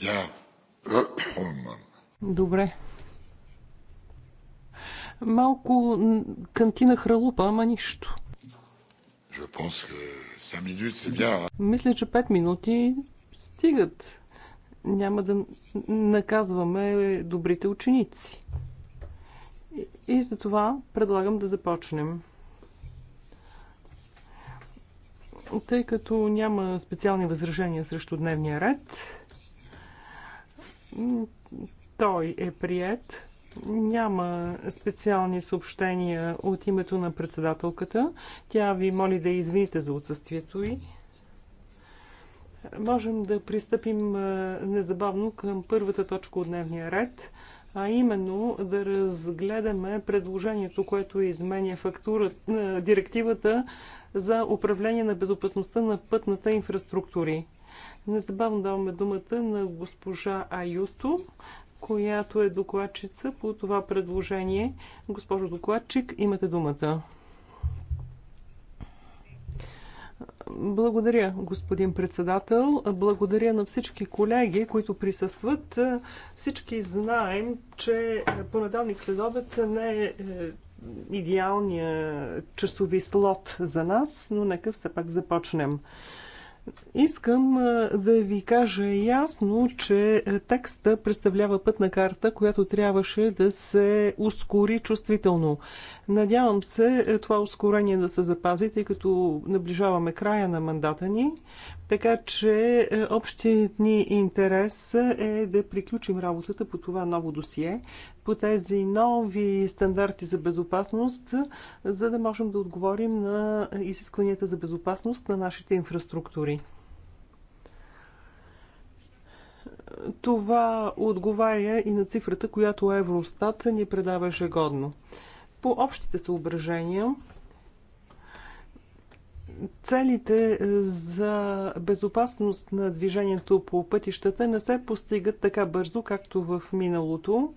Oh, Добре. Малко кантина хралупа, ама нищо. Мисля, че 5 минути стигат. Няма да наказваме добрите ученици. И за това предлагам да започнем. Тъй като няма специални възражения срещу дневния ред, той е прият. Няма специални съобщения от името на председателката. Тя ви моли да извините за отсъствието й. Можем да пристъпим незабавно към първата точка от дневния ред, а именно да разгледаме предложението, което изменя фактура, директивата за управление на безопасността на пътната инфраструктури. Незабавно даваме думата на госпожа Аюто, която е докладчица по това предложение. Госпожо докладчик, имате думата. Благодаря, господин председател. Благодаря на всички колеги, които присъстват. Всички знаем, че понеделник следобед не е, е идеалния часови слот за нас, но нека все пак започнем. Искам да ви кажа ясно, че текста представлява пътна карта, която трябваше да се ускори чувствително. Надявам се е, това ускорение да се запази, тъй като наближаваме края на мандата ни. Така че е, общият ни интерес е да приключим работата по това ново досие, по тези нови стандарти за безопасност, за да можем да отговорим на изискванията за безопасност на нашите инфраструктури. Това отговаря и на цифрата, която Евростат ни предава ежегодно. годно. По общите съображения, целите е, за безопасност на движението по пътищата не се постигат така бързо, както в миналото,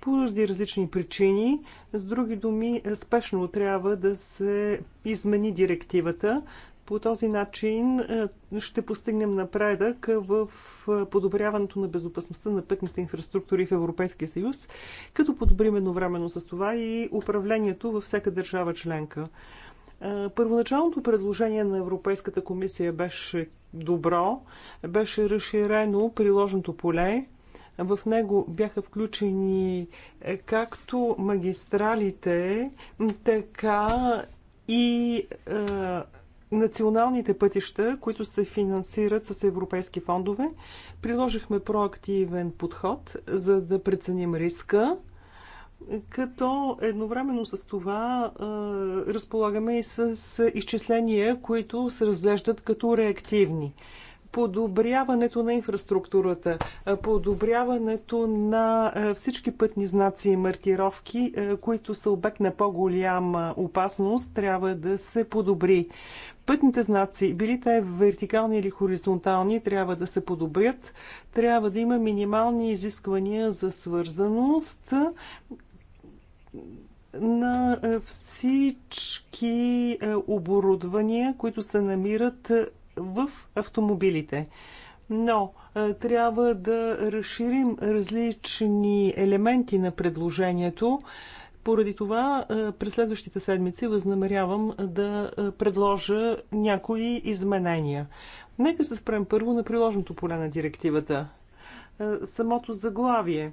поради различни причини. С други думи, е, спешно трябва да се измени директивата, по този начин е, ще постигнем напредък в е, подобряването на безопасността на пътните инфраструктури в Европейския съюз, като подобрим едновременно с това и управлението във всяка държава членка. Е, първоначалното предложение на Европейската комисия беше добро, беше разширено приложното поле. В него бяха включени както магистралите, така и националните пътища, които се финансират с европейски фондове. Приложихме проактивен подход, за да преценим риска, като едновременно с това е, разполагаме и с, с изчисления, които се разглеждат като реактивни подобряването на инфраструктурата, подобряването на всички пътни знаци и маркировки, които са обект на по-голяма опасност, трябва да се подобри. Пътните знаци, били те вертикални или хоризонтални, трябва да се подобрят. Трябва да има минимални изисквания за свързаност на е, всички е, оборудвания, които се намират е, в автомобилите. Но трябва да разширим различни елементи на предложението. Поради това през следващите седмици възнамерявам да предложа някои изменения. Нека се спрем първо на приложното поле на директивата. Самото заглавие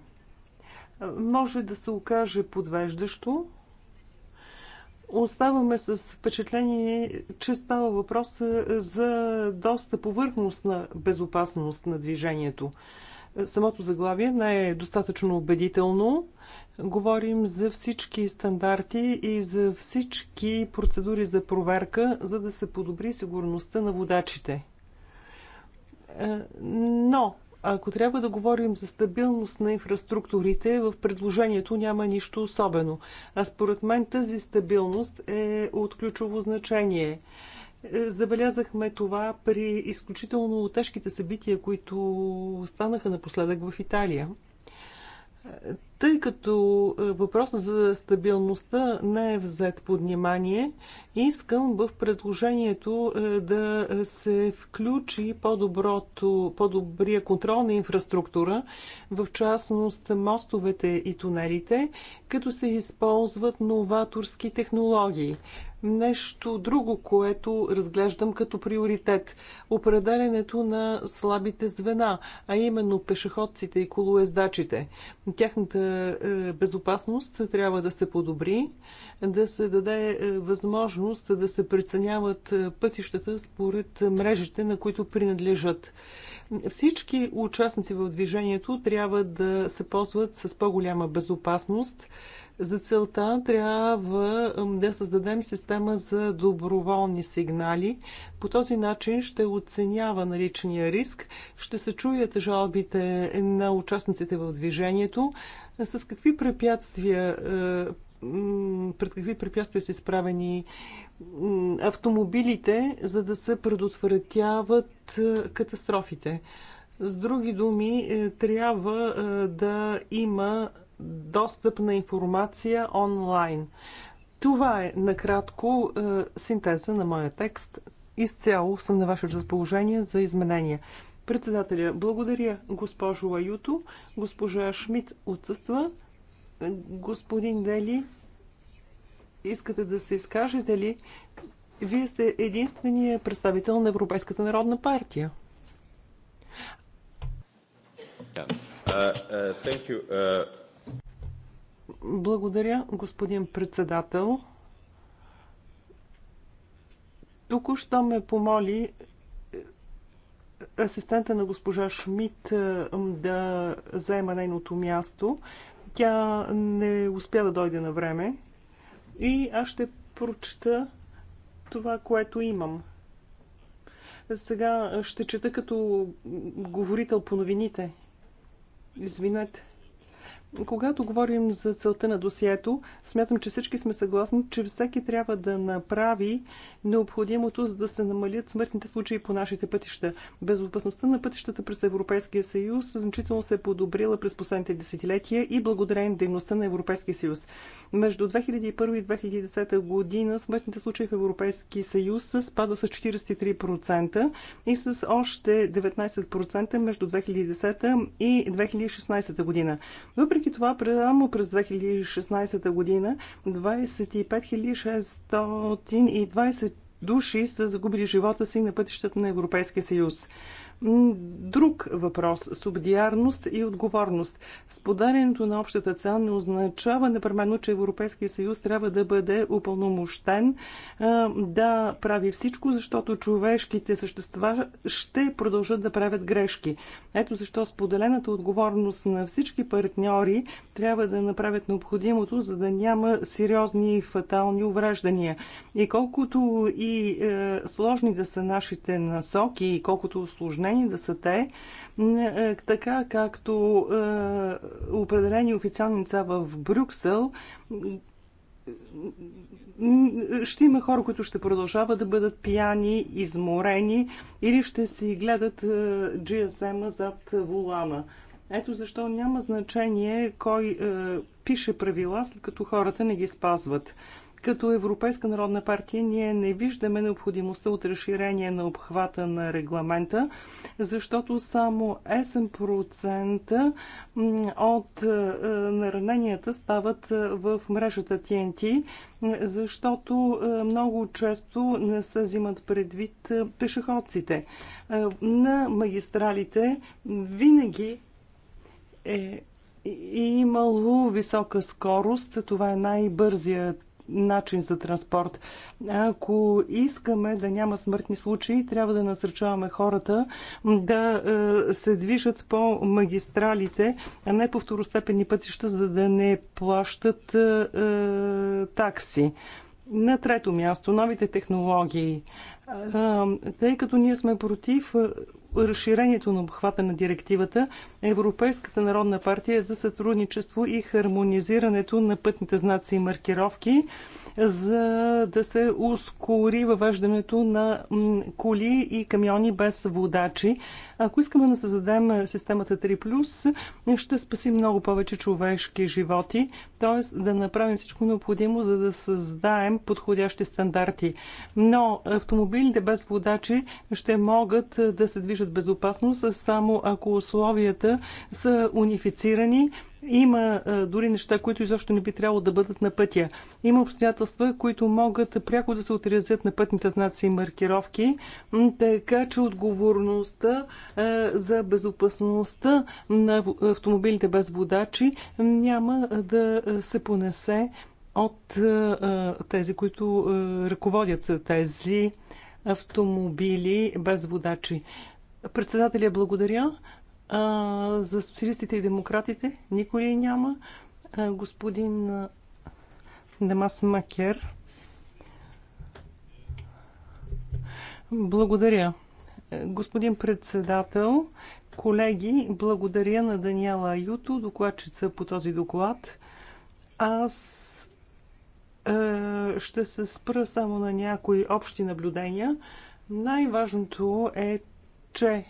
може да се окаже подвеждащо. Оставаме с впечатление, че става въпрос за доста повърхностна безопасност на движението. Самото заглавие не е достатъчно убедително. Говорим за всички стандарти и за всички процедури за проверка, за да се подобри сигурността на водачите. Е, но, ако трябва да говорим за стабилност на инфраструктурите, в предложението няма нищо особено. А според мен тази стабилност е от ключово значение. Е, забелязахме това при изключително тежките събития, които станаха напоследък в Италия. Е, тъй като е, въпросът за стабилността не е взет под внимание, искам в предложението е, да се включи по-доброто, по-добрия контрол на инфраструктура, в частност мостовете и тунелите, като се използват новаторски технологии. Нещо друго, което разглеждам като приоритет – определенето на слабите звена, а именно пешеходците и колоездачите. Тяхната е, безопасност трябва да се подобри, да се даде е, възможност да се преценяват е, пътищата според мрежите, на които принадлежат. Всички участници в движението трябва да се ползват с по-голяма безопасност. За целта трябва да създадем система за доброволни сигнали. По този начин ще оценява наличния риск, ще се чуят жалбите на участниците в движението, с какви препятствия пред какви препятствия са изправени автомобилите, за да се предотвратяват катастрофите. С други думи, е, трябва да има достъп на информация онлайн. Това е накратко синтеза на моя текст. Изцяло съм на ваше разположение за изменения. Председателя, благодаря госпожо Аюто. Госпожа Шмидт отсъства. Господин Дели, искате да се изкажете ли? Вие сте единствения представител на Европейската народна партия. Yeah. Uh, uh, uh... Благодаря, господин председател. Току-що ме помоли асистента на госпожа Шмидт е, да заема нейното място. Тя не успя да дойде на време и аз ще прочета това, което имам. Сега ще чета като говорител по новините. Извинете. Когато говорим за целта на досието, смятам, че всички сме съгласни, че всеки трябва да направи необходимото, за да се намалят смъртните случаи по нашите пътища. Безопасността на пътищата през Европейския съюз значително се е подобрила през последните десетилетия и благодарение на дейността на Европейския съюз. Между 2001 и 2010 година смъртните случаи в Европейския съюз спада с 43% и с още 19% между 2010 и 2016 година. Въпреки въпреки това, само през 2016 година 25 620 души са загубили живота си на пътищата на Европейския съюз. Друг въпрос – субдиарност и отговорност. Споделянето на общата цел не означава непременно, че Европейския съюз трябва да бъде упълномощен да прави всичко, защото човешките същества ще продължат да правят грешки. Ето защо споделената отговорност на всички партньори трябва да направят необходимото, за да няма сериозни и фатални увреждания. И колкото и е, сложни да са нашите насоки, и колкото сложни сравнени да са те, е, е, така както е, определени официални лица в Брюксел ще има хора, които ще продължават да бъдат пияни, изморени или ще си гледат GSM-а зад вулана. Ето защо няма значение кой е, пише правила, след като хората не ги спазват. Като Европейска народна партия ние не виждаме необходимостта от разширение на обхвата на регламента, защото само 8% от е, нараненията стават е, в мрежата TNT, защото е, много често не се взимат предвид пешеходците. На магистралите винаги е имало висока скорост. Това е най-бързият начин за транспорт. Ако искаме да няма смъртни случаи, трябва да насърчаваме хората да е, се движат по магистралите, а не по второстепенни пътища, за да не плащат е, е, такси. На трето място, новите технологии. Тъй като ние сме против разширението на обхвата на директивата, Европейската народна партия е за сътрудничество и хармонизирането на пътните знаци и маркировки, за да се ускори въвеждането на коли и камиони без водачи. Ако искаме да създадем системата 3+, ще спасим много повече човешки животи, т.е. да направим всичко необходимо, за да създаем подходящи стандарти. Но автомобилите Автомобилите без водачи ще могат е, да се движат безопасно, само ако условията са унифицирани има е, дори неща, които изобщо не би трябвало да бъдат на пътя. Има обстоятелства, които могат пряко да се отрязят на пътните знаци и маркировки, така че отговорността е, за безопасността на автомобилите без водачи няма да се понесе от тези, които ръководят тези автомобили без водачи. Председателя благодаря. А, за социалистите и демократите никой няма. А, господин Демас Макер. Благодаря. Господин председател, колеги, благодаря на Даниела Аюто, докладчица по този доклад. Аз е, ще се спра само на някои общи наблюдения. Най-важното е, че е,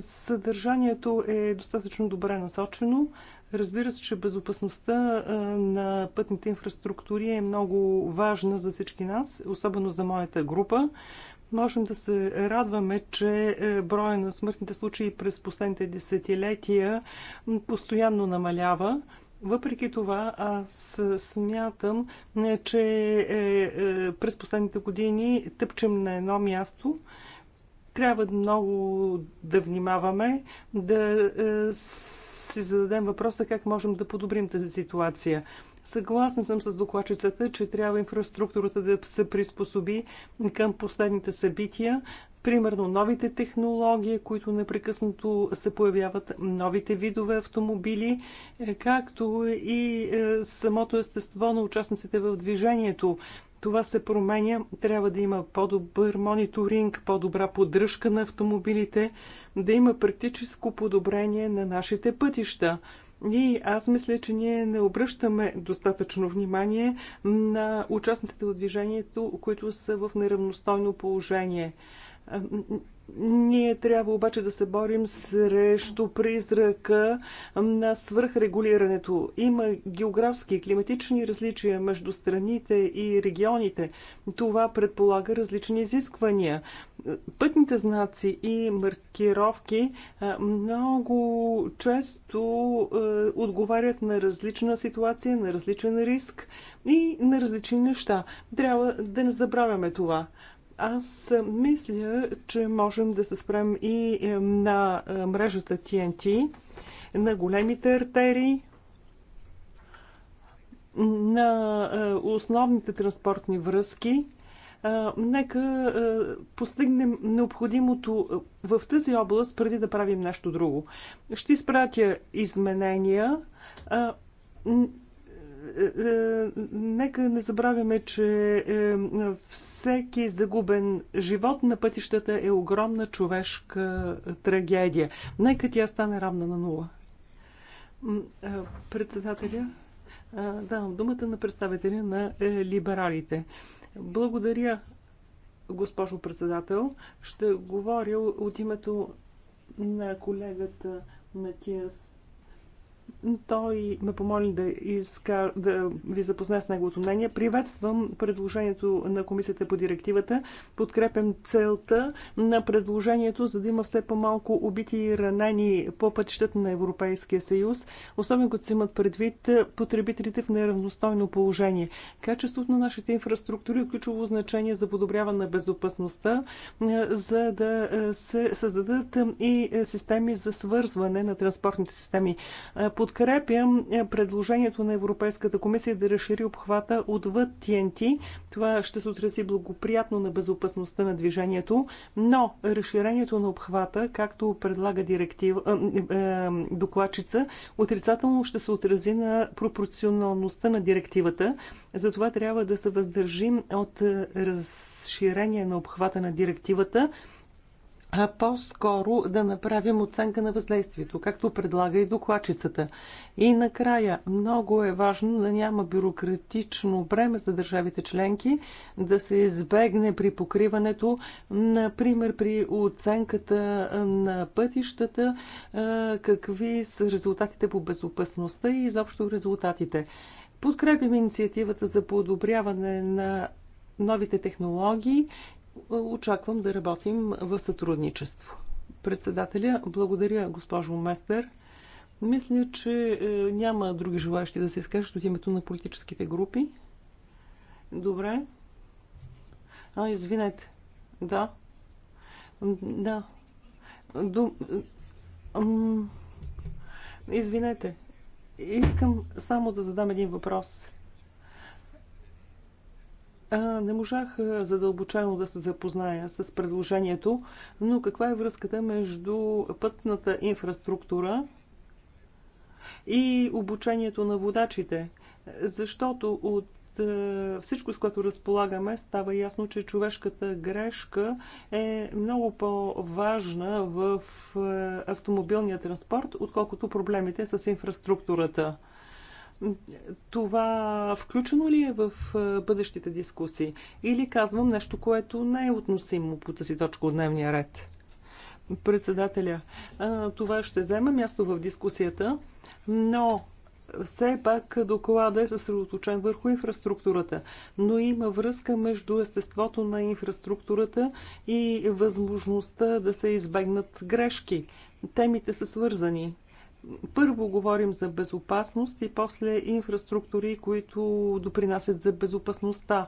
съдържанието е достатъчно добре насочено. Разбира се, че безопасността е, на пътните инфраструктури е много важна за всички нас, особено за моята група. Можем да се радваме, че броя на смъртните случаи през последните десетилетия постоянно намалява. Въпреки това, аз смятам, че е, е, през последните години тъпчем на едно място. Трябва много да внимаваме, да е, си зададем въпроса как можем да подобрим тази ситуация. Съгласна съм с докладчицата, че трябва инфраструктурата да се приспособи към последните събития, Примерно новите технологии, които непрекъснато се появяват, новите видове автомобили, е, както и е, самото естество на участниците в движението. Това се променя. Трябва да има по-добър мониторинг, по-добра поддръжка на автомобилите, да има практическо подобрение на нашите пътища. И аз мисля, че ние не обръщаме достатъчно внимание на участниците в движението, които са в неравностойно положение. Ние трябва обаче да се борим срещу призрака на свръхрегулирането. Има географски и климатични различия между страните и регионите. Това предполага различни изисквания. Пътните знаци и маркировки много често отговарят на различна ситуация, на различен риск и на различни неща. Трябва да не забравяме това. Аз мисля, че можем да се спрем и е, на е, мрежата TNT, на големите артерии, на е, основните транспортни връзки. Нека постигнем необходимото в тази област, преди да правим нещо друго. Ще изпратя изменения е, е, нека не забравяме, че е, всеки загубен живот на пътищата е огромна човешка трагедия. Нека тя стане равна на нула. Председателя, давам думата на представителя на либералите. Благодаря, госпожо председател. Ще говоря от името на колегата Матиас той ме помоли да, иска, да ви запозна с неговото мнение. Приветствам предложението на комисията по директивата. Подкрепям целта на предложението, за да има все по-малко убити и ранени по пътищата на Европейския съюз, особено като се имат предвид потребителите в неравностойно положение. Качеството на нашите инфраструктури е ключово значение за подобряване на безопасността, за да се създадат и системи за свързване на транспортните системи. Подкрепям е, предложението на Европейската комисия да разшири обхвата отвъд ТНТ. Това ще се отрази благоприятно на безопасността на движението, но разширението на обхвата, както предлага директива, э, э, докладчица, отрицателно ще се отрази на пропорционалността на директивата. Затова трябва да се въздържим от разширение на обхвата на директивата, а по-скоро да направим оценка на въздействието, както предлага и докладчицата. И накрая, много е важно да няма бюрократично бреме за държавите членки, да се избегне при покриването, например при оценката на пътищата, какви са резултатите по безопасността и изобщо резултатите. Подкрепим инициативата за подобряване на новите технологии Очаквам да работим в сътрудничество. Председателя, благодаря госпожо Местер. Мисля, че е, няма други желащи да се изкажат от името на политическите групи. Добре. А, извинете. Да. Да. До... Извинете. Искам само да задам един въпрос. Не можах задълбочено да се запозная с предложението, но каква е връзката между пътната инфраструктура и обучението на водачите? Защото от всичко, с което разполагаме, става ясно, че човешката грешка е много по-важна в автомобилния транспорт, отколкото проблемите с инфраструктурата. Това включено ли е в е, бъдещите дискусии? Или казвам нещо, което не е относимо по тази точка от дневния ред? Председателя, това ще взема място в дискусията, но все пак доклада е съсредоточен върху инфраструктурата, но има връзка между естеството на инфраструктурата и възможността да се избегнат грешки. Темите са свързани първо говорим за безопасност и после инфраструктури, които допринасят за безопасността.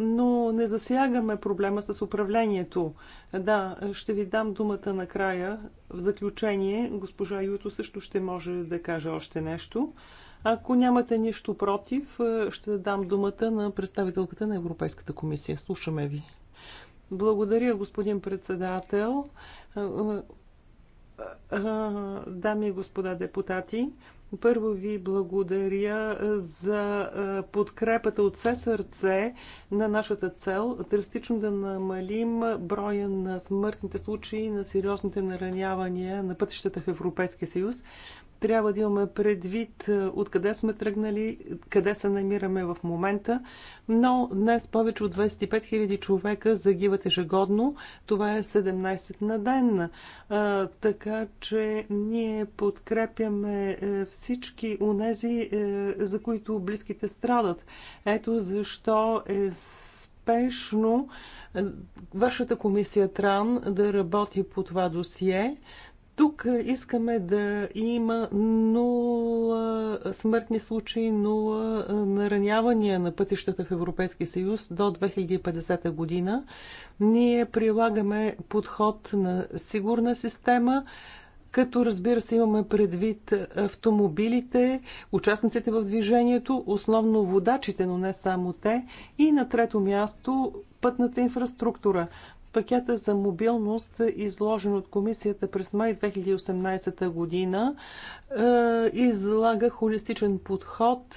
Но не засягаме проблема с управлението. Да, ще ви дам думата накрая. В заключение, госпожа Юто също ще може да каже още нещо. Ако нямате нищо против, ще дам думата на представителката на Европейската комисия. Слушаме ви. Благодаря, господин председател. Дами и господа депутати, първо ви благодаря за подкрепата от все сърце на нашата цел драстично да намалим броя на смъртните случаи на сериозните наранявания на пътищата в Европейския съюз трябва да имаме предвид е, откъде сме тръгнали, къде се намираме в момента, но днес повече от 25 000 човека загиват ежегодно. Това е 17 на ден. Е, така че ние подкрепяме е, всички унези, за които близките страдат. Ето защо е спешно вашата комисия Тран да работи по това досие. Тук искаме да има нула смъртни случаи, нула наранявания на пътищата в Европейския съюз до 2050 година. Ние прилагаме подход на сигурна система, като разбира се имаме предвид автомобилите, участниците в движението, основно водачите, но не само те. И на трето място пътната инфраструктура пакета за мобилност, изложен от комисията през май 2018 година, е, излага холистичен подход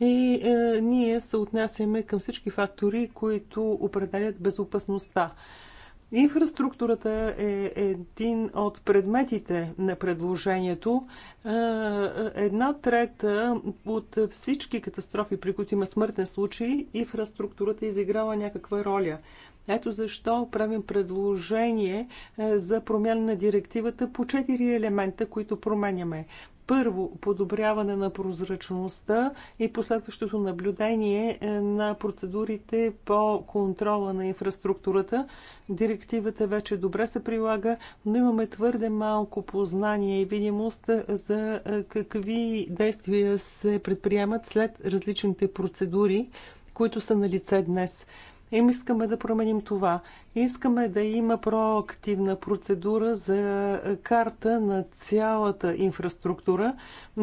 и е, ние се отнасяме към всички фактори, които определят безопасността. Инфраструктурата е един от предметите на предложението. Е, една трета от всички катастрофи, при които има смъртни случай, инфраструктурата изиграва някаква роля. Ето защо правим предложение е, за промяна на директивата по четири елемента, които променяме първо подобряване на прозрачността и последващото наблюдение е, на процедурите по контрола на инфраструктурата. Директивата вече добре се прилага, но имаме твърде малко познание и видимост е, за какви действия се предприемат след различните процедури които са на лице днес. Им искаме да променим това. Искаме да има проактивна процедура за карта на цялата инфраструктура.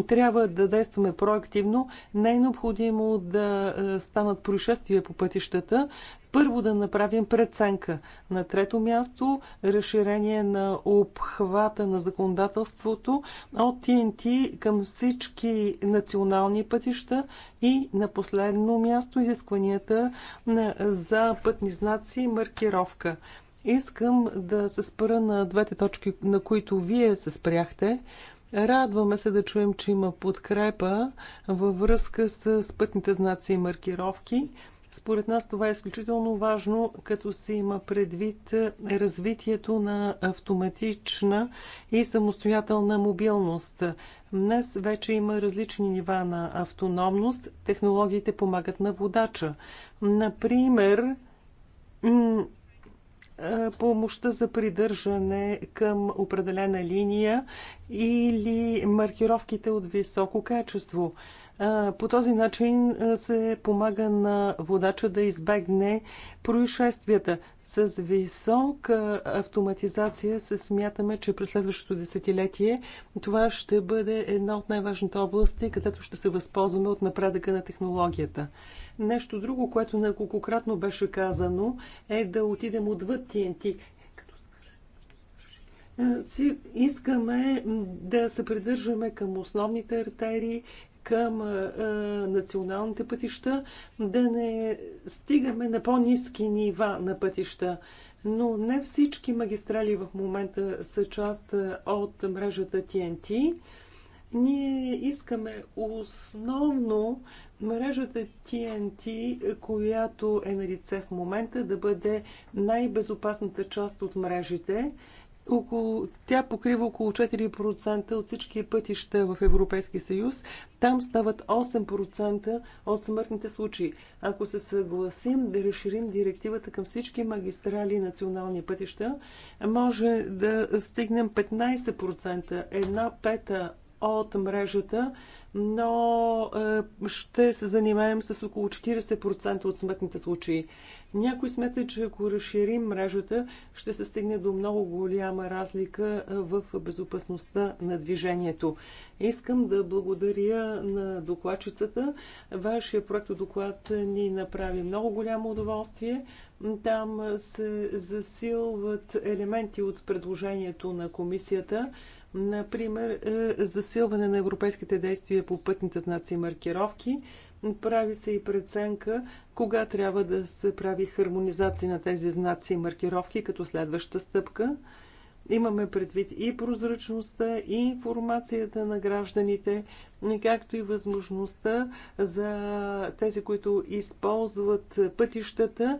Трябва да действаме проактивно. Не е необходимо да е, станат происшествия по пътищата. Първо да направим преценка. На трето място разширение на обхвата на законодателството от ТНТ към всички национални пътища и на последно място изискванията за пътни знаци и маркировка. Искам да се спра на двете точки, на които вие се спряхте. Радваме се да чуем, че има подкрепа във връзка с пътните знаци и маркировки. Според нас това е изключително важно, като се има предвид развитието на автоматична и самостоятелна мобилност. Днес вече има различни нива на автономност. Технологиите помагат на водача. Например, помощта за придържане към определена линия или маркировките от високо качество – по този начин се помага на водача да избегне происшествията. С висока автоматизация се смятаме, че през следващото десетилетие това ще бъде една от най-важните области, където ще се възползваме от напредъка на технологията. Нещо друго, което неколкократно беше казано, е да отидем отвъд TNT е, искаме да се придържаме към основните артерии, към националните пътища, да не стигаме на по-низки нива на пътища. Но не всички магистрали в момента са част от мрежата TNT. Ние искаме основно мрежата TNT, която е на лице в момента, да бъде най-безопасната част от мрежите около, тя покрива около 4% от всички пътища в Европейския съюз. Там стават 8% от смъртните случаи. Ако се съгласим да разширим директивата към всички магистрали и национални пътища, може да стигнем 15%, една пета от мрежата, но е, ще се занимаем с около 40% от смъртните случаи. Някой смята, че ако разширим мрежата, ще се стигне до много голяма разлика в безопасността на движението. Искам да благодаря на докладчицата. Вашия проект доклад ни направи много голямо удоволствие. Там се засилват елементи от предложението на комисията. Например, е, засилване на европейските действия по пътните знаци и маркировки – прави се и преценка кога трябва да се прави хармонизация на тези знаци и маркировки като следваща стъпка. Имаме предвид и прозрачността, и информацията на гражданите, както и възможността за тези, които използват пътищата,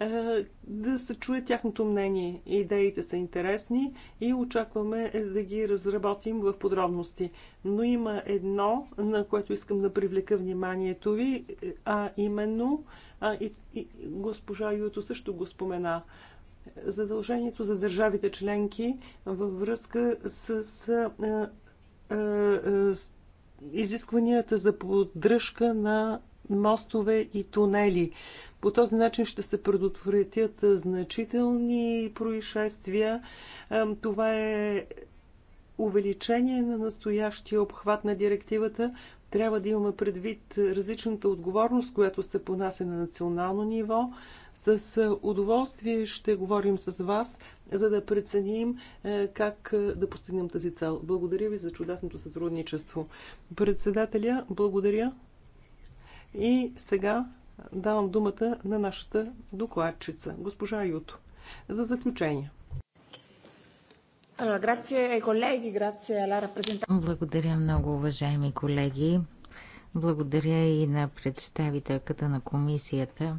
е, да се чуе тяхното мнение. Идеите са интересни и очакваме е, да ги разработим в подробности. Но има едно, на което искам да привлека вниманието ви, е, а именно, а и, и госпожа Юто също го спомена, задължението за държавите членки във връзка с, а, а, а, изискванията за поддръжка на мостове и тунели. По този начин ще се предотвратят значителни происшествия. Това е увеличение на настоящия обхват на директивата. Трябва да имаме предвид различната отговорност, която се понася на национално ниво. С удоволствие ще говорим с вас, за да преценим как да постигнем тази цел. Благодаря ви за чудесното сътрудничество. Председателя, благодаря. И сега давам думата на нашата докладчица, госпожа Юто, за заключение. Благодаря много, уважаеми колеги. Благодаря и на представителката на комисията.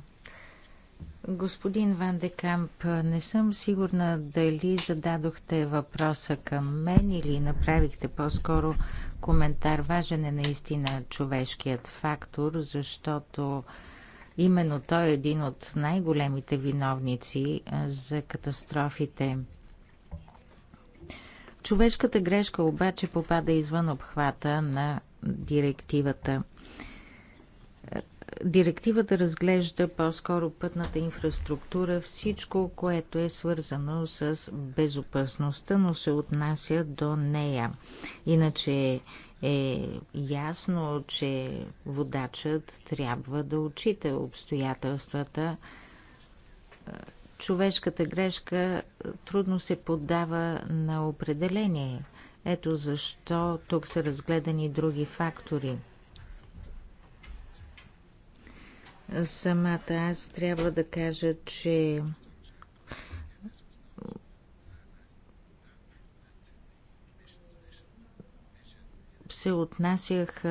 Господин Ван де Камп, не съм сигурна дали зададохте въпроса към мен или направихте по-скоро коментар. Важен е наистина човешкият фактор, защото именно той е един от най-големите виновници за катастрофите. Човешката грешка обаче попада извън обхвата на директивата. Директивата разглежда по-скоро пътната инфраструктура, всичко, което е свързано с безопасността, но се отнася до нея. Иначе е ясно, че водачът трябва да отчита обстоятелствата. Човешката грешка трудно се поддава на определение. Ето защо тук са разгледани други фактори – Самата аз трябва да кажа, че се отнасях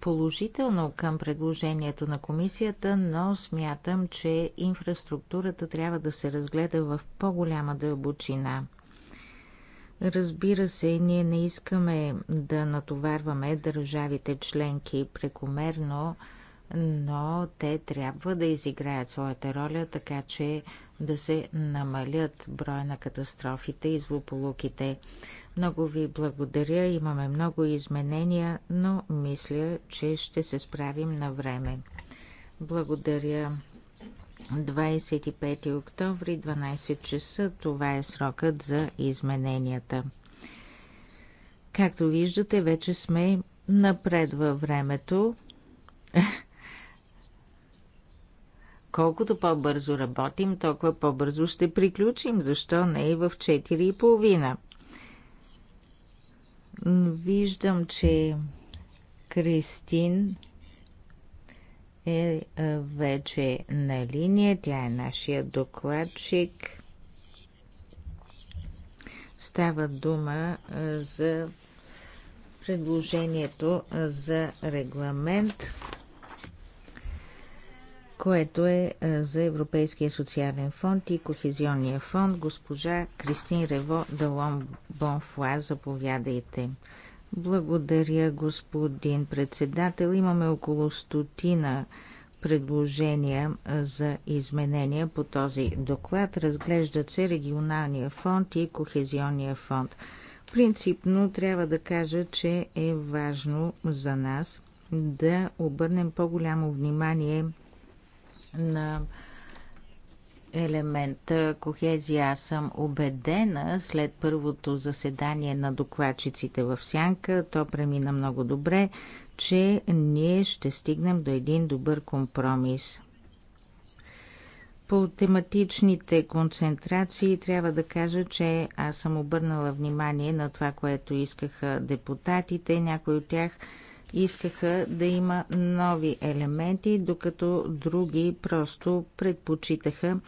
положително към предложението на комисията, но смятам, че инфраструктурата трябва да се разгледа в по-голяма дълбочина. Разбира се, ние не искаме да натоварваме държавите членки прекомерно, но те трябва да изиграят своята роля, така че да се намалят броя на катастрофите и злополуките. Много ви благодаря, имаме много изменения, но мисля, че ще се справим на време. Благодаря. 25 октомври, 12 часа, това е срокът за измененията. Както виждате, вече сме напред във времето. Колкото по-бързо работим, толкова по-бързо ще приключим. Защо не и в 4,5? Виждам, че Кристин е, е вече на линия. Тя е нашия докладчик. Става дума е, за предложението за регламент което е, е за Европейския социален фонд и Кохезионния фонд. Госпожа Кристин Рево Далон Бонфуа, заповядайте. Благодаря, господин председател. Имаме около стотина предложения е, за изменения по този доклад. Разглеждат се регионалния фонд и кохезионния фонд. Принципно трябва да кажа, че е важно за нас да обърнем по-голямо внимание на елемента кохезия. Аз съм убедена след първото заседание на докладчиците в Сянка, то премина много добре, че ние ще стигнем до един добър компромис. По тематичните концентрации трябва да кажа, че аз съм обърнала внимание на това, което искаха депутатите. Някои от тях – искаха да има нови елементи, докато други просто предпочитаха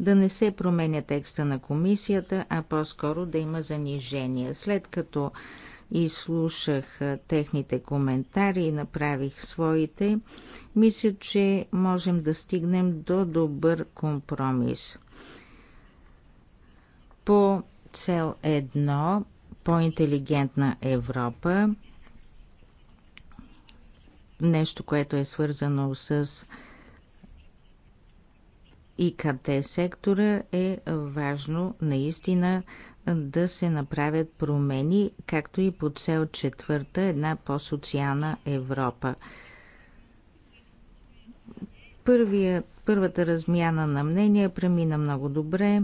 да не се променя текста на комисията, а по-скоро да има занижение. След като изслушах техните коментари и направих своите, мисля, че можем да стигнем до добър компромис. По цел едно по-интелигентна Европа нещо, което е свързано с ИКТ сектора, е важно наистина да се направят промени, както и по цел четвърта, една по-социална Европа. Първия, първата размяна на мнения премина много добре.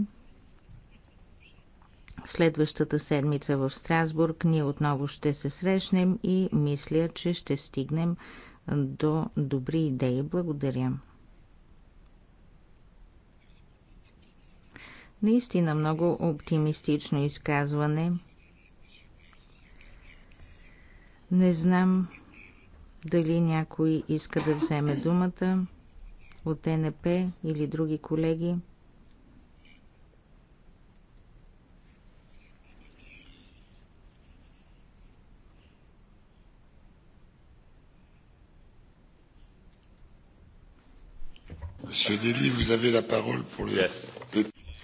Следващата седмица в Страсбург ние отново ще се срещнем и мисля, че ще стигнем до добри идеи. Благодаря. Наистина много оптимистично изказване. Не знам дали някой иска да вземе думата от НП или други колеги.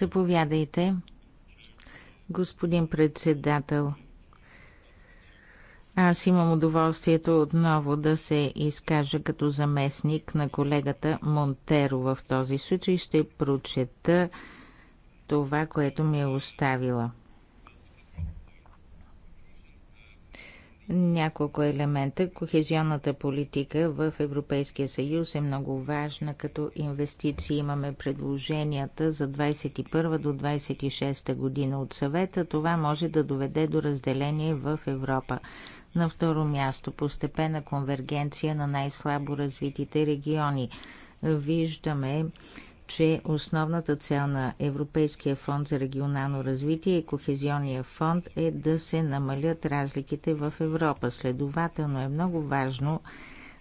Заповядайте, господин председател. Аз имам удоволствието отново да се изкажа като заместник на колегата Монтеро в този случай. Ще прочета това, което ми е оставила – няколко елемента. Кохезионната политика в Европейския съюз е много важна като инвестиции. Имаме предложенията за 21 до 26 година от съвета. Това може да доведе до разделение в Европа. На второ място постепенна конвергенция на най-слабо развитите региони. Виждаме че основната цел на Европейския фонд за регионално развитие и Кохезионния фонд е да се намалят разликите в Европа. Следователно е много важно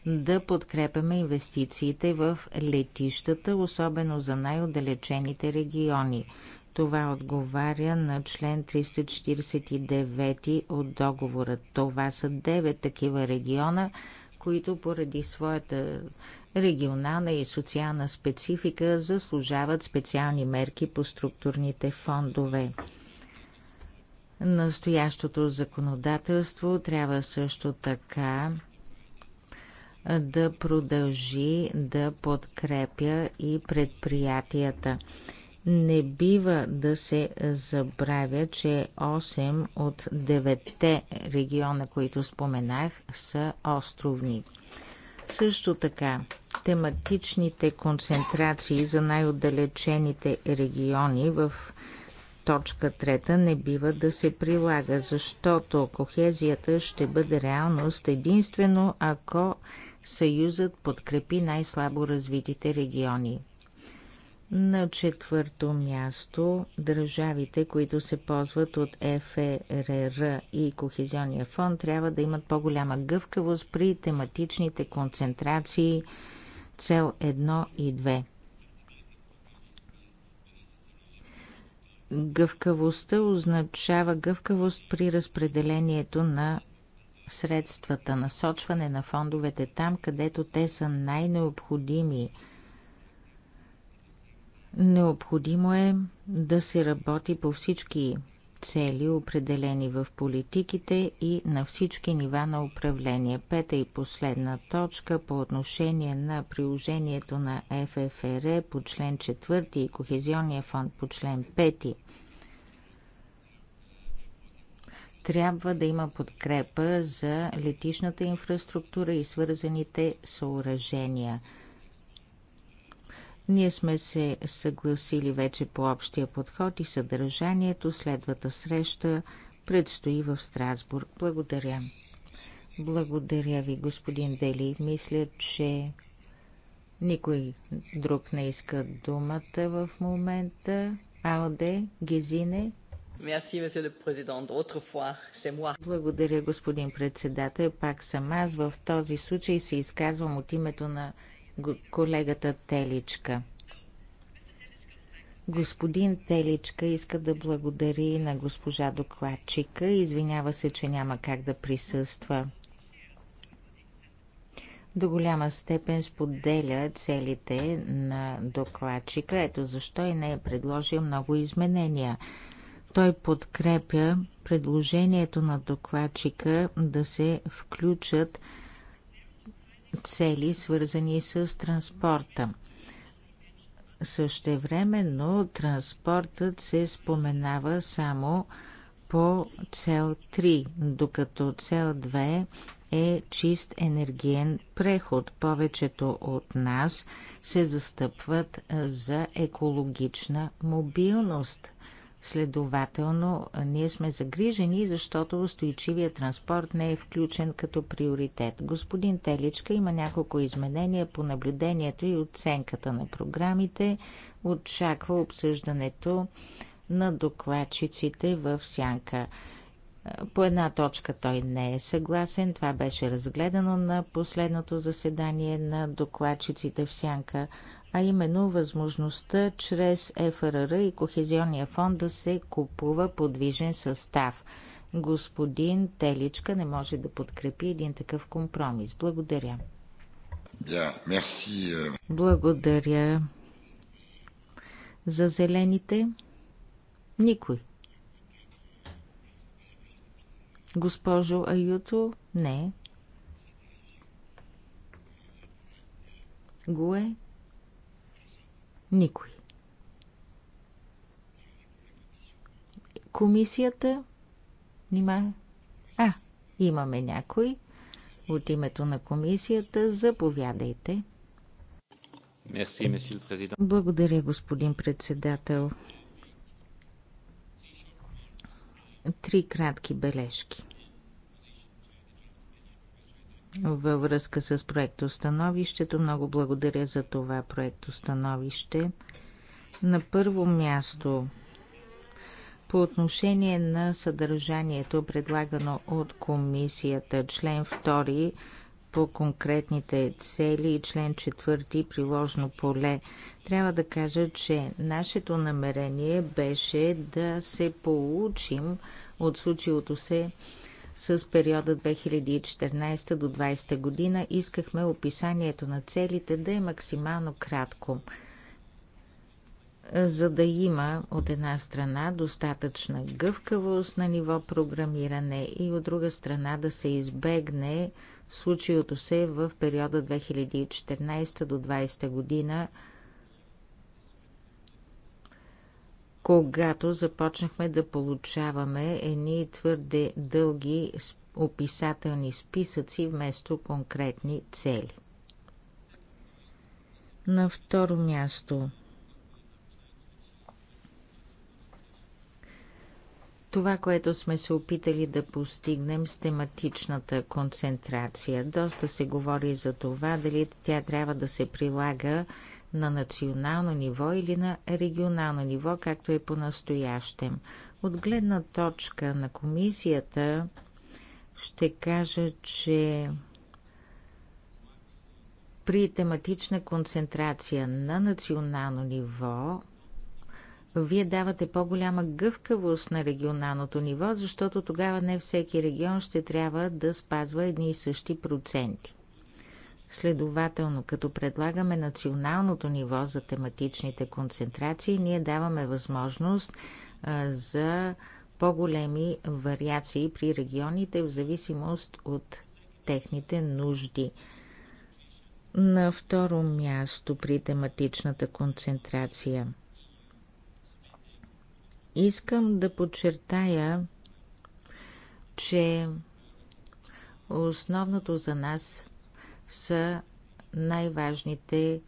да подкрепяме инвестициите в летищата, особено за най-отдалечените региони. Това отговаря на член 349 от договора. Това са 9 такива региона, които поради своята регионална и социална специфика заслужават специални мерки по структурните фондове. Настоящото законодателство трябва също така да продължи да подкрепя и предприятията. Не бива да се забравя, че 8 от 9 региона, които споменах, са островни. Също така, тематичните концентрации за най-отдалечените региони в точка трета не бива да се прилага, защото кохезията ще бъде реалност единствено ако Съюзът подкрепи най-слабо развитите региони. На четвърто място държавите, които се ползват от ФРР и Кохезионния фонд, трябва да имат по-голяма гъвкавост при тематичните концентрации – цел 1 и 2. Гъвкавостта означава гъвкавост при разпределението на средствата, насочване на фондовете там, където те са най-необходими. Необходимо е да се работи по всички цели, определени в политиките и на всички нива на управление. Пета и последна точка по отношение на приложението на ФФР по член 4 и Кохезионния фонд по член 5. Трябва да има подкрепа за летишната инфраструктура и свързаните съоръжения – ние сме се съгласили вече по общия подход и съдържанието. Следвата среща предстои в Страсбург. Благодаря. Благодаря ви, господин Дели. Мисля, че никой друг не иска думата в момента. Алде, Гезине. Благодаря, господин председател. Пак съм аз. В този случай се изказвам от името на колегата Теличка. Господин Теличка иска да благодари на госпожа докладчика. Извинява се, че няма как да присъства. До голяма степен споделя целите на докладчика. Ето защо и не е предложил много изменения. Той подкрепя предложението на докладчика да се включат цели, свързани с транспорта. Същевременно транспортът се споменава само по цел 3, докато цел 2 е чист енергиен преход. Повечето от нас се застъпват за екологична мобилност. Следователно, ние сме загрижени, защото устойчивия транспорт не е включен като приоритет. Господин Теличка има няколко изменения по наблюдението и оценката на програмите. Очаква обсъждането на докладчиците в Сянка. По една точка той не е съгласен. Това беше разгледано на последното заседание на докладчиците в Сянка а именно възможността чрез ФРР и Кохезионния фонд да се купува подвижен състав. Господин Теличка не може да подкрепи един такъв компромис. Благодаря. Euh, Благодаря. За зелените? Никой. Госпожо Аюто? Не. Гуе? Никой. Комисията? Нима? А, имаме някой. От името на комисията заповядайте. Благодаря, господин председател. Три кратки бележки във връзка с проектостановището. Много благодаря за това проектостановище. На първо място по отношение на съдържанието, предлагано от комисията, член 2 по конкретните цели и член 4 приложно поле, трябва да кажа, че нашето намерение беше да се получим от случилото се с периода 2014 до 2020 година. Искахме описанието на целите да е максимално кратко, за да има от една страна достатъчна гъвкавост на ниво програмиране и от друга страна да се избегне случилото се в периода 2014 до 2020 година – когато започнахме да получаваме едни твърде дълги описателни списъци вместо конкретни цели. На второ място Това, което сме се опитали да постигнем с тематичната концентрация. Доста се говори за това, дали тя трябва да се прилага на национално ниво или на регионално ниво, както е по-настоящем. От гледна точка на комисията ще кажа, че при тематична концентрация на национално ниво вие давате по-голяма гъвкавост на регионалното ниво, защото тогава не всеки регион ще трябва да спазва едни и същи проценти. Следователно, като предлагаме националното ниво за тематичните концентрации, ние даваме възможност за по-големи вариации при регионите в зависимост от техните нужди. На второ място при тематичната концентрация. Искам да подчертая, че основното за нас са най-важните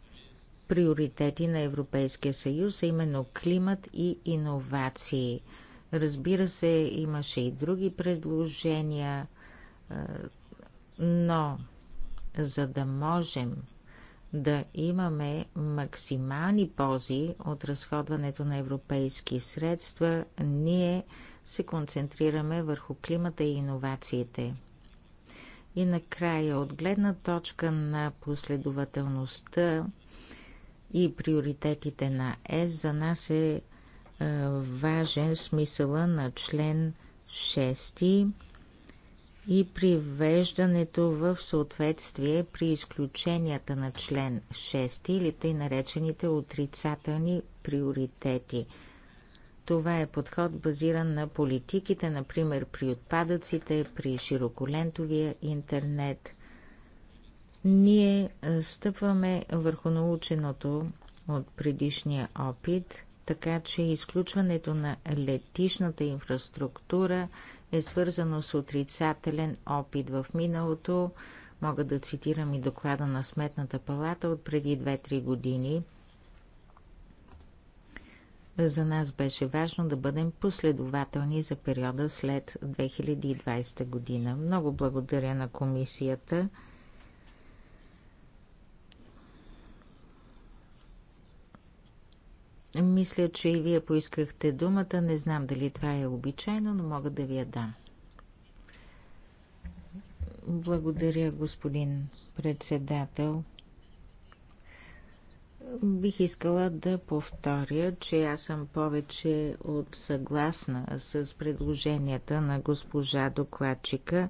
приоритети на Европейския съюз, а именно климат и иновации. Разбира се, имаше и други предложения, но за да можем да имаме максимални ползи от разходването на европейски средства, ние се концентрираме върху климата и иновациите. И накрая, от гледна точка на последователността и приоритетите на ЕС, за нас е, е важен смисъла на член 6 и привеждането в съответствие при изключенията на член 6 или тъй наречените отрицателни приоритети – това е подход базиран на политиките, например при отпадъците, при широколентовия интернет. Ние стъпваме върху наученото от предишния опит, така че изключването на летишната инфраструктура е свързано с отрицателен опит в миналото. Мога да цитирам и доклада на Сметната палата от преди 2-3 години – за нас беше важно да бъдем последователни за периода след 2020 година. Много благодаря на комисията. Мисля, че и вие поискахте думата. Не знам дали това е обичайно, но мога да ви я дам. Благодаря, господин председател. Бих искала да повторя, че аз съм повече от съгласна с предложенията на госпожа докладчика.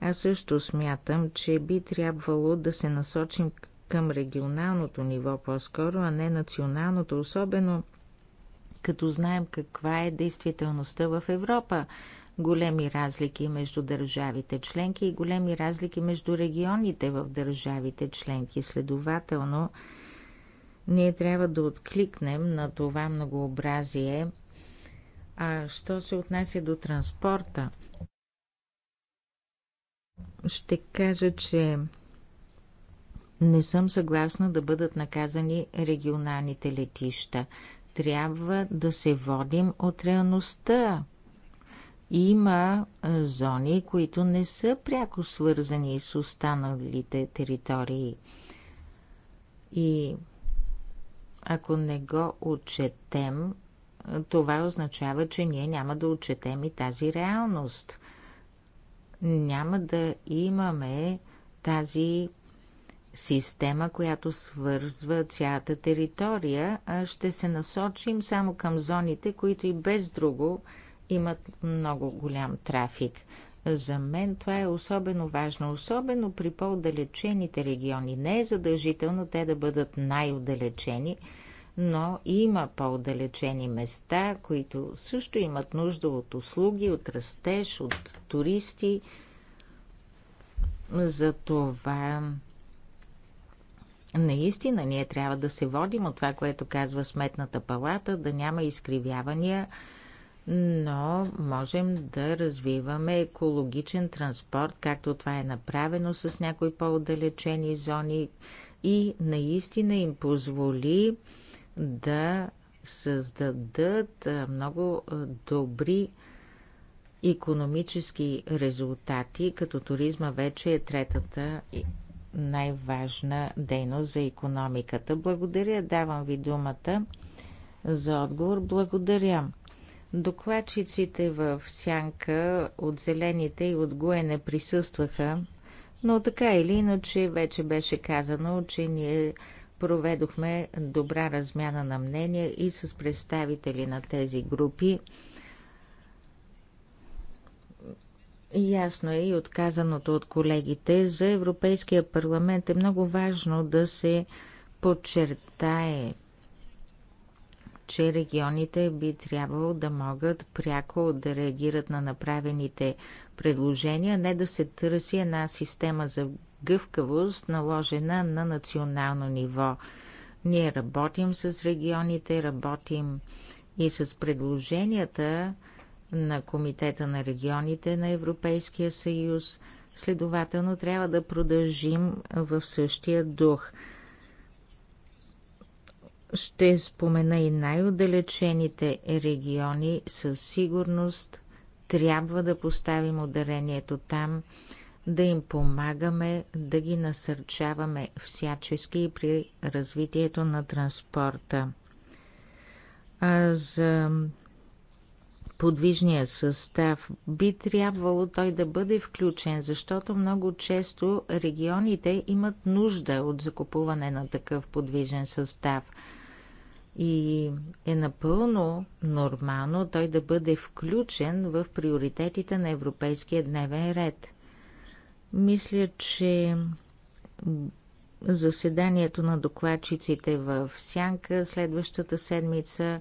Аз също смятам, че би трябвало да се насочим към регионалното ниво по-скоро, а не националното, особено като знаем каква е действителността в Европа. Големи разлики между държавите членки и големи разлики между регионите в държавите членки. Следователно, ние трябва да откликнем на това многообразие. А що се отнася до транспорта? Ще кажа, че не съм съгласна да бъдат наказани регионалните летища. Трябва да се водим от реалността. Има зони, които не са пряко свързани с останалите територии. И ако не го отчетем, това означава, че ние няма да отчетем и тази реалност. Няма да имаме тази система, която свързва цялата територия, а ще се насочим само към зоните, които и без друго имат много голям трафик. За мен това е особено важно, особено при по-отдалечените региони. Не е задължително те да бъдат най-отдалечени, но има по-отдалечени места, които също имат нужда от услуги, от растеж, от туристи. Затова наистина ние трябва да се водим от това, което казва Сметната палата, да няма изкривявания – но можем да развиваме екологичен транспорт, както това е направено с някои по-отдалечени зони и наистина им позволи да създадат много добри економически резултати, като туризма вече е третата най-важна дейност за економиката. Благодаря, давам ви думата за отговор. Благодаря. Докладчиците в Сянка от Зелените и от Гуе не присъстваха, но така или иначе вече беше казано, че ние проведохме добра размяна на мнения и с представители на тези групи. Ясно е и отказаното от колегите. За Европейския парламент е много важно да се подчертае че регионите би трябвало да могат пряко да реагират на направените предложения, не да се търси една система за гъвкавост, наложена на национално ниво. Ние работим с регионите, работим и с предложенията на Комитета на регионите на Европейския съюз. Следователно трябва да продължим в същия дух – ще спомена и най-отдалечените региони. Със сигурност трябва да поставим ударението там, да им помагаме, да ги насърчаваме всячески и при развитието на транспорта. А за подвижния състав би трябвало той да бъде включен, защото много често регионите имат нужда от закупуване на такъв подвижен състав – и е напълно нормално той да бъде включен в приоритетите на европейския дневен ред. Мисля, че заседанието на докладчиците в Сянка следващата седмица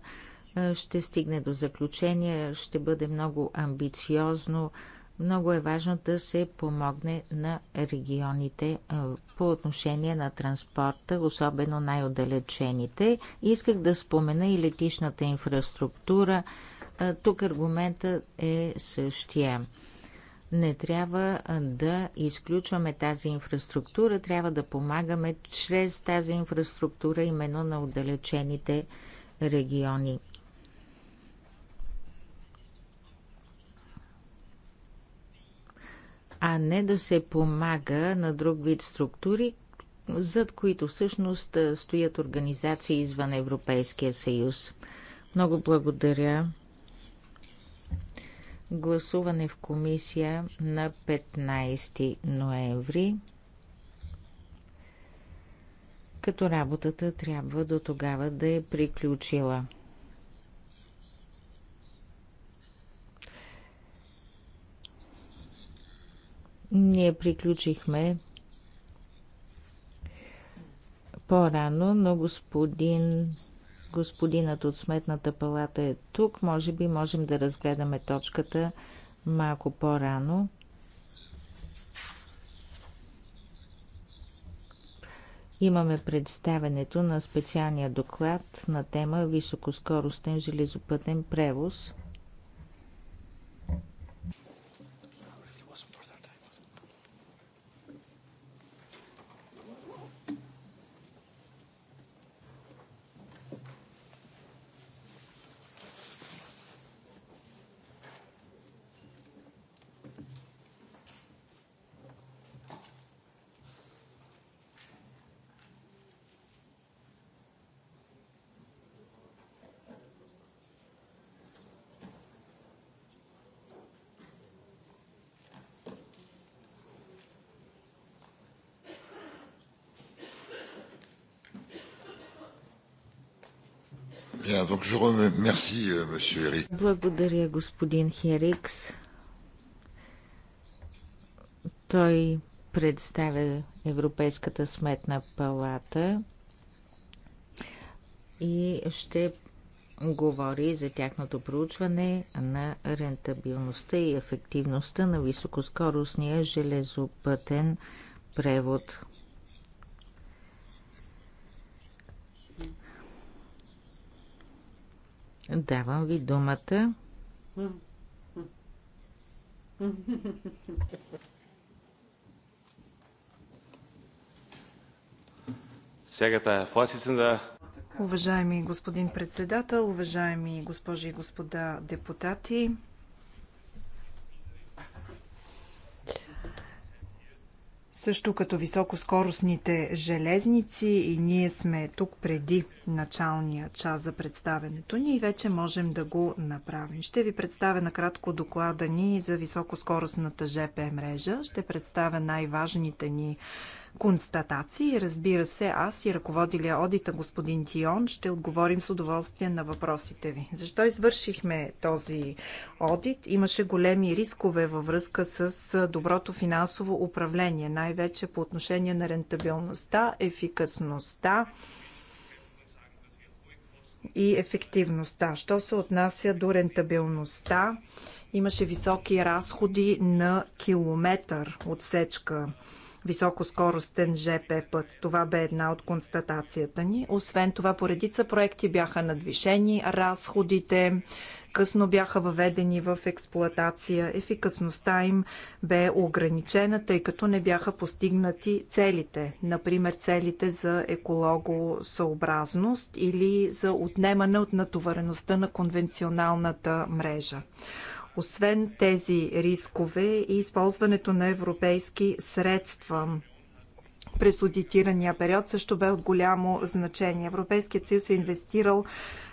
ще стигне до заключение, ще бъде много амбициозно. Много е важно да се помогне на регионите по отношение на транспорта, особено най-отдалечените. Исках да спомена и летишната инфраструктура. Тук аргументът е същия не трябва да изключваме тази инфраструктура, трябва да помагаме чрез тази инфраструктура именно на отдалечените региони. а не да се помага на друг вид структури, зад които всъщност стоят организации извън Европейския съюз. Много благодаря. Гласуване в комисия на 15 ноември. Като работата трябва до тогава да е приключила. Ние приключихме по-рано, но господин, господинът от Сметната палата е тук. Може би можем да разгледаме точката малко по-рано. Имаме представенето на специалния доклад на тема Високоскоростен железопътен превоз – Donc je remercie euh, monsieur Благодаря господин Херикс. Той представя Европейската сметна палата и ще говори за тяхното проучване на рентабилността и ефективността на високоскоростния железопътен превод. Давам ви думата. Уважаеми господин председател, уважаеми госпожи и господа депутати, също като високоскоростните железници и ние сме тук преди началния час за представенето ни и вече можем да го направим. Ще ви представя накратко доклада ни за високоскоростната ЖП мрежа. Ще представя най-важните ни констатации. Разбира се, аз и ръководилия одита господин Тион ще отговорим с удоволствие на въпросите ви. Защо извършихме този одит? Имаше големи рискове във връзка с доброто финансово управление, най-вече по отношение на рентабилността, ефикасността и ефективността. Що се отнася до рентабилността, имаше високи разходи на километър отсечка високоскоростен ЖП път. Това бе една от констатацията ни. Освен това, поредица проекти бяха надвишени, разходите късно бяха въведени в експлоатация. Ефикасността им бе ограничена, тъй като не бяха постигнати целите. Например, целите за екологосъобразност или за отнемане от натовареността на конвенционалната мрежа. Освен тези рискове и използването на европейски средства през аудитирания период също бе от голямо значение. Европейският съюз е инвестирал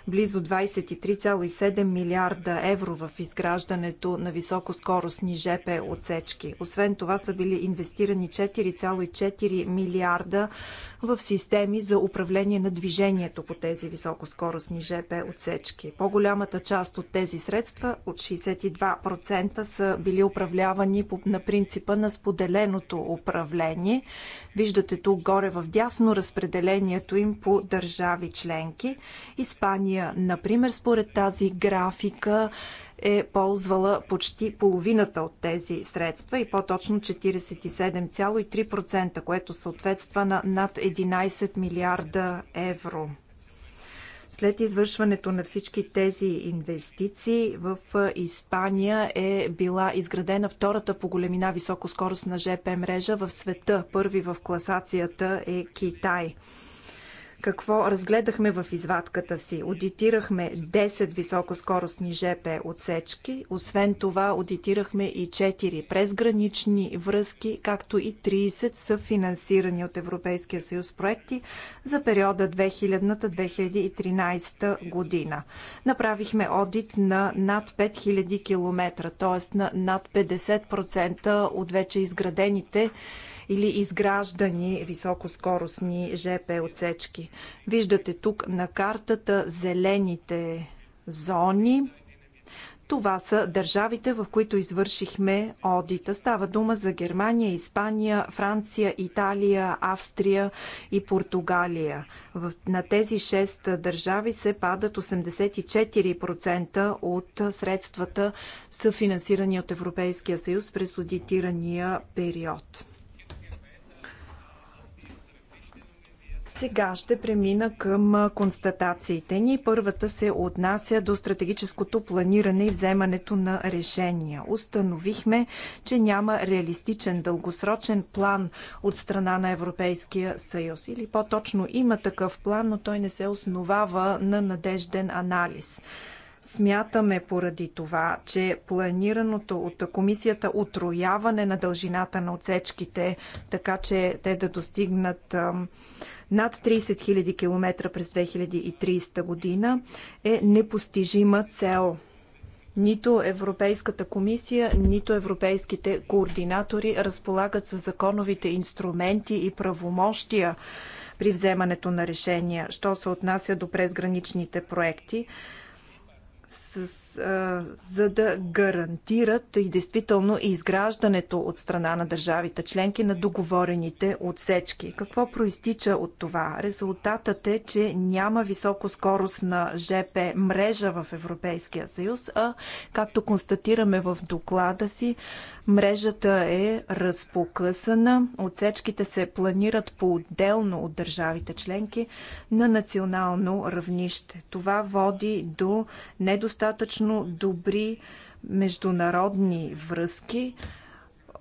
близо 23,7 милиарда евро в изграждането на високоскоростни ЖП отсечки. Освен това са били инвестирани 4,4 милиарда в системи за управление на движението по тези високоскоростни ЖП отсечки. По-голямата част от тези средства, от 62%, са били управлявани на принципа на споделеното управление. Виждате тук горе в дясно разпределението им по държави членки. Испания, например, според тази графика, е ползвала почти половината от тези средства и по-точно 47,3%, което съответства на над 11 милиарда евро. След извършването на всички тези инвестиции в Испания е била изградена втората по големина високоскоростна ЖП мрежа в света. Първи в класацията е Китай какво разгледахме в извадката си. Аудитирахме 10 високоскоростни ЖП отсечки, освен това аудитирахме и 4 презгранични връзки, както и 30 са финансирани от Европейския съюз проекти за периода 2000-2013 година. Направихме одит на над 5000 км, т.е. на над 50% от вече изградените или изграждани високоскоростни ЖП отсечки. Виждате тук на картата зелените зони. Това са държавите, в които извършихме одита. Става дума за Германия, Испания, Франция, Италия, Австрия и Португалия. На тези 6 държави се падат 84% от средствата, съфинансирани от Европейския съюз през одитирания период. Сега ще премина към констатациите ни. Първата се отнася до стратегическото планиране и вземането на решения. Установихме, че няма реалистичен дългосрочен план от страна на Европейския съюз. Или по-точно има такъв план, но той не се основава на надежден анализ. Смятаме поради това, че планираното от комисията отрояване на дължината на отсечките, така че те да достигнат над 30 000 км през 2030 година е непостижима цел. Нито Европейската комисия, нито европейските координатори разполагат с законовите инструменти и правомощия при вземането на решения, що се отнася до презграничните проекти с, а, за да гарантират и действително изграждането от страна на държавите членки на договорените отсечки. Какво проистича от това? Резултатът е, че няма на ЖП мрежа в Европейския съюз, а както констатираме в доклада си, мрежата е разпокъсана, отсечките се планират по-отделно от държавите членки на национално равнище. Това води до недостатъчно достатъчно добри международни връзки.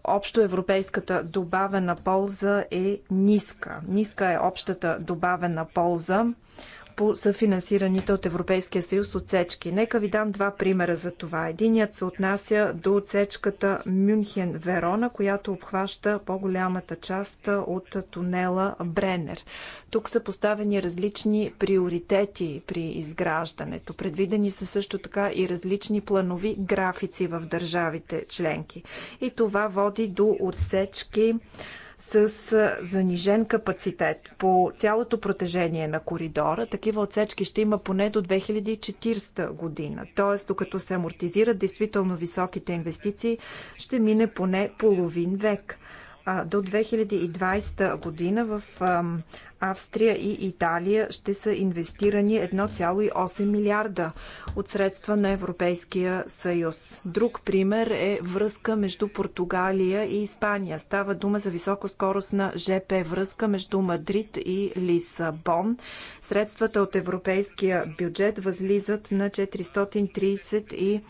Общо европейската добавена полза е ниска. Ниска е общата добавена полза по съфинансираните от Европейския съюз отсечки. Нека ви дам два примера за това. Единият се отнася до отсечката Мюнхен-Верона, която обхваща по-голямата част от тунела Бренер. Тук са поставени различни приоритети при изграждането. Предвидени са също така и различни планови графици в държавите членки. И това води до отсечки с занижен капацитет по цялото протежение на коридора. Такива отсечки ще има поне до 2040 година. Тоест, докато се амортизират действително високите инвестиции, ще мине поне половин век. До 2020 година в Австрия и Италия ще са инвестирани 1,8 милиарда от средства на Европейския съюз. Друг пример е връзка между Португалия и Испания. Става дума за високоскоростна ЖП връзка между Мадрид и Лисабон. Средствата от европейския бюджет възлизат на 430 и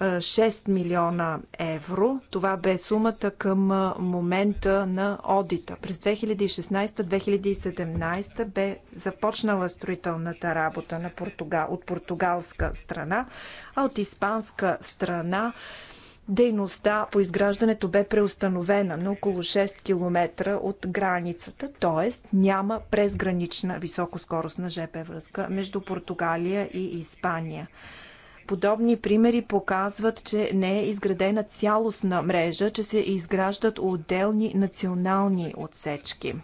6 милиона евро. Това бе сумата към момента на одита. През 2016-2017 бе започнала строителната работа на Португал, от португалска страна, а от испанска страна дейността по изграждането бе преустановена на около 6 км от границата, т.е. няма презгранична високоскоростна ЖП връзка между Португалия и Испания. Подобни примери показват, че не е изградена цялостна мрежа, че се изграждат отделни национални отсечки.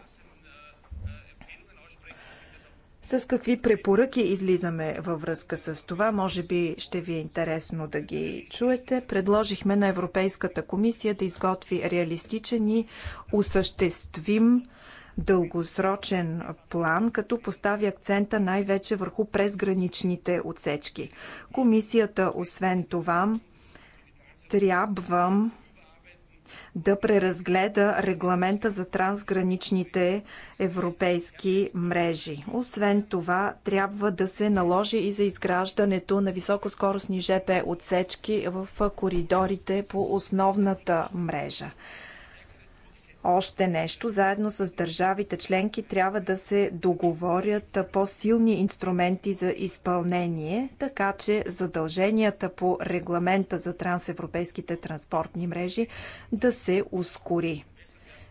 С какви препоръки излизаме във връзка с това? Може би ще ви е интересно да ги чуете. Предложихме на Европейската комисия да изготви реалистичен и осъществим дългосрочен план, като постави акцента най-вече върху презграничните отсечки. Комисията, освен това, трябва да преразгледа регламента за трансграничните европейски мрежи. Освен това, трябва да се наложи и за изграждането на високоскоростни ЖП отсечки в коридорите по основната мрежа. Още нещо, заедно с държавите членки трябва да се договорят по-силни инструменти за изпълнение, така че задълженията по регламента за трансевропейските транспортни мрежи да се ускори.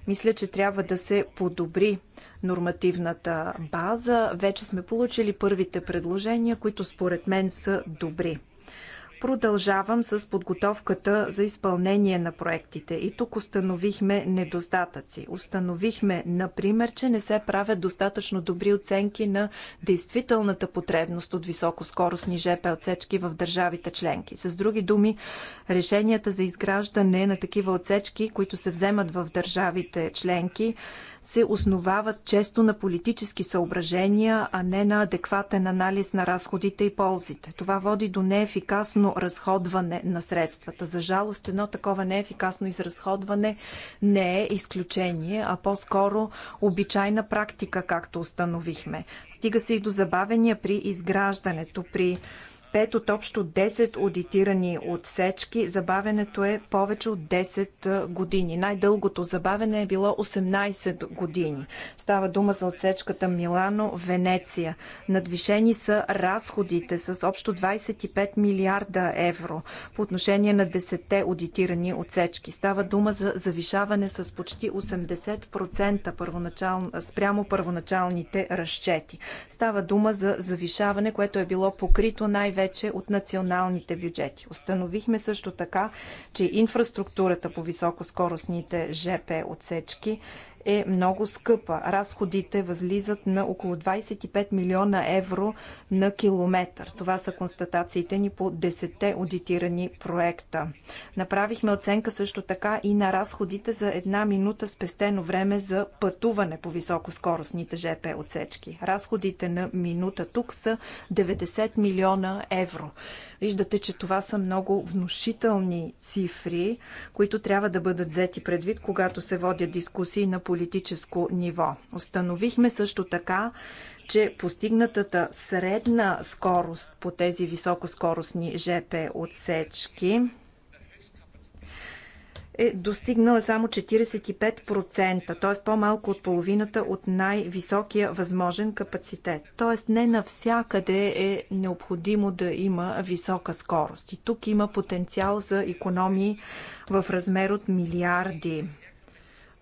Мисля, че трябва да се подобри нормативната база. Вече сме получили първите предложения, които според мен са добри. Продължавам с подготовката за изпълнение на проектите и тук установихме недостатъци. Установихме, например, че не се правят достатъчно добри оценки на действителната потребност от високоскоростни ЖП отсечки в държавите членки. С други думи, решенията за изграждане на такива отсечки, които се вземат в държавите членки, се основават често на политически съображения, а не на адекватен анализ на разходите и ползите. Това води до неефикасно разходване на средствата. За жалост, едно такова неефикасно изразходване не е изключение, а по-скоро обичайна практика, както установихме. Стига се и до забавения при изграждането, при 5 от общо 10 аудитирани отсечки забавенето е повече от 10 години. Най-дългото забавене е било 18 години. Става дума за отсечката Милано-Венеция. Надвишени са разходите с общо 25 милиарда евро по отношение на 10 аудитирани отсечки. Става дума за завишаване с почти 80% първоначал... спрямо първоначалните разчети. Става дума за завишаване, което е било покрито най-вече вече от националните бюджети. Установихме също така, че инфраструктурата по високоскоростните ЖП отсечки е много скъпа. Разходите възлизат на около 25 милиона евро на километър. Това са констатациите ни по 10 аудитирани проекта. Направихме оценка също така и на разходите за една минута спестено време за пътуване по високоскоростните ЖП отсечки. Разходите на минута тук са 90 милиона евро. Виждате, че това са много внушителни цифри, които трябва да бъдат взети предвид, когато се водят дискусии на политическо ниво. Установихме също така, че постигнатата средна скорост по тези високоскоростни ЖП отсечки е достигнала само 45%, т.е. по-малко от половината от най-високия възможен капацитет. Т.е. не навсякъде е необходимо да има висока скорост. И тук има потенциал за економии в размер от милиарди.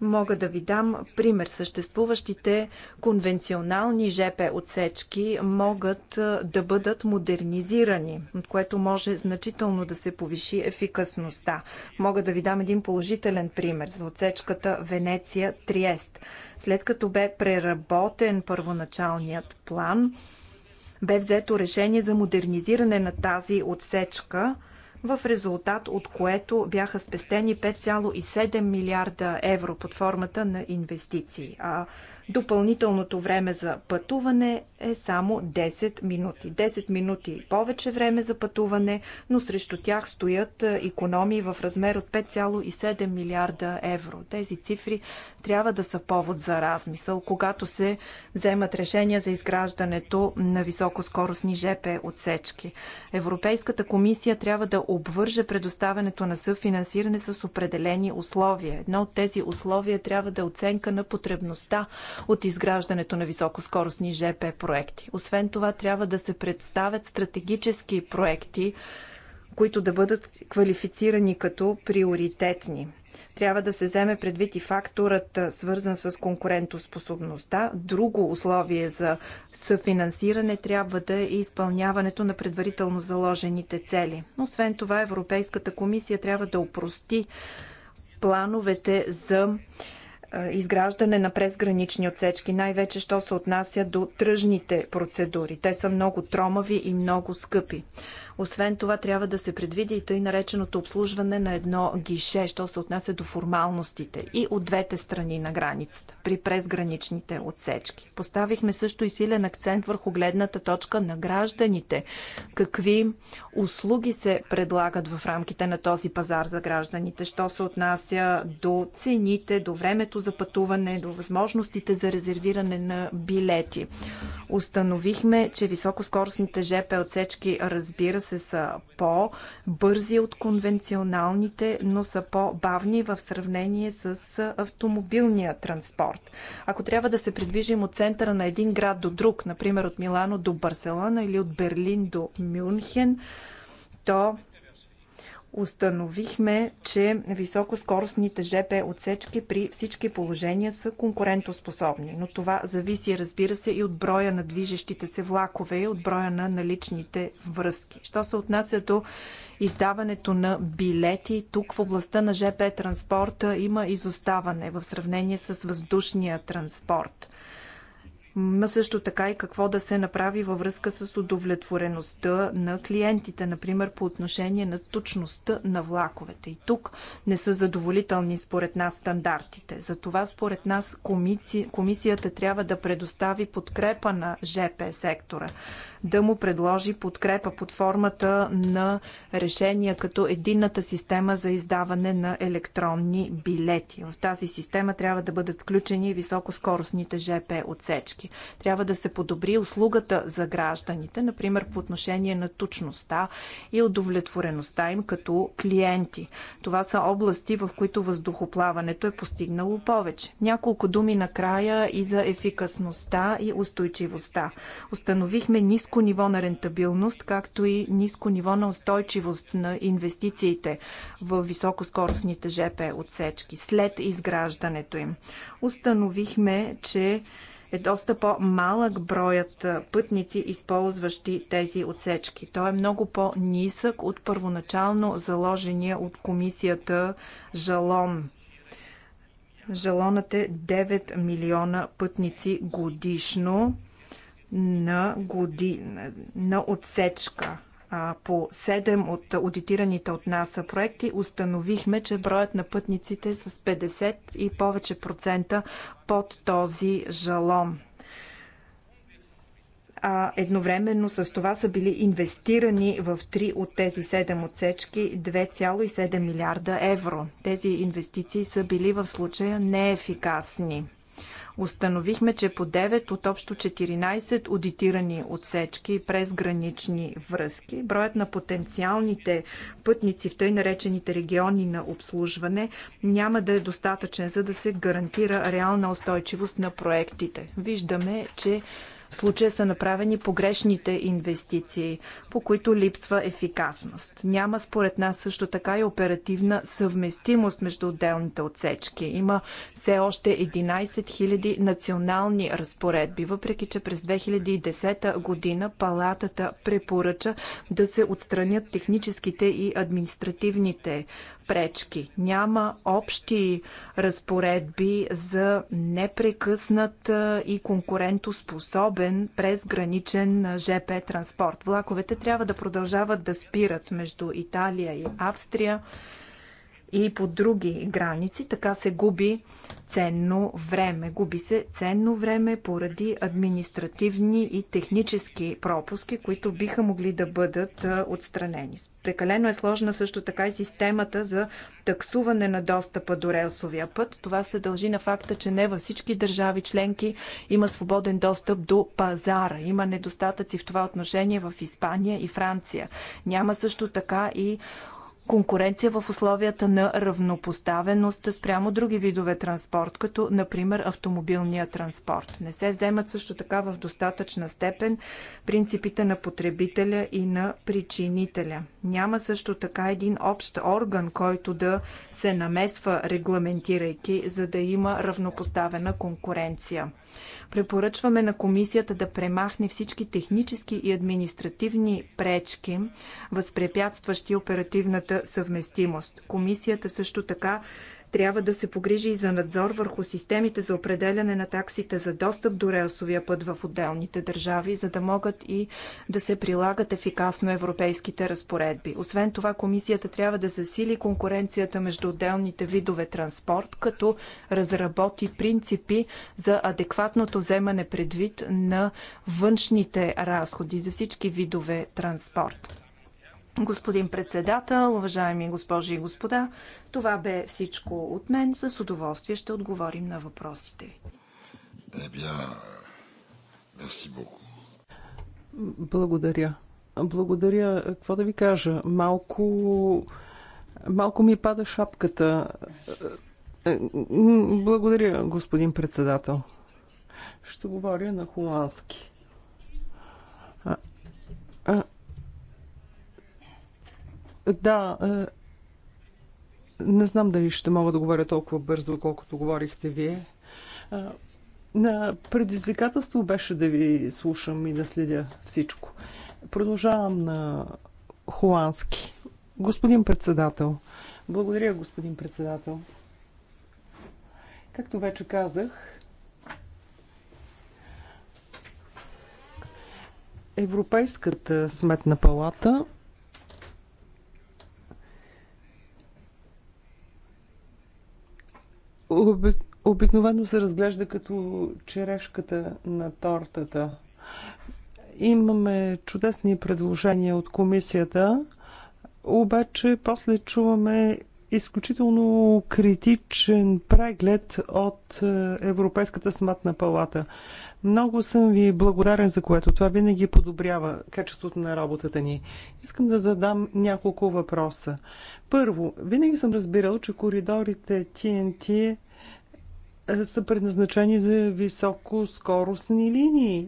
Мога да ви дам пример. Съществуващите конвенционални ЖП отсечки могат да бъдат модернизирани, от което може значително да се повиши ефикасността. Мога да ви дам един положителен пример за отсечката Венеция-Триест. След като бе преработен първоначалният план, бе взето решение за модернизиране на тази отсечка – в резултат от което бяха спестени 5,7 милиарда евро под формата на инвестиции. А Допълнителното време за пътуване е само 10 минути. 10 минути повече време за пътуване, но срещу тях стоят економии в размер от 5,7 милиарда евро. Тези цифри трябва да са повод за размисъл, когато се вземат решения за изграждането на високоскоростни ЖП отсечки. Европейската комисия трябва да обвърже предоставянето на съфинансиране с определени условия. Едно от тези условия трябва да е оценка на потребността от изграждането на високоскоростни ЖП проекти. Освен това, трябва да се представят стратегически проекти, които да бъдат квалифицирани като приоритетни. Трябва да се вземе предвид и факторът, свързан с конкурентоспособността. Друго условие за съфинансиране трябва да е изпълняването на предварително заложените цели. Освен това, Европейската комисия трябва да опрости плановете за изграждане на презгранични отсечки, най-вече що се отнася до тръжните процедури. Те са много тромави и много скъпи. Освен това, трябва да се предвиди и тъй нареченото обслужване на едно гише, що се отнася до формалностите и от двете страни на границата, при презграничните отсечки. Поставихме също и силен акцент върху гледната точка на гражданите. Какви услуги се предлагат в рамките на този пазар за гражданите, що се отнася до цените, до времето за пътуване, до възможностите за резервиране на билети. Установихме, че високоскоростните ЖП отсечки, разбира се, се са по-бързи от конвенционалните, но са по-бавни в сравнение с автомобилния транспорт. Ако трябва да се придвижим от центъра на един град до друг, например от Милано до Барселона или от Берлин до Мюнхен, то установихме, че високоскоростните ЖП отсечки при всички положения са конкурентоспособни, но това зависи, разбира се, и от броя на движещите се влакове и от броя на наличните връзки. Що се отнася до издаването на билети, тук в областта на ЖП транспорта има изоставане в сравнение с въздушния транспорт. Има също така и какво да се направи във връзка с удовлетвореността на клиентите, например по отношение на точността на влаковете. И тук не са задоволителни според нас стандартите. Затова според нас комисията трябва да предостави подкрепа на ЖП сектора да му предложи подкрепа под формата на решения като единната система за издаване на електронни билети. В тази система трябва да бъдат включени високоскоростните ЖП отсечки. Трябва да се подобри услугата за гражданите, например по отношение на точността и удовлетвореността им като клиенти. Това са области, в които въздухоплаването е постигнало повече. Няколко думи накрая и за ефикасността и устойчивостта. Установихме ниско ниско ниво на рентабилност, както и ниско ниво на устойчивост на инвестициите в високоскоростните ЖП отсечки след изграждането им. Установихме, че е доста по-малък броят пътници, използващи тези отсечки. Той е много по-нисък от първоначално заложения от комисията жалон. Жалонът е 9 милиона пътници годишно на, годи... на отсечка. по 7 от аудитираните от нас проекти установихме, че броят на пътниците е с 50 и повече процента под този жалон а едновременно с това са били инвестирани в три от тези 7 отсечки 2,7 милиарда евро. Тези инвестиции са били в случая неефикасни установихме, че по 9 от общо 14 аудитирани отсечки през гранични връзки, броят на потенциалните пътници в тъй наречените региони на обслужване няма да е достатъчен, за да се гарантира реална устойчивост на проектите. Виждаме, че в случая са направени погрешните инвестиции, по които липсва ефикасност. Няма според нас също така и оперативна съвместимост между отделните отсечки. Има все още 11 000 национални разпоредби, въпреки че през 2010 година палатата препоръча да се отстранят техническите и административните пречки. Няма общи разпоредби за непрекъснат и конкурентоспособен през граничен ЖП транспорт. Влаковете трябва да продължават да спират между Италия и Австрия, и по други граници. Така се губи ценно време. Губи се ценно време поради административни и технически пропуски, които биха могли да бъдат отстранени. Прекалено е сложна също така и системата за таксуване на достъпа до релсовия път. Това се дължи на факта, че не във всички държави членки има свободен достъп до пазара. Има недостатъци в това отношение в Испания и Франция. Няма също така и конкуренция в условията на равнопоставеност спрямо други видове транспорт, като например автомобилния транспорт. Не се вземат също така в достатъчна степен принципите на потребителя и на причинителя. Няма също така един общ орган, който да се намесва регламентирайки, за да има равнопоставена конкуренция. Препоръчваме на комисията да премахне всички технически и административни пречки, възпрепятстващи оперативната съвместимост. Комисията също така трябва да се погрижи и за надзор върху системите за определяне на таксите за достъп до релсовия път в отделните държави, за да могат и да се прилагат ефикасно европейските разпоредби. Освен това, комисията трябва да засили конкуренцията между отделните видове транспорт, като разработи принципи за адекватното вземане предвид на външните разходи за всички видове транспорт. Господин председател, уважаеми госпожи и господа, това бе всичко от мен. С удоволствие ще отговорим на въпросите ви. Е, Благодаря. Благодаря. Какво да ви кажа? Малко, малко ми пада шапката. Благодаря, господин председател. Ще говоря на холандски. А, а, да, е, не знам дали ще мога да говоря толкова бързо, колкото говорихте вие. Е, на предизвикателство беше да ви слушам и да следя всичко. Продължавам на холандски. Господин председател, благодаря, господин председател. Както вече казах, Европейската сметна палата обикновено се разглежда като черешката на тортата. Имаме чудесни предложения от комисията, обаче после чуваме изключително критичен преглед от е, Европейската сматна палата. Много съм ви благодарен за което. Това винаги подобрява качеството на работата ни. Искам да задам няколко въпроса. Първо, винаги съм разбирал, че коридорите TNT е, са предназначени за високоскоростни линии.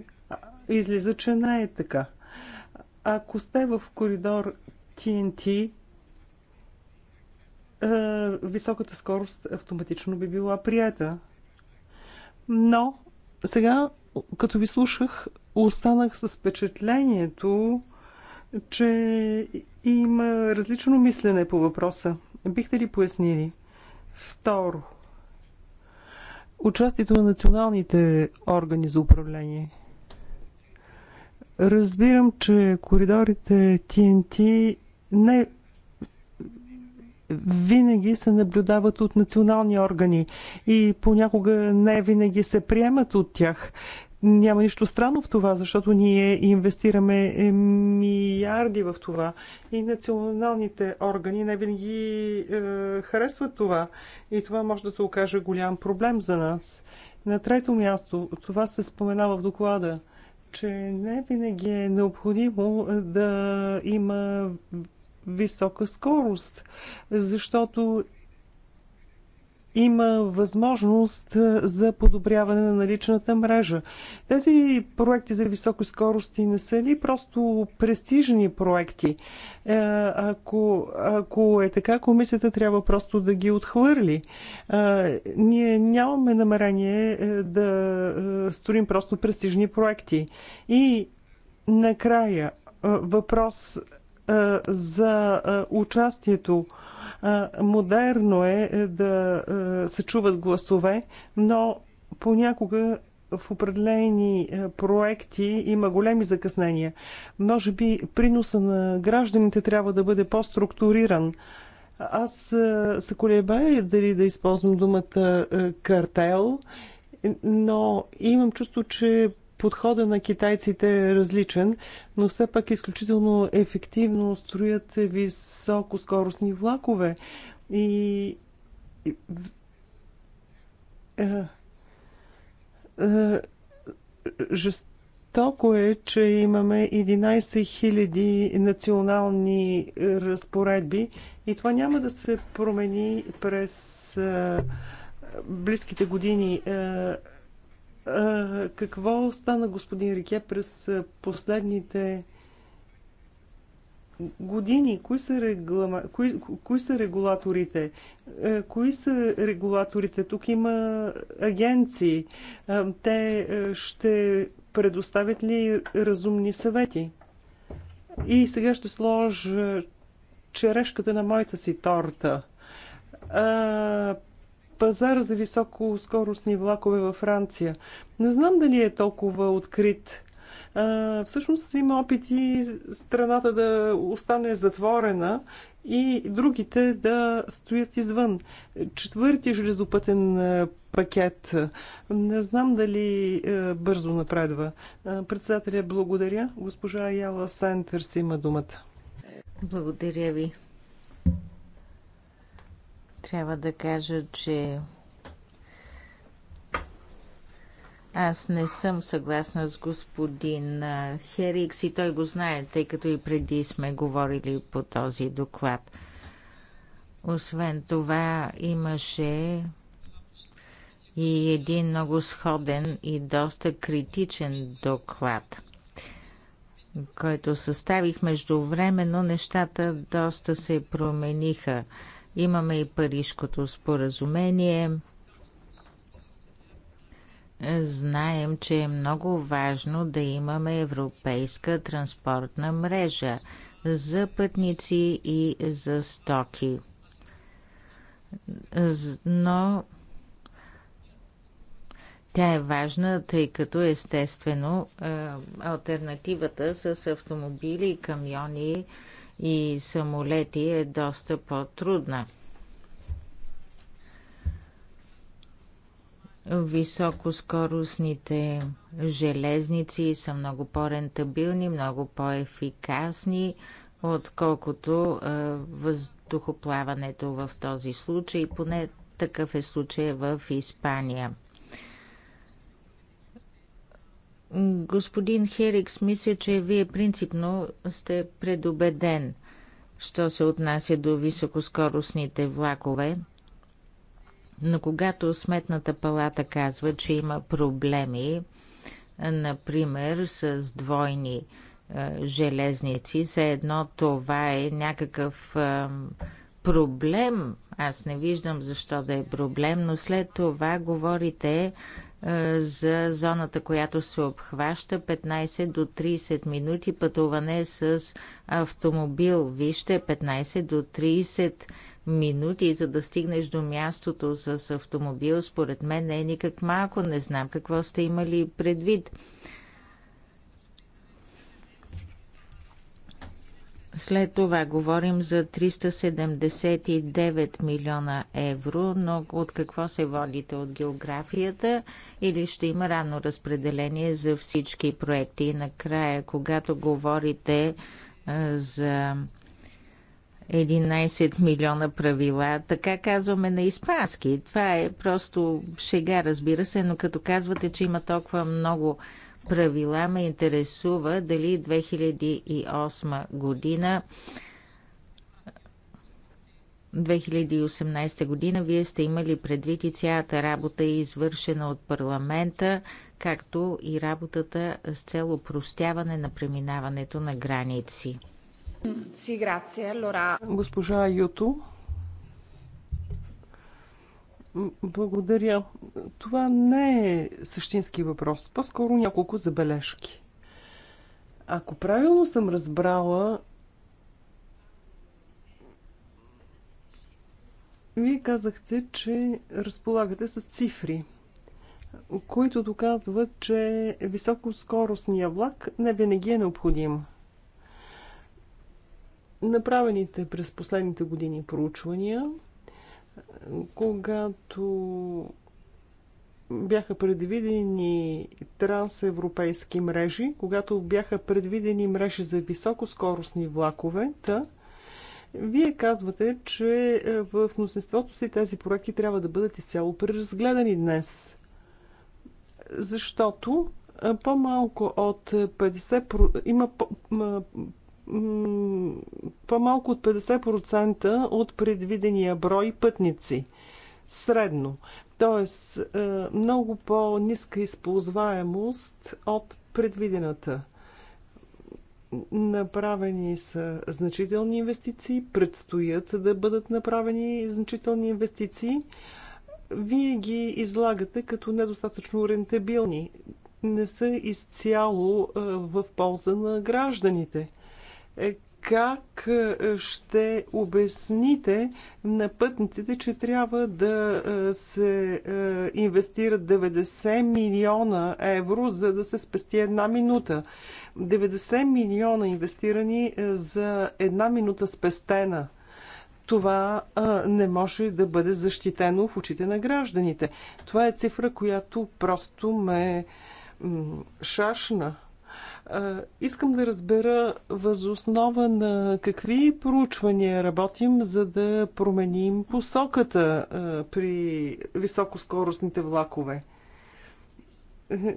Излиза, че не е така. Ако сте в коридор TNT, е, високата скорост автоматично би била прията. Но сега, като ви слушах, останах с впечатлението, че има различно мислене по въпроса. Бихте ли пояснили? Второ, участието на националните органи за управление. Разбирам, че коридорите TNT не винаги се наблюдават от национални органи и понякога не винаги се приемат от тях. Няма нищо странно в това, защото ние инвестираме е, милиарди в това и националните органи не винаги е, харесват това и това може да се окаже голям проблем за нас. На трето място, това се споменава в доклада, че не винаги е необходимо е, да има висока скорост, защото има възможност за подобряване на наличната мрежа. Тези проекти за високи скорости не са ли просто престижни проекти? Е, ако, ако е така, комисията трябва просто да ги отхвърли. Е, ние нямаме намерение е, да строим просто престижни проекти. И накрая въпрос е, за е, участието. Е, модерно е да се чуват гласове, но понякога в определени проекти има големи закъснения. Може би приноса на гражданите трябва да бъде по-структуриран. Аз се колебая дали да използвам думата картел, но имам чувство, че подхода на китайците е различен, но все пак изключително ефективно строят високоскоростни влакове. И е, е, жестоко е, че имаме 11 000 национални разпоредби и това няма да се промени през е, близките години какво стана господин Рике през последните години? Кои са, реглама... кои, кои са регулаторите? Кои са регулаторите? Тук има агенции. Те ще предоставят ли разумни съвети? И сега ще сложа черешката на моята си торта пазар за високоскоростни влакове във Франция. Не знам дали е толкова открит. Всъщност има опити страната да остане затворена и другите да стоят извън. Четвърти железопътен пакет. Не знам дали бързо напредва. Председателя, благодаря. Госпожа Яла Сентърс има думата. Благодаря ви. Трябва да кажа, че аз не съм съгласна с господин Херикс и той го знае, тъй като и преди сме говорили по този доклад. Освен това имаше и един много сходен и доста критичен доклад, който съставих но Нещата доста се промениха. Имаме и Парижкото споразумение. Знаем, че е много важно да имаме европейска транспортна мрежа за пътници и за стоки. Но тя е важна, тъй като естествено е, альтернативата с автомобили и камиони и самолети е доста по-трудна. Високоскоростните железници са много по-рентабилни, много по-ефикасни, отколкото е, въздухоплаването в този случай. Поне такъв е случай в Испания. Господин Херикс, мисля, че вие принципно сте предубеден, що се отнася до високоскоростните влакове. Но когато Сметната палата казва, че има проблеми, например, с двойни железници, за едно това е някакъв проблем. Аз не виждам защо да е проблем, но след това говорите за зоната, която се обхваща 15 до 30 минути пътуване с автомобил. Вижте 15 до 30 минути, за да стигнеш до мястото с автомобил, според мен не е никак малко. Не знам какво сте имали предвид. След това говорим за 379 милиона евро, но от какво се водите от географията или ще има равно разпределение за всички проекти? И накрая, когато говорите за 11 милиона правила. Така казваме на испански. Това е просто шега, разбира се, но като казвате, че има толкова много правила ме интересува дали 2008 година 2018 година вие сте имали предвид и цялата работа е извършена от парламента, както и работата с цел упростяване на преминаването на граници. Госпожа Юто. Благодаря. Това не е същински въпрос, по-скоро няколко забележки. Ако правилно съм разбрала, вие казахте, че разполагате с цифри, които доказват, че високоскоростния влак не винаги е необходим. Направените през последните години проучвания – когато бяха предвидени трансевропейски мрежи, когато бяха предвидени мрежи за високоскоростни влакове, та, вие казвате, че е, в мнозинството си тези проекти трябва да бъдат изцяло преразгледани днес. Защото е, по-малко от 50%, има по-малко от 50% от предвидения брой пътници. Средно. Тоест, е, много по-ниска използваемост от предвидената. Направени са значителни инвестиции, предстоят да бъдат направени значителни инвестиции. Вие ги излагате като недостатъчно рентабилни. Не са изцяло е, в полза на гражданите – е, как е, ще обясните на пътниците, че трябва да е, се инвестират 90 милиона евро, за да се спести една минута? 90 милиона инвестирани за една минута спестена това а, не може да бъде защитено в очите на гражданите. Това е цифра, която просто ме шашна. Искам да разбера възоснова на какви проучвания работим, за да променим посоката при високоскоростните влакове.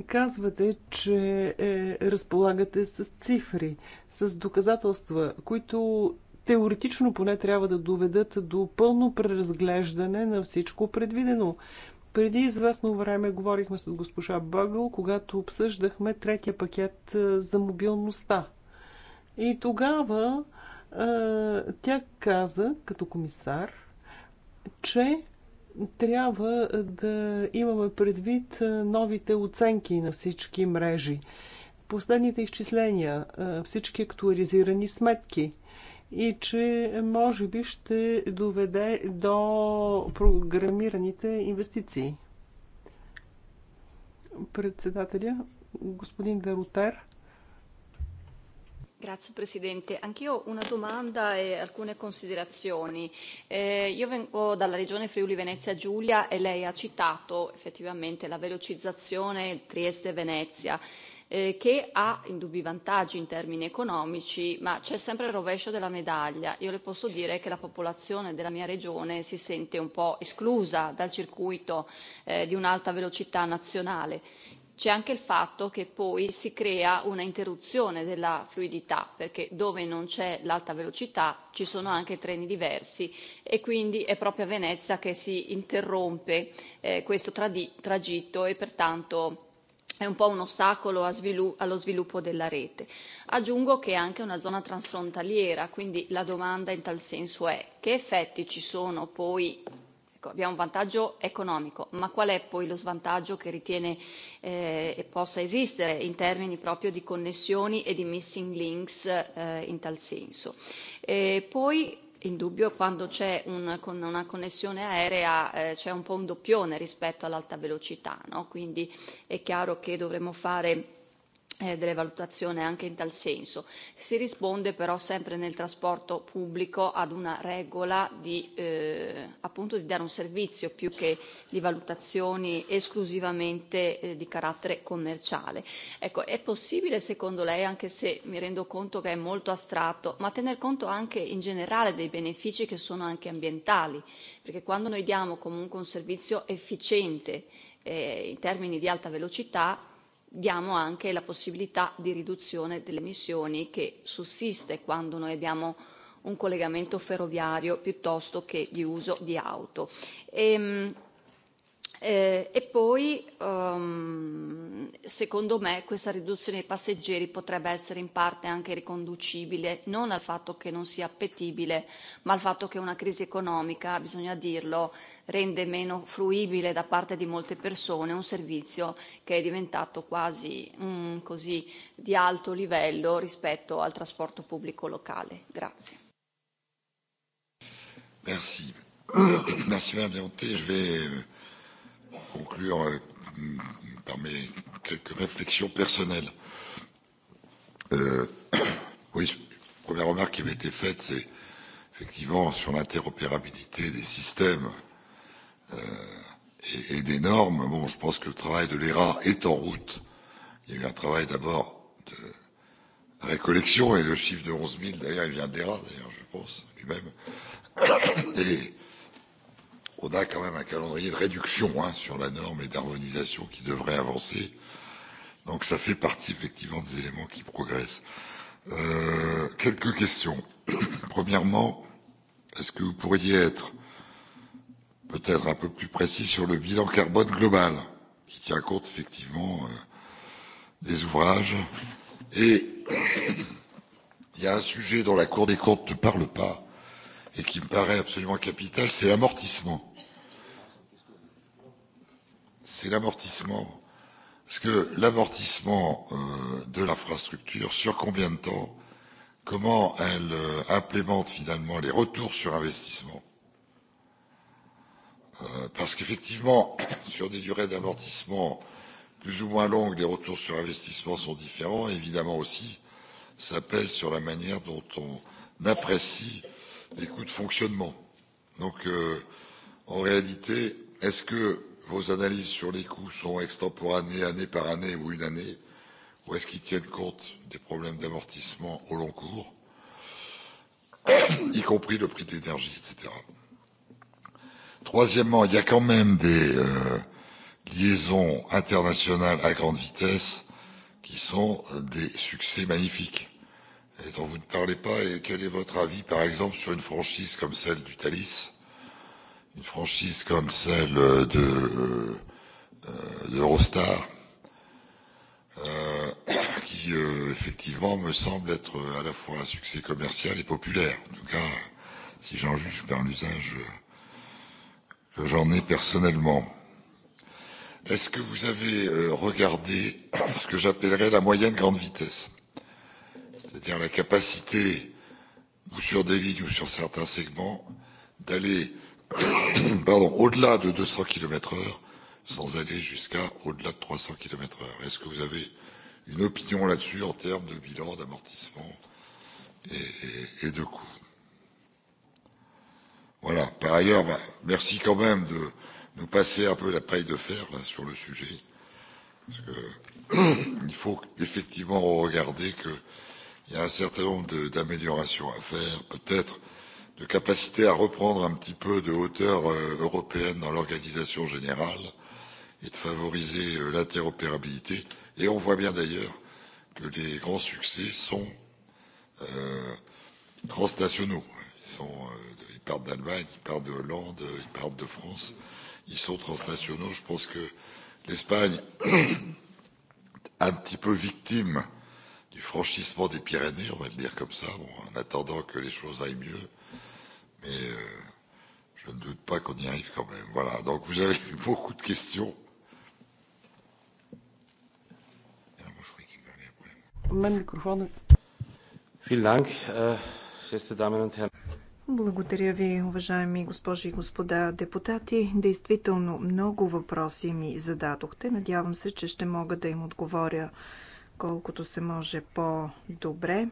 Казвате, че е, разполагате с цифри, с доказателства, които теоретично поне трябва да доведат до пълно преразглеждане на всичко предвидено. Преди известно време говорихме с госпожа Бъгъл, когато обсъждахме третия пакет за мобилността. И тогава тя каза, като комисар, че трябва да имаме предвид новите оценки на всички мрежи. Последните изчисления, всички актуализирани сметки – и че може би ще доведе до програмираните инвестиции. Председателя, господин Дарутер. Grazie Presidente. Anch'io una domanda e alcune considerazioni. Eh, io vengo dalla regione Friuli Venezia Giulia e lei ha citato effettivamente la velocizzazione Trieste-Venezia eh, che ha indubbi vantaggi in termini economici, ma c'è sempre il rovescio della medaglia. Io le posso dire che la popolazione della mia regione si sente un po' esclusa dal circuito eh, di un'alta velocità nazionale c'è anche il fatto che poi si crea una interruzione della fluidità, perché dove non c'è l'alta velocità ci sono anche treni diversi e quindi è proprio a Venezia che si interrompe questo tragitto e pertanto è un po' un ostacolo allo sviluppo della rete. Aggiungo che è anche una zona transfrontaliera, quindi la domanda in tal senso è che effetti ci sono poi Ecco, abbiamo un vantaggio economico, ma qual è poi lo svantaggio che ritiene eh, possa esistere in termini proprio di connessioni e di missing links eh, in tal senso? E poi in dubbio quando c'è un, con una connessione aerea eh, c'è un po' un doppione rispetto all'alta velocità, no? quindi è chiaro che dovremmo fare delle valutazioni anche in tal senso. Si risponde però sempre nel trasporto pubblico ad una regola di, eh, appunto di dare un servizio più che di valutazioni esclusivamente eh, di carattere commerciale. Ecco, è possibile secondo lei, anche se mi rendo conto che è molto astratto, ma tener conto anche in generale dei benefici che sono anche ambientali, perché quando noi diamo comunque un servizio efficiente eh, in termini di alta velocità, diamo anche la possibilità di riduzione delle emissioni che sussiste quando noi abbiamo un collegamento ferroviario piuttosto che di uso di auto e poi, secondo me, questa riduzione dei passeggeri potrebbe essere in parte anche riconducibile non al fatto che non sia appetibile, ma al fatto che una crisi economica, bisogna dirlo, rende meno fruibile da parte di molte persone un servizio che è diventato quasi così di alto livello rispetto al trasporto pubblico locale. Grazie. Merci. Merci Madame Leonté. Je vais conclure par mes quelques réflexions personnelles. oui, première remarque qui m'a été faite, c'est effectivement sur l'interopérabilité des systèmes et, des normes. Bon, je pense que le travail de l'ERA est en route. Il y a eu un travail d'abord de récollection et le chiffre de 11 000, d'ailleurs, il vient d'ERA, d'ailleurs, je pense, lui-même. Et on a quand même un calendrier de réduction hein, sur la norme et d'harmonisation qui devrait avancer. Donc ça fait partie effectivement des éléments qui progressent. Euh, quelques questions. Premièrement, est-ce que vous pourriez être peut-être un peu plus précis sur le bilan carbone global, qui tient compte effectivement euh, des ouvrages Et il y a un sujet dont la Cour des comptes ne parle pas, et qui me paraît absolument capital, c'est l'amortissement. C'est l'amortissement. Parce que l'amortissement de l'infrastructure, sur combien de temps, comment elle implémente finalement les retours sur investissement. Parce qu'effectivement, sur des durées d'amortissement plus ou moins longues, les retours sur investissement sont différents. Et évidemment aussi, ça pèse sur la manière dont on apprécie euh, des coûts de fonctionnement. Donc, euh, en réalité, est-ce que vos analyses sur les coûts sont extemporanées année par année ou une année, ou est-ce qu'ils tiennent compte des problèmes d'amortissement au long cours, y compris le prix de l'énergie, etc. Troisièmement, il y a quand même des euh, liaisons internationales à grande vitesse qui sont des succès magnifiques et dont vous ne parlez pas et quel est votre avis, par exemple, sur une franchise comme celle du Thalys, une franchise comme celle de l'Eurostar, qui effectivement me semble être à la fois un succès commercial et populaire. En tout cas, si j'en juge par l'usage que j'en ai personnellement. Est-ce que vous avez regardé ce que j'appellerais la moyenne grande vitesse c'est-à-dire la capacité, ou sur des lignes ou sur certains segments, d'aller au-delà de 200 km heure sans aller jusqu'à au-delà de 300 km heure. Est-ce que vous avez une opinion là-dessus en termes de bilan, d'amortissement et, et, et de coûts Voilà. Par ailleurs, bah, merci quand même de nous passer un peu la paille de fer là, sur le sujet. Parce que il faut effectivement regarder que il y a un certain nombre d'améliorations à faire, peut-être de capacité à reprendre un petit peu de hauteur européenne dans l'organisation générale et de favoriser l'interopérabilité. Et on voit bien d'ailleurs que les grands succès sont euh, transnationaux. Ils, sont, euh, ils partent d'Allemagne, ils partent de Hollande, ils partent de France. Ils sont transnationaux. Je pense que l'Espagne, un petit peu victime euh, du franchissement des Pyrénées, on va le dire comme ça, bon, en attendant que les choses aillent mieux. Mais euh, je ne doute pas qu'on y arrive quand même. Voilà, donc vous avez eu beaucoup de questions. Благодаря ви, уважаеми госпожи и господа депутати. Действително много въпроси ми зададохте. Надявам се, че ще мога да им отговоря колкото се може по-добре.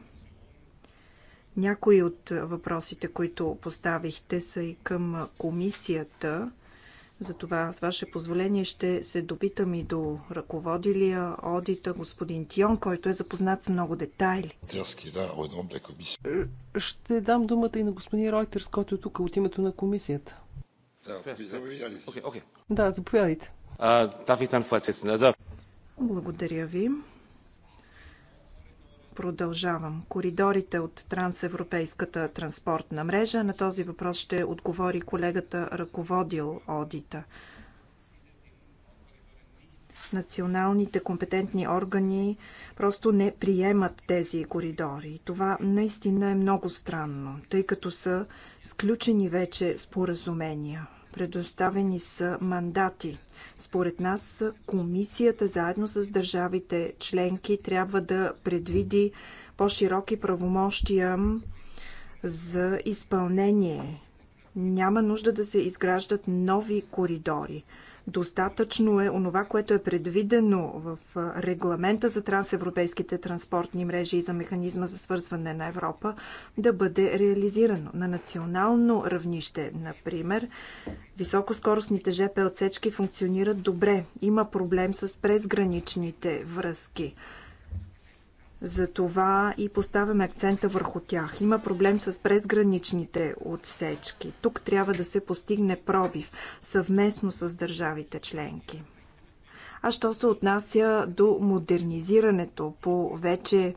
Някои от въпросите, които поставихте, са и към комисията. Затова, с ваше позволение, ще се допитам и до ръководилия одита господин Тион, който е запознат с много детайли. Е, ще дам думата и на господин Ройтерс, който е тук от името на комисията. Да, заповядайте. Благодаря ви. Продължавам. Коридорите от трансевропейската транспортна мрежа. На този въпрос ще отговори колегата, ръководил одита. Националните компетентни органи просто не приемат тези коридори. Това наистина е много странно, тъй като са сключени вече споразумения Предоставени са мандати. Според нас комисията заедно с държавите членки трябва да предвиди по-широки правомощия за изпълнение. Няма нужда да се изграждат нови коридори. Достатъчно е онова, което е предвидено в регламента за трансевропейските транспортни мрежи и за механизма за свързване на Европа да бъде реализирано. На национално равнище, например, високоскоростните ЖП отсечки функционират добре. Има проблем с презграничните връзки. Затова и поставяме акцента върху тях. Има проблем с презграничните отсечки. Тук трябва да се постигне пробив съвместно с държавите членки. А що се отнася до модернизирането по вече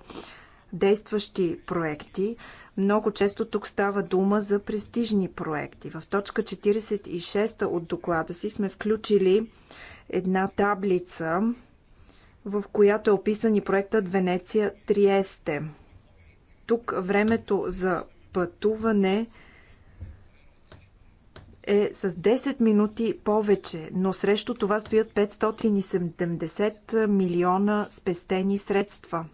действащи проекти, много често тук става дума за престижни проекти. В точка 46 от доклада си сме включили една таблица в която е описан и проектът Венеция Триесте. Тук времето за пътуване е с 10 минути повече, но срещу това стоят 570 милиона спестени средства.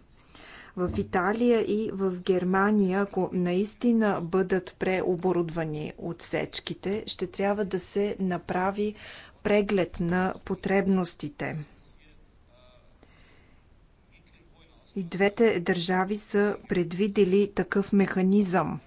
В Италия и в Германия, ако наистина бъдат преоборудвани отсечките, ще трябва да се направи преглед на потребностите И двете държави са предвидели такъв механизъм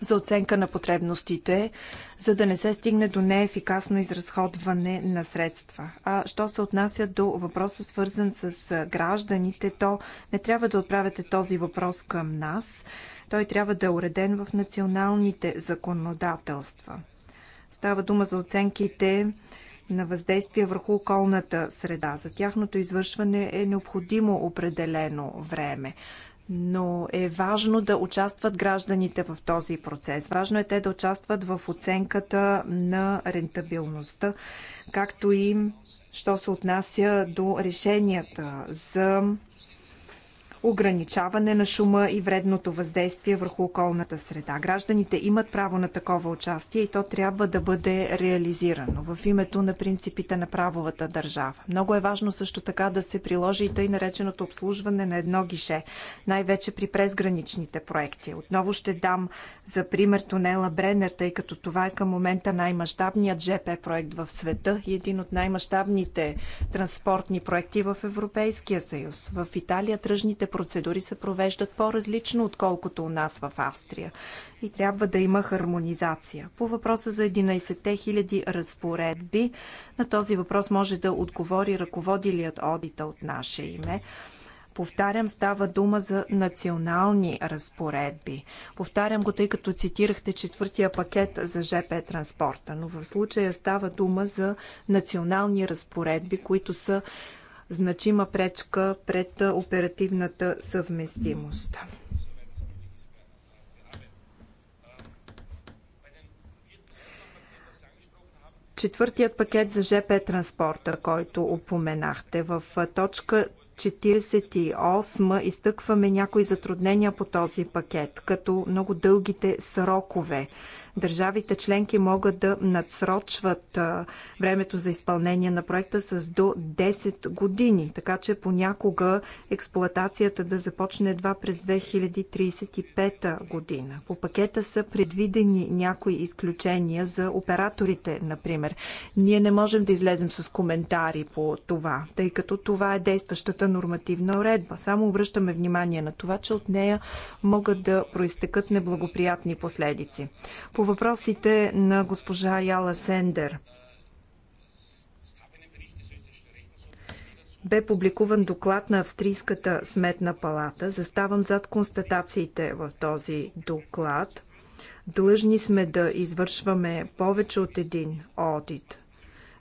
за оценка на потребностите, за да не се стигне до неефикасно изразходване на средства. А що се отнася до въпроса, свързан с гражданите, то не трябва да отправяте този въпрос към нас. Той трябва да е уреден в националните законодателства. Става дума за оценките на въздействие върху околната среда. За тяхното извършване е необходимо определено време. Но е важно да участват гражданите в този процес. Важно е те да участват в оценката на рентабилността, както и що се отнася до решенията за ограничаване на шума и вредното въздействие върху околната среда. Гражданите имат право на такова участие и то трябва да бъде реализирано в името на принципите на правовата държава. Много е важно също така да се приложи и тъй нареченото обслужване на едно гише, най-вече при презграничните проекти. Отново ще дам за пример тунела Бренер, тъй като това е към момента най-мащабният ЖП проект в света и един от най-мащабните транспортни проекти в Европейския съюз. В Италия тръжните процедури се провеждат по-различно, отколкото у нас в Австрия. И трябва да има хармонизация. По въпроса за 11 000 разпоредби, на този въпрос може да отговори ръководилият одита от наше име. Повтарям, става дума за национални разпоредби. Повтарям го, тъй като цитирахте четвъртия пакет за ЖП транспорта, но в случая става дума за национални разпоредби, които са значима пречка пред оперативната съвместимост. Четвъртият пакет за ЖП транспорта, който упоменахте в точка 48 изтъкваме някои затруднения по този пакет, като много дългите срокове Държавите членки могат да надсрочват времето за изпълнение на проекта с до 10 години, така че понякога експлоатацията да започне едва през 2035 година. По пакета са предвидени някои изключения за операторите, например. Ние не можем да излезем с коментари по това, тъй като това е действащата нормативна уредба. Само обръщаме внимание на това, че от нея могат да проистекат неблагоприятни последици. По въпросите на госпожа Яла Сендер. бе публикуван доклад на Австрийската сметна палата. Заставам зад констатациите в този доклад. Длъжни сме да извършваме повече от един одит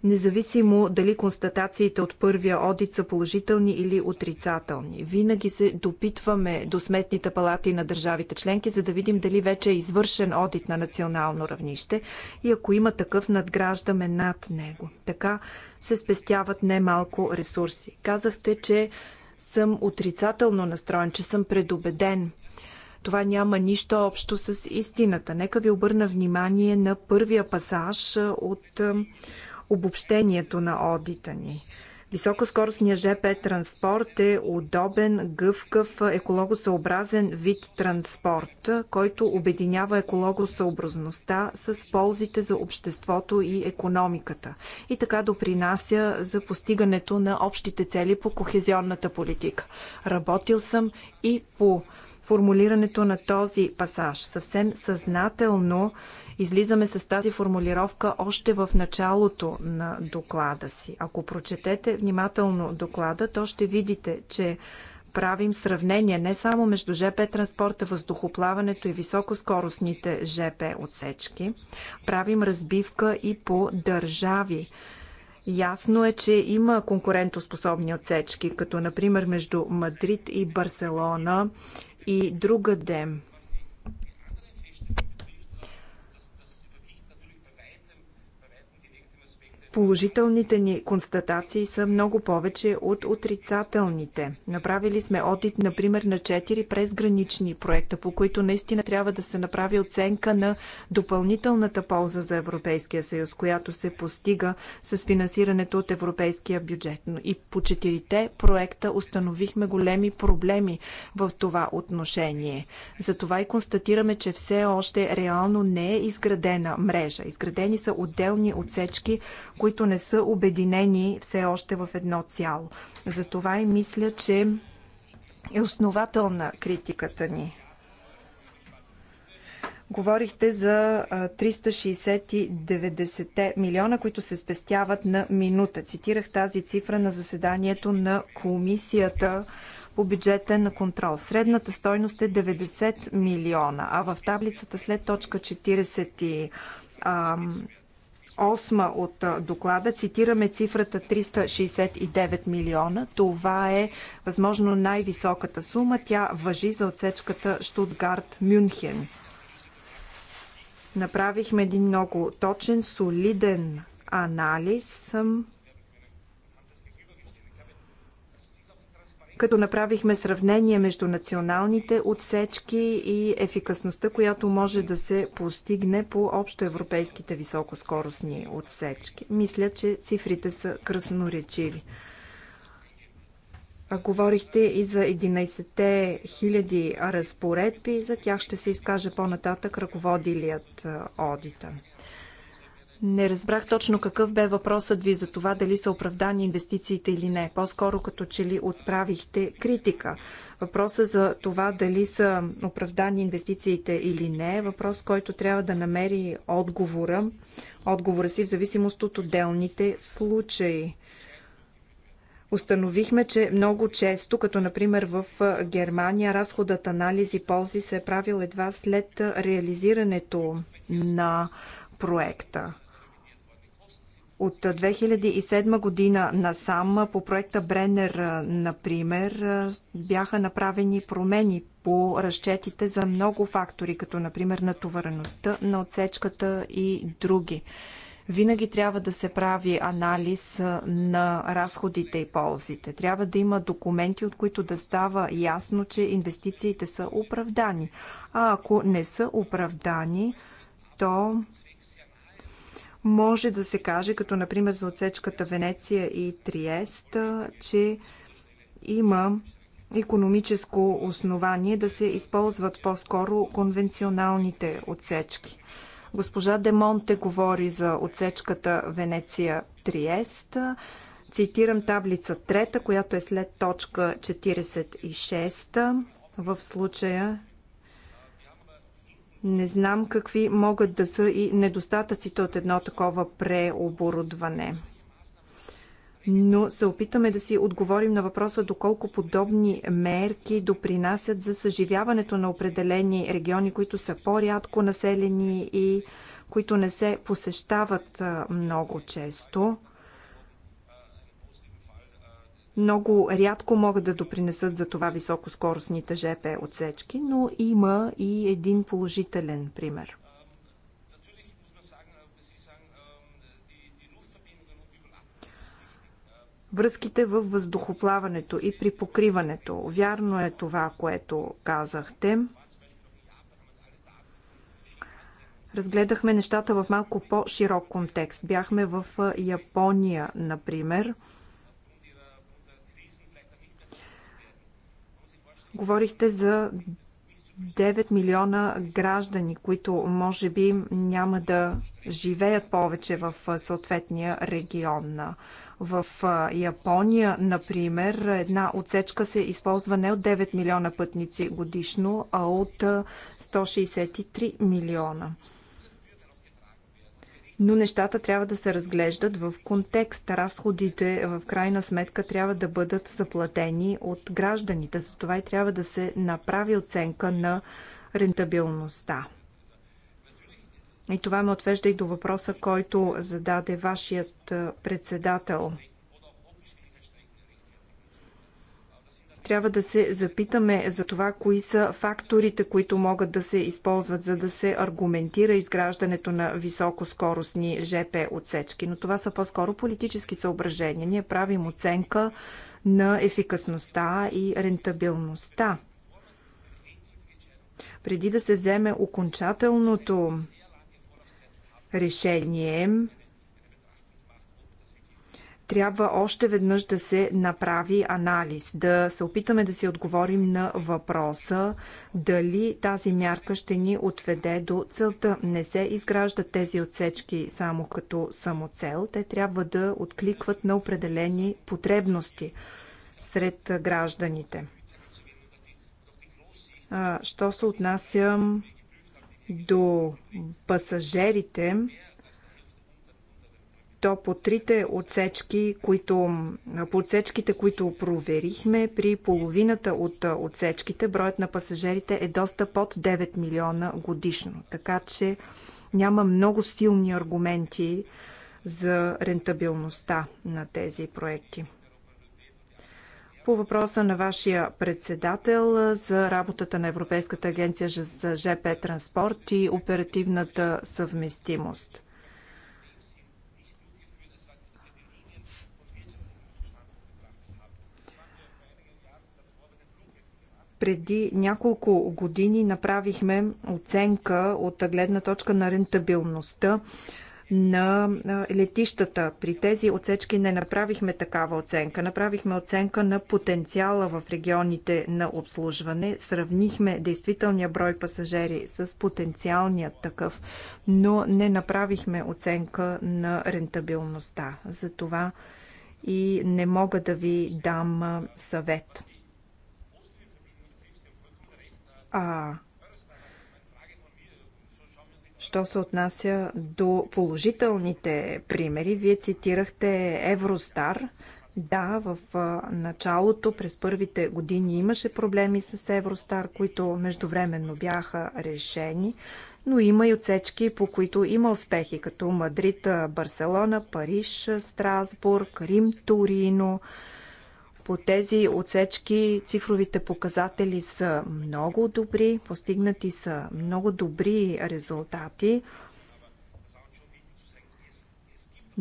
независимо дали констатациите от първия одит са положителни или отрицателни. Винаги се допитваме до сметните палати на държавите членки, за да видим дали вече е извършен одит на национално равнище и ако има такъв, надграждаме над него. Така се спестяват немалко ресурси. Казахте, че съм отрицателно настроен, че съм предубеден. Това няма нищо общо с истината. Нека ви обърна внимание на първия пасаж от обобщението на одита ни. Високоскоростният ЖП транспорт е удобен, гъвкав, екологосъобразен вид транспорт, който обединява екологосъобразността с ползите за обществото и економиката и така допринася за постигането на общите цели по кохезионната политика. Работил съм и по формулирането на този пасаж. Съвсем съзнателно Излизаме с тази формулировка още в началото на доклада си. Ако прочетете внимателно доклада, то ще видите, че правим сравнение не само между ЖП транспорта, въздухоплаването и високоскоростните ЖП отсечки, правим разбивка и по държави. Ясно е, че има конкурентоспособни отсечки, като например между Мадрид и Барселона и другаде. Положителните ни констатации са много повече от отрицателните. Направили сме одит, например, на четири презгранични проекта, по които наистина трябва да се направи оценка на допълнителната полза за Европейския съюз, която се постига с финансирането от европейския бюджет. Но и по четирите проекта установихме големи проблеми в това отношение. Затова и констатираме, че все още реално не е изградена мрежа. Изградени са отделни отсечки, които не са обединени все още в едно цяло. Затова и мисля, че е основателна критиката ни. Говорихте за 360 и 90 милиона, които се спестяват на минута. Цитирах тази цифра на заседанието на комисията по бюджетен контрол. Средната стойност е 90 милиона, а в таблицата след точка 40 и, 8 от доклада цитираме цифрата 369 милиона. Това е възможно най-високата сума. Тя въжи за отсечката Штутгарт-Мюнхен. Направихме един много точен, солиден анализ като направихме сравнение между националните отсечки и ефикасността, която може да се постигне по общоевропейските високоскоростни отсечки. Мисля, че цифрите са красноречиви. Говорихте и за 11 000 разпоредби, за тях ще се изкаже по-нататък ръководилият одита. Не разбрах точно какъв бе въпросът ви за това дали са оправдани инвестициите или не. По-скоро като че ли отправихте критика. Въпросът за това дали са оправдани инвестициите или не е въпрос, който трябва да намери отговора, отговора си в зависимост от отделните случаи. Установихме, че много често, като например в Германия, разходът анализ и ползи се е правил едва след реализирането на проекта. От 2007 година насам по проекта Бренер, например, бяха направени промени по разчетите за много фактори, като например натовареността на отсечката и други. Винаги трябва да се прави анализ на разходите и ползите. Трябва да има документи, от които да става ясно, че инвестициите са оправдани. А ако не са оправдани, то може да се каже, като например за отсечката Венеция и Триест, че има економическо основание да се използват по-скоро конвенционалните отсечки. Госпожа Демонте говори за отсечката Венеция-Триест. Цитирам таблица 3, която е след точка 46. В случая не знам какви могат да са и недостатъците от едно такова преоборудване. Но се опитаме да си отговорим на въпроса доколко подобни мерки допринасят за съживяването на определени региони, които са по-рядко населени и които не се посещават много често. Много рядко могат да допринесат за това високоскоростните ЖП отсечки, но има и един положителен пример. връзките във въздухоплаването и при покриването. Вярно е това, което казахте. Разгледахме нещата в малко по-широк контекст. Бяхме в Япония, например. Говорихте за 9 милиона граждани, които може би няма да живеят повече в съответния регион. В Япония, например, една отсечка се използва не от 9 милиона пътници годишно, а от 163 милиона но нещата трябва да се разглеждат в контекст. Разходите в крайна сметка трябва да бъдат заплатени от гражданите. Затова и трябва да се направи оценка на рентабилността. И това ме отвежда и до въпроса, който зададе вашият председател – трябва да се запитаме за това, кои са факторите, които могат да се използват, за да се аргументира изграждането на високоскоростни ЖП отсечки. Но това са по-скоро политически съображения. Ние правим оценка на ефикасността и рентабилността. Преди да се вземе окончателното решение, трябва още веднъж да се направи анализ, да се опитаме да си отговорим на въпроса дали тази мярка ще ни отведе до целта. Не се изграждат тези отсечки само като самоцел, те трябва да откликват на определени потребности сред гражданите. що се отнася до пасажерите, то по трите отсечки, които, по отсечките, които проверихме, при половината от отсечките броят на пасажирите е доста под 9 милиона годишно. Така че няма много силни аргументи за рентабилността на тези проекти. По въпроса на вашия председател за работата на Европейската агенция за ЖП транспорт и оперативната съвместимост – преди няколко години направихме оценка от гледна точка на рентабилността на летищата. При тези отсечки не направихме такава оценка. Направихме оценка на потенциала в регионите на обслужване. Сравнихме действителния брой пасажери с потенциалния такъв, но не направихме оценка на рентабилността. Затова и не мога да ви дам съвет. А що се отнася до положителните примери, вие цитирахте Евростар. Да, в началото, през първите години имаше проблеми с Евростар, които междувременно бяха решени, но има и отсечки, по които има успехи, като Мадрид, Барселона, Париж, Страсбург, Рим, Торино. По тези отсечки цифровите показатели са много добри, постигнати са много добри резултати.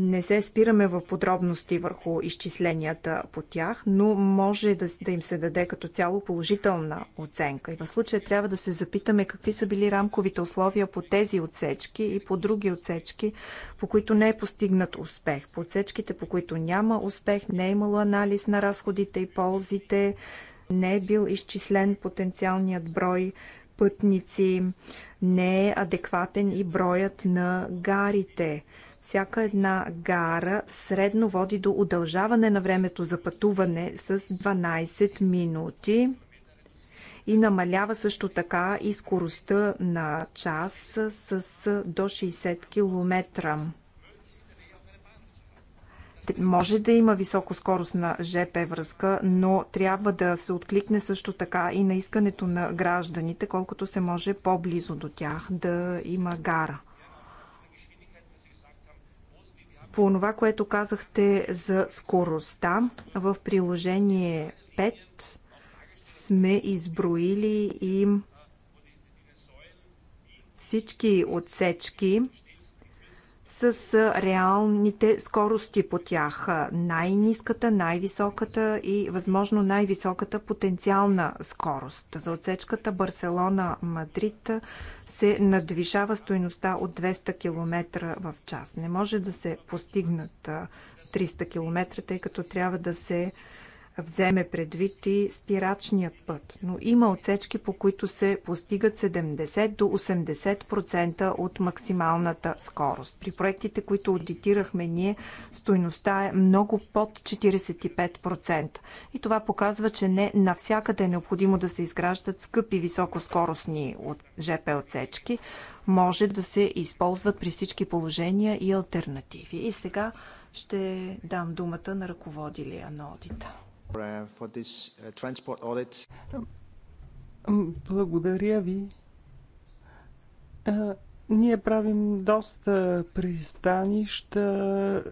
Не се спираме в подробности върху изчисленията по тях, но може да, да им се даде като цяло положителна оценка. И в случая трябва да се запитаме какви са били рамковите условия по тези отсечки и по други отсечки, по които не е постигнат успех. По отсечките, по които няма успех, не е имало анализ на разходите и ползите, не е бил изчислен потенциалният брой пътници, не е адекватен и броят на гарите всяка една гара средно води до удължаване на времето за пътуване с 12 минути и намалява също така и скоростта на час с до 60 км. Може да има високоскоростна ЖП връзка, но трябва да се откликне също така и на искането на гражданите, колкото се може по-близо до тях да има гара. по това, което казахте за скоростта в приложение 5 сме изброили и всички отсечки, с реалните скорости по тях. Най-низката, най-високата и възможно най-високата потенциална скорост. За отсечката Барселона-Мадрид се надвишава стоеността от 200 км в час. Не може да се постигнат 300 км, тъй като трябва да се вземе предвид и спирачният път. Но има отсечки, по които се постигат 70 до 80% от максималната скорост. При проектите, които аудитирахме ние, стойността е много под 45%. И това показва, че не навсякъде е необходимо да се изграждат скъпи високоскоростни от ЖП отсечки. Може да се използват при всички положения и альтернативи. И сега ще дам думата на ръководилия на одита for this uh, transport audit. Благодаря ви. Ние правим доста пристанища,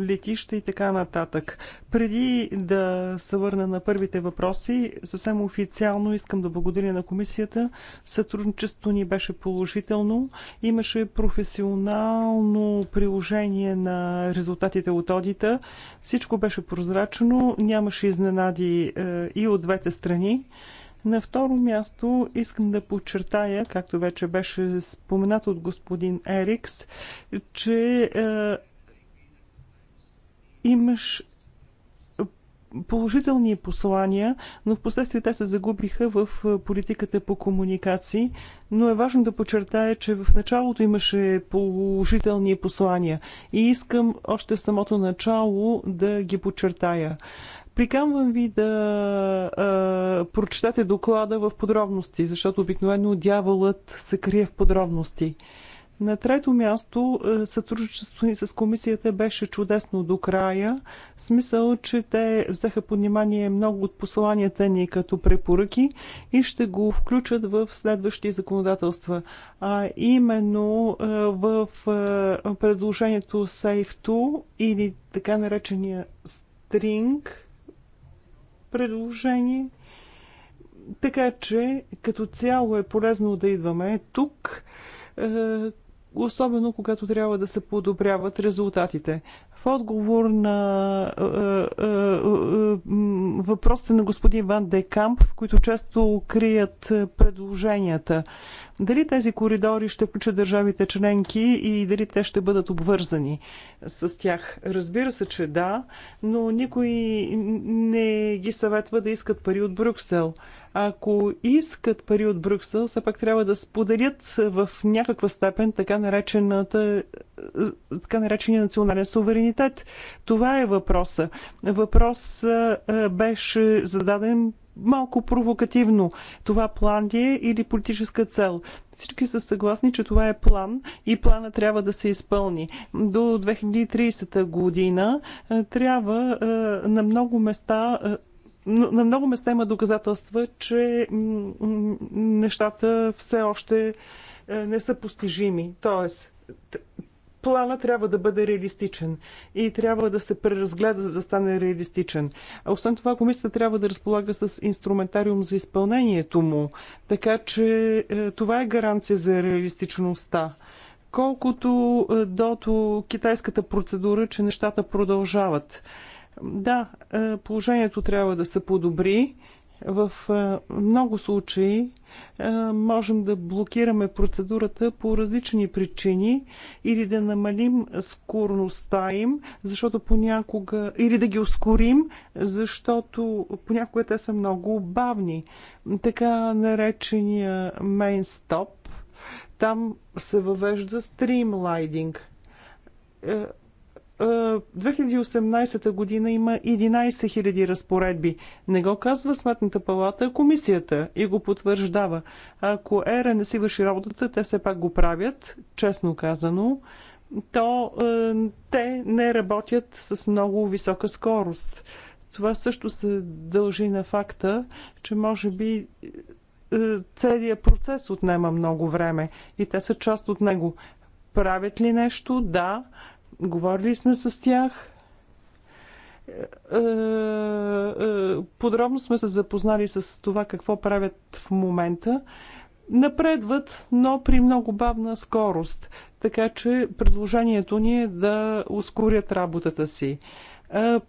летища и така нататък. Преди да се върна на първите въпроси, съвсем официално искам да благодаря на комисията. Сътрудничеството ни беше положително. Имаше професионално приложение на резултатите от одита. Всичко беше прозрачно, нямаше изненади е, и от двете страни. На второ място искам да подчертая, както вече беше споменато от господин Ерикс, че е, имаш положителни послания, но в последствие те се загубиха в политиката по комуникации. Но е важно да подчертая, че в началото имаше положителни послания и искам още в самото начало да ги подчертая. Прикамвам ви да а, прочетете доклада в подробности, защото обикновено дяволът се крие в подробности. На трето място, е, сътрудничеството ни с комисията беше чудесно до края, в смисъл, че те взеха под внимание много от посланията ни като препоръки и ще го включат в следващи законодателства. А именно е, в е, предложението Safe 2 или така наречения String предложение. Така че като цяло е полезно да идваме тук особено когато трябва да се подобряват резултатите. В отговор на е, е, е, е въпросите на господин Ван Декамп, в които често крият предложенията, дали тези коридори ще включат държавите членки и дали те ще бъдат обвързани с тях? Разбира се, че да, но никой не ги съветва да искат пари от Брюксел. Ако искат пари от Брюксел, все пак трябва да споделят в някаква степен така, наречената, така наречения национален суверенитет. Това е въпроса. Въпрос беше зададен малко провокативно. Това план ли е или политическа цел? Всички са съгласни, че това е план и плана трябва да се изпълни. До 2030 година трябва на много места на много места има доказателства, че нещата все още е, не са постижими. Тоест, плана трябва да бъде реалистичен и трябва да се преразгледа, за да стане реалистичен. А освен това, комисията трябва да разполага с инструментариум за изпълнението му. Така че е, това е гаранция за реалистичността. Колкото е, до китайската процедура, че нещата продължават. Да, е, положението трябва да се подобри. В е, много случаи е, можем да блокираме процедурата по различни причини или да намалим скорността им, защото понякога, или да ги ускорим, защото понякога те са много бавни. Така наречения мейнстоп, там се въвежда стримлайдинг 2018 е, година има 11 000 разпоредби. Не го казва Сметната палата, а комисията и го потвърждава. Ако ЕРА не си върши работата, те все пак го правят, честно казано, то е, те не работят с много висока скорост. Това също се дължи на факта, че може би е, целият процес отнема много време и те са част от него. Правят ли нещо? Да Говорили сме с тях. Е, е, подробно сме се запознали с това какво правят в момента. Напредват, но при много бавна скорост. Така че предложението ни е да ускорят работата си.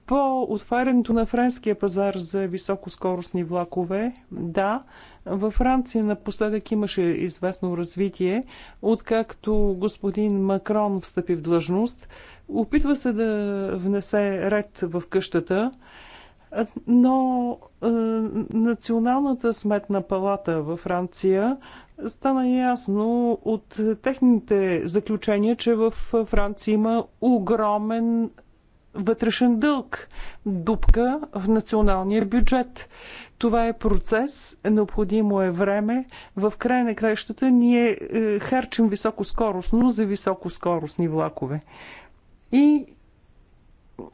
По отварянето на френския пазар за високоскоростни влакове, да, във Франция напоследък имаше известно развитие, откакто господин Макрон встъпи в длъжност. Опитва се да внесе ред в къщата, но е, Националната сметна палата във Франция стана ясно от техните заключения, че в Франция има огромен вътрешен дълг, дупка в националния бюджет. Това е процес, необходимо е време. В край на краищата ние е, харчим високоскоростно за високоскоростни влакове. И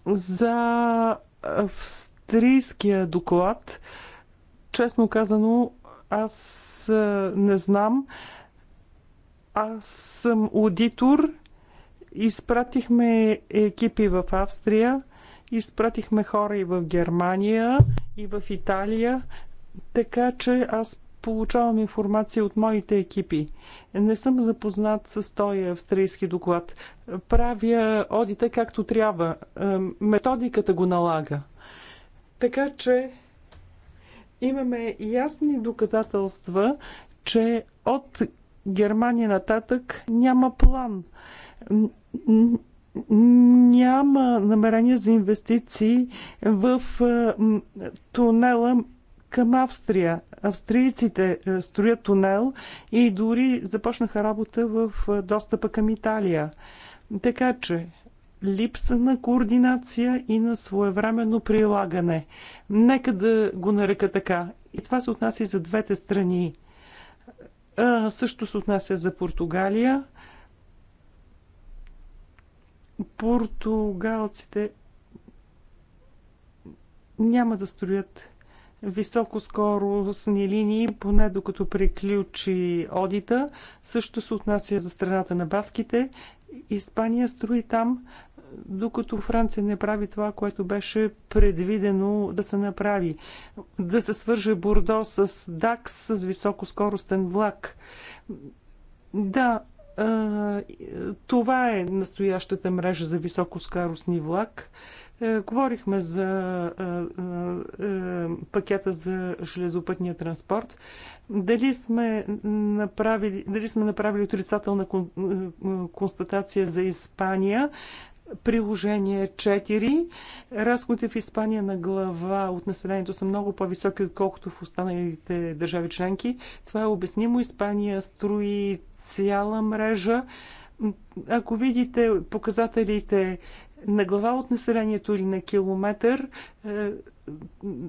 за австрийския доклад, честно казано, аз е, не знам. Аз съм аудитор Изпратихме екипи в Австрия, изпратихме хора и в Германия, и в Италия, така че аз получавам информация от моите екипи. Не съм запознат с този австрийски доклад. Правя одита както трябва. Е, методиката го налага. Така че имаме ясни доказателства, че от Германия нататък няма план няма намерение за инвестиции в тунела към Австрия. Австрийците строят тунел и дори започнаха работа в достъпа към Италия. Така че липса на координация и на своевременно прилагане. Нека да го нарека така. И това се отнася и за двете страни. А, също се отнася за Португалия португалците няма да строят високо високоскоростни линии, поне докато приключи одита. Също се отнася за страната на баските. Испания строи там, докато Франция не прави това, което беше предвидено да се направи. Да се свърже Бордо с ДАКС, с високоскоростен влак. Да, това е настоящата мрежа за високоскоростни влак. Е, говорихме за пакета за железопътния транспорт. Дали сме направили, дали сме направили отрицателна е, е, констатация за Испания? Приложение 4. Разходите в Испания на глава от населението са много по-високи, отколкото в останалите държави членки. Това е обяснимо. Испания строи цяла мрежа. Ако видите показателите на глава от населението или на километър, е,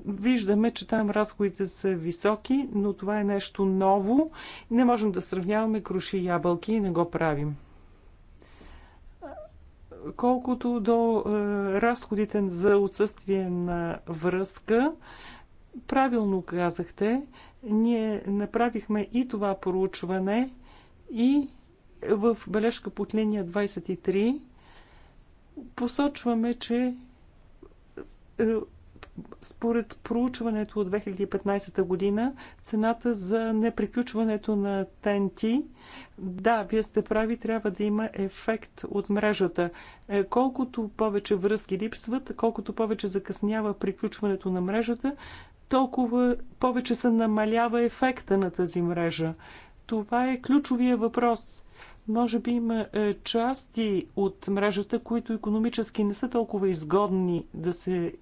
виждаме, че там разходите са високи, но това е нещо ново. Не можем да сравняваме круши и ябълки и не го правим. Колкото до е, разходите за отсъствие на връзка, правилно казахте, ние направихме и това проучване и в бележка под линия 23 посочваме, че е, според проучването от 2015 година, цената за неприключването на ТНТ, да, вие сте прави, трябва да има ефект от мрежата. Е, колкото повече връзки липсват, колкото повече закъснява приключването на мрежата, толкова повече се намалява ефекта на тази мрежа. Това е ключовия въпрос. Може би има е, части от мрежата, които економически не са толкова изгодни да се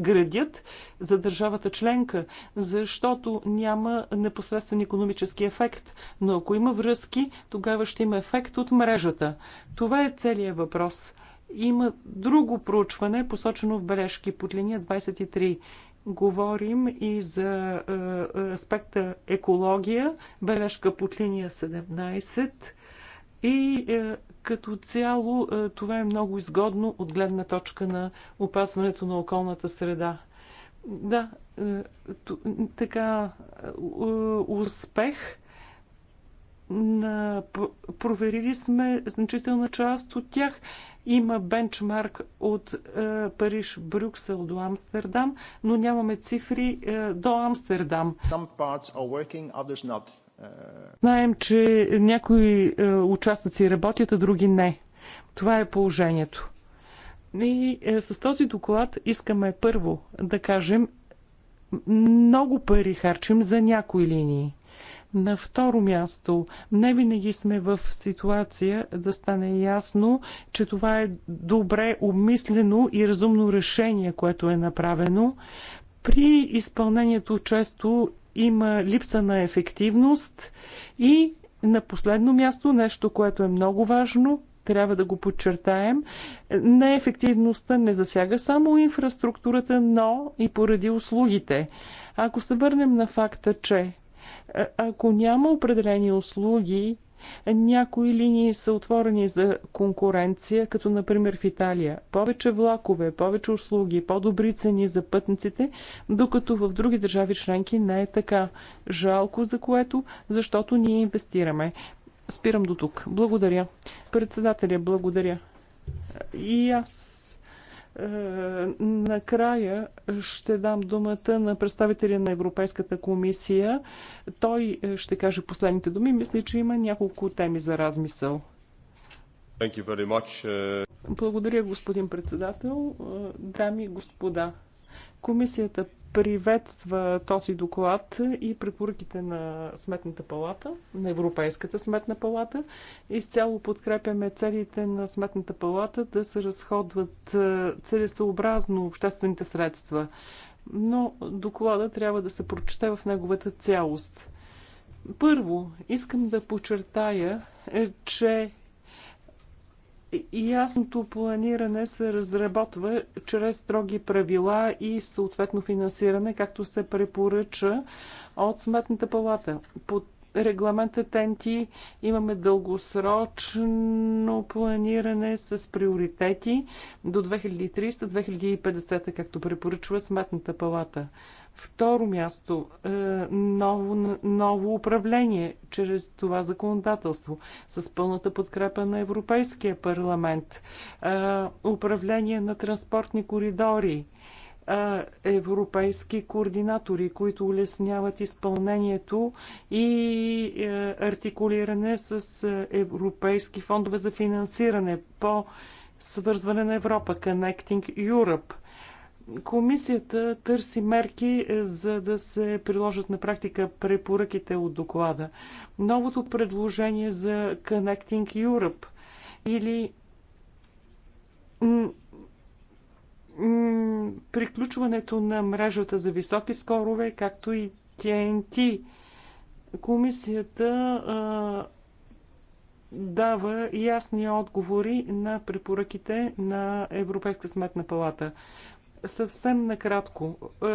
градят за държавата членка, защото няма непосредствен економически ефект. Но ако има връзки, тогава ще има ефект от мрежата. Това е целият въпрос. Има друго проучване, посочено в бележки под линия 23 говорим и за е, е, аспекта екология, бележка под линия 17 и е, като цяло е, това е много изгодно от гледна точка на опазването на околната среда. Да, е, така, е, успех на... проверили сме значителна част от тях. Има бенчмарк от е, Париж, Брюксел до Амстердам, но нямаме цифри е, до Амстердам. Some parts are working, others not. Знаем, че някои е, участъци работят, а други не. Това е положението. И е, с този доклад искаме първо да кажем много пари харчим за някои линии. На второ място, не винаги сме в ситуация да стане ясно, че това е добре обмислено и разумно решение, което е направено. При изпълнението често има липса на ефективност и на последно място нещо, което е много важно, трябва да го подчертаем. Неефективността не засяга само инфраструктурата, но и поради услугите. Ако се върнем на факта, че е, ако няма определени услуги някои линии са отворени за конкуренция, като например в Италия. Повече влакове, повече услуги, по-добри цени за пътниците, докато в други държави членки не е така. Жалко за което, защото ние инвестираме. Спирам до тук. Благодаря. Председателя, благодаря. И аз е, накрая ще дам думата на представителя на Европейската комисия. Той е, ще каже последните думи. Мисля, че има няколко теми за размисъл. Е. Благодаря, господин председател. Дами и господа, Комисията приветства този доклад и препоръките на Сметната палата, на Европейската сметна палата. Изцяло подкрепяме целите на Сметната палата да се разходват е, целесообразно обществените средства. Но доклада трябва да се прочете в неговата цялост. Първо, искам да подчертая, е, че ясното планиране се разработва чрез строги правила и съответно финансиране, както се препоръча от Сметната палата. Под регламента ТЕНТИ имаме дългосрочно планиране с приоритети до 2300-2050, както препоръчва Сметната палата. Второ място, е, ново, ново управление чрез това законодателство с пълната подкрепа на Европейския парламент, е, управление на транспортни коридори, е, европейски координатори, които улесняват изпълнението и артикулиране с европейски фондове за финансиране по свързване на Европа, Connecting Europe – Комисията търси мерки, е, за да се приложат на практика препоръките от доклада. Новото предложение за Connecting Europe или приключването на мрежата за високи скорове, както и TNT. Комисията а, дава ясни отговори на препоръките на Европейска сметна палата. Съвсем накратко, е,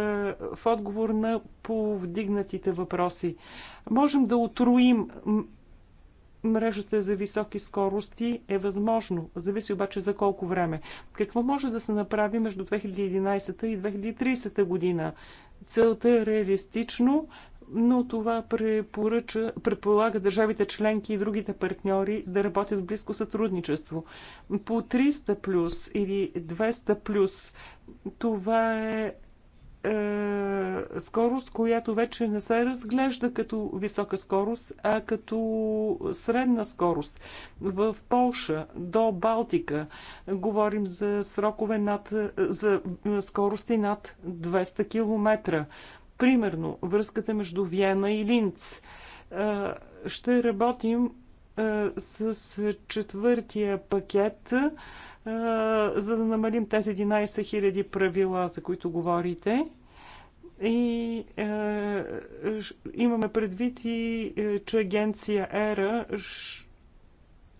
в отговор на повдигнатите въпроси, можем да отруим мрежата за високи скорости е възможно. Зависи обаче за колко време. Какво може да се направи между 2011 и 2030 година? Целта е реалистично но това препоръча, предполага държавите членки и другите партньори да работят в близко сътрудничество. По 300 плюс или 200 плюс, това е, е скорост, която вече не се разглежда като висока скорост, а като средна скорост. В Полша до Балтика говорим за срокове над, за скорости над 200 км Примерно, връзката между Виена и Линц. Ще работим с четвъртия пакет, за да намалим тези 11 000 правила, за които говорите. И имаме предвид и, че агенция ЕРА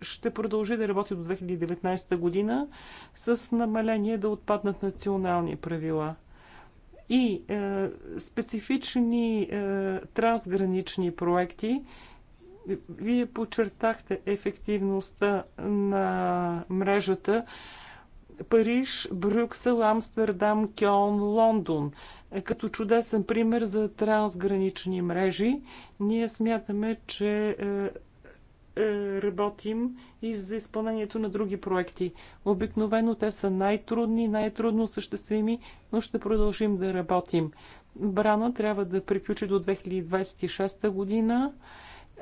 ще продължи да работи до 2019 година с намаление да отпаднат национални правила и е, специфични е, трансгранични проекти. Вие подчертахте ефективността на мрежата Париж, Брюксел, Амстердам, Кьон, Лондон. Е, като чудесен пример за трансгранични мрежи, ние смятаме, че е, е, работим и за изпълнението на други проекти. Обикновено те са най-трудни, най-трудно съществими, но ще продължим да работим. Брана трябва да приключи до 2026 година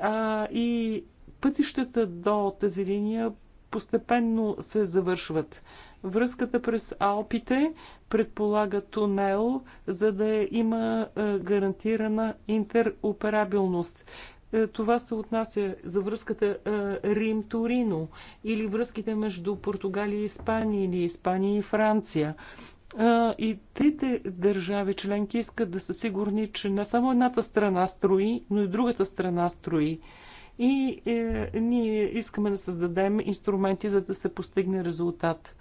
а, и пътищата до тази линия постепенно се завършват. Връзката през Алпите предполага тунел, за да има е, гарантирана интероперабилност. Е, това се отнася за връзката е, Рим-Торино или връзките между Португалия и Испания или Испания и Франция. Е, и трите държави членки искат да са сигурни, че не само едната страна строи, но и другата страна строи. И е, ние искаме да създадем инструменти, за да се постигне резултат.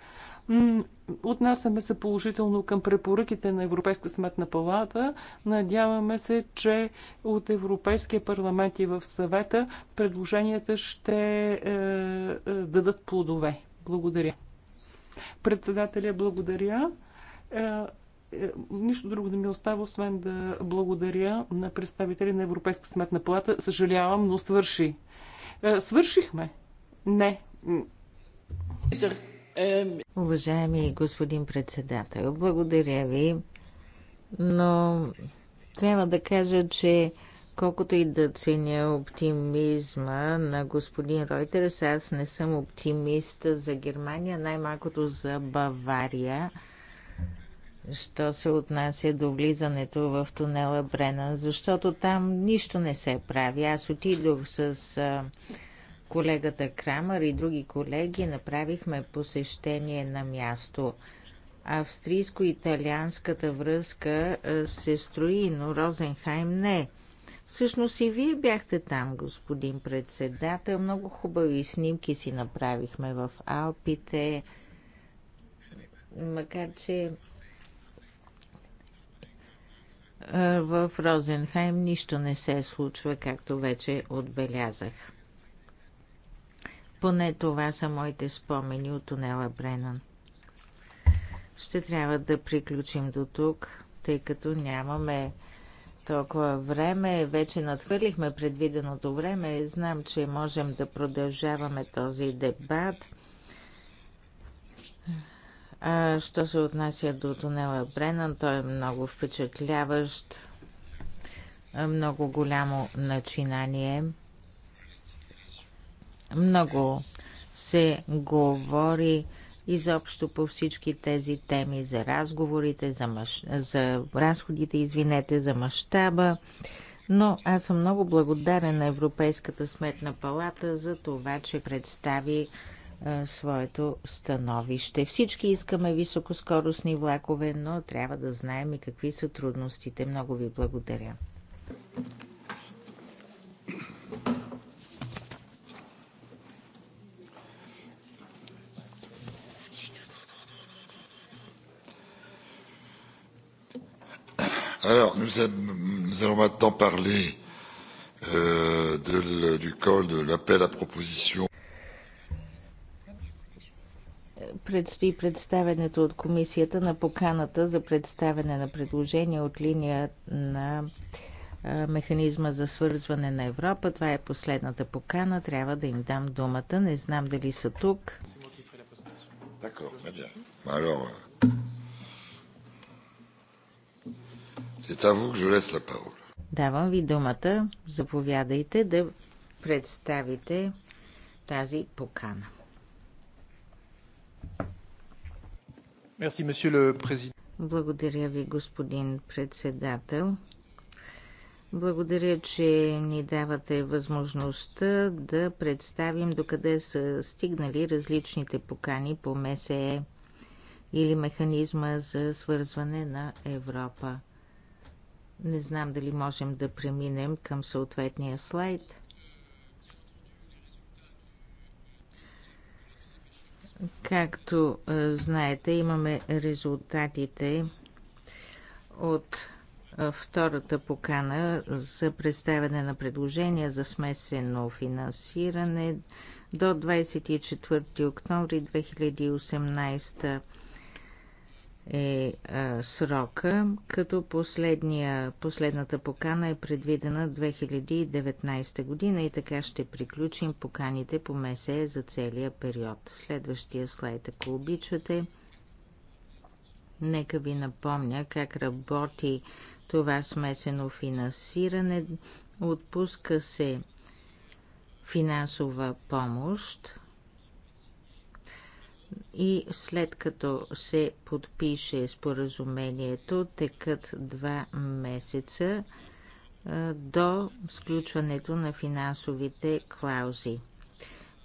Отнасяме се положително към препоръките на Европейска сметна палата. Надяваме се, че от Европейския парламент и в съвета предложенията ще е, е дадат плодове. Благодаря. Председателя, благодаря. Е, е, нищо друго не ми остава, освен да благодаря на представители на Европейска сметна палата. Съжалявам, но свърши. Е, свършихме? Не. Уважаеми господин председател, благодаря ви, но трябва да кажа, че колкото и да ценя оптимизма на господин Ройтерс, аз не съм оптимист за Германия, най-малкото за Бавария, що се отнася до влизането в тунела Брена, защото там нищо не се прави. Аз отидох с колегата Крамър и други колеги направихме посещение на място. Австрийско-италианската връзка се строи, но Розенхайм не. Всъщност и вие бяхте там, господин председател. Много хубави снимки си направихме в Алпите. Макар, че в Розенхайм нищо не се случва, както вече отбелязах. Поне това са моите спомени от тунела Бренан. Ще трябва да приключим до тук, тъй като нямаме толкова време. Вече надхвърлихме предвиденото време. Знам, че можем да продължаваме този дебат. А, що се отнася до тунела Бренан, той е много впечатляващ, много голямо начинание. Много се говори изобщо по всички тези теми за разговорите, за, мъж... за разходите, извинете, за мащаба. Но аз съм много благодарен на Европейската сметна палата за това, че представи е, своето становище. Всички искаме високоскоростни влакове, но трябва да знаем и какви са трудностите. Много ви благодаря. Alors, nous, a, nous allons maintenant parler euh, de, du col de l'appel à proposition. Предстои представенето от комисията на поканата за представяне на предложения от линия на механизма за свързване на Европа. Това е последната покана. Трябва да им дам думата. Не знам дали са тук. D'accord, très Е, Давам ви думата. Заповядайте да представите тази покана. Благодаря ви, господин председател. Благодаря, че ни давате възможността да представим докъде са стигнали различните покани по МСЕ или механизма за свързване на Европа. Не знам дали можем да преминем към съответния слайд. Както е, знаете, имаме резултатите от е, втората покана за представяне на предложения за смесено финансиране до 24 октомври 2018 е а, срока, като последния, последната покана е предвидена 2019 година и така ще приключим поканите по МСЕ за целия период. Следващия слайд, ако обичате. Нека ви напомня как работи това смесено финансиране. Отпуска се финансова помощ и след като се подпише споразумението, текат два месеца до сключването на финансовите клаузи.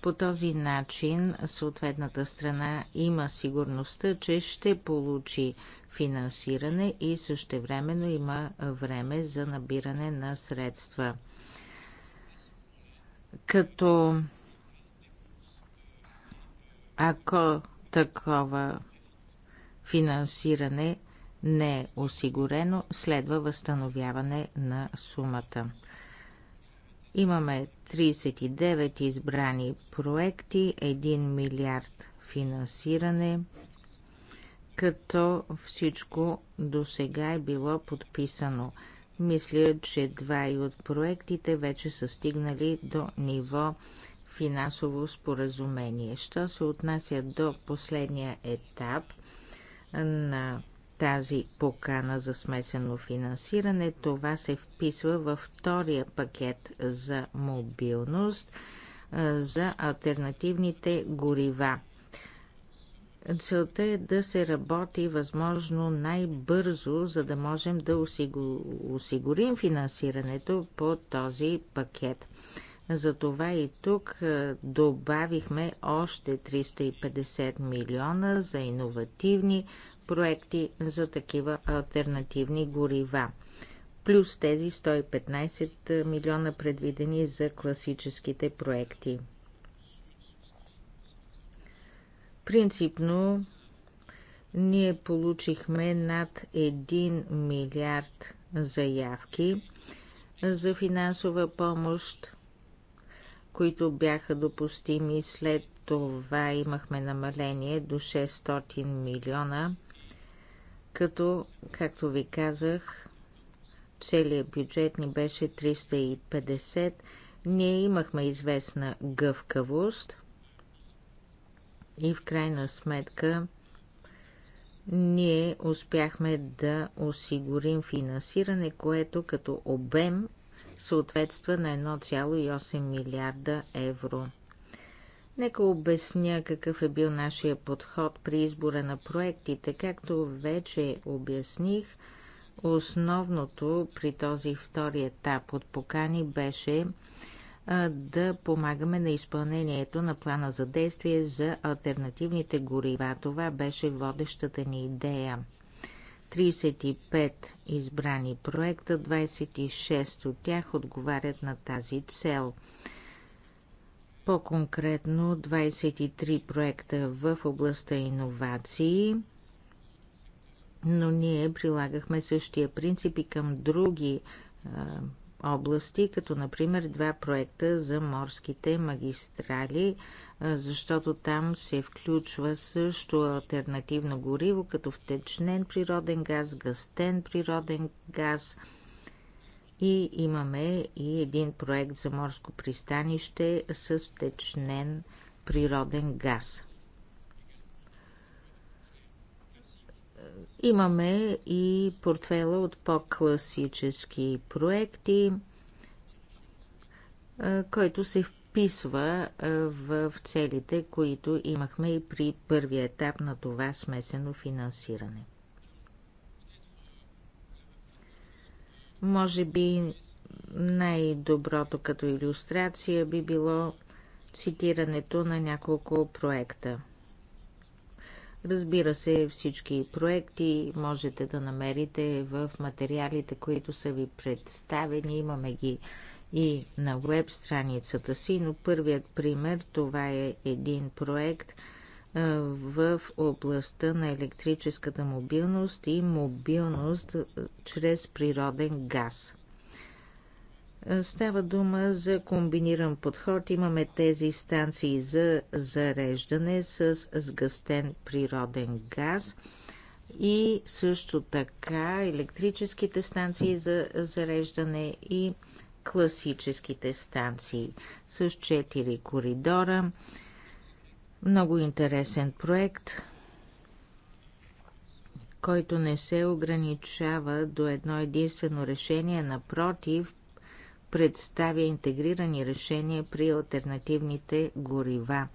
По този начин съответната страна има сигурността, че ще получи финансиране и същевременно има време за набиране на средства. Като ако такова финансиране не е осигурено, следва възстановяване на сумата. Имаме 39 избрани проекти, 1 милиард финансиране, като всичко до сега е било подписано. Мисля, че два и от проектите вече са стигнали до ниво финансово споразумение. Що се отнася до последния етап на тази покана за смесено финансиране, това се вписва във втория пакет за мобилност за альтернативните горива. Целта е да се работи възможно най-бързо, за да можем да осигурим финансирането по този пакет. Затова и тук добавихме още 350 милиона за иновативни проекти за такива альтернативни горива, плюс тези 115 милиона предвидени за класическите проекти. Принципно ние получихме над 1 милиард заявки за финансова помощ които бяха допустими. След това имахме намаление до 600 милиона, като, както ви казах, целият бюджет ни беше 350. Ние имахме известна гъвкавост и в крайна сметка ние успяхме да осигурим финансиране, което като обем съответства на 1,8 милиарда евро. Нека обясня какъв е бил нашия подход при избора на проектите. Както вече обясних, основното при този втори етап от покани беше да помагаме на изпълнението на плана за действие за альтернативните горива. Това беше водещата ни идея. 35 избрани проекта, 26 от тях отговарят на тази цел. По-конкретно 23 проекта в областта иновации, но ние прилагахме същия принцип и към други области, като например два проекта за морските магистрали, защото там се включва също альтернативно гориво, като втечнен природен газ, гъстен природен газ. И имаме и един проект за морско пристанище с втечнен природен газ. Имаме и портфела от по-класически проекти, който се вписва в целите, които имахме и при първия етап на това смесено финансиране. Може би най-доброто като иллюстрация би било цитирането на няколко проекта. Разбира се, всички проекти можете да намерите в материалите, които са ви представени. Имаме ги и на веб страницата си, но първият пример това е един проект в областта на електрическата мобилност и мобилност чрез природен газ. Става дума за комбиниран подход. Имаме тези станции за зареждане с сгъстен природен газ и също така електрическите станции за зареждане и класическите станции с 4 коридора. Много интересен проект, който не се ограничава до едно единствено решение, напротив, представя интегрирани решения при альтернативните горива.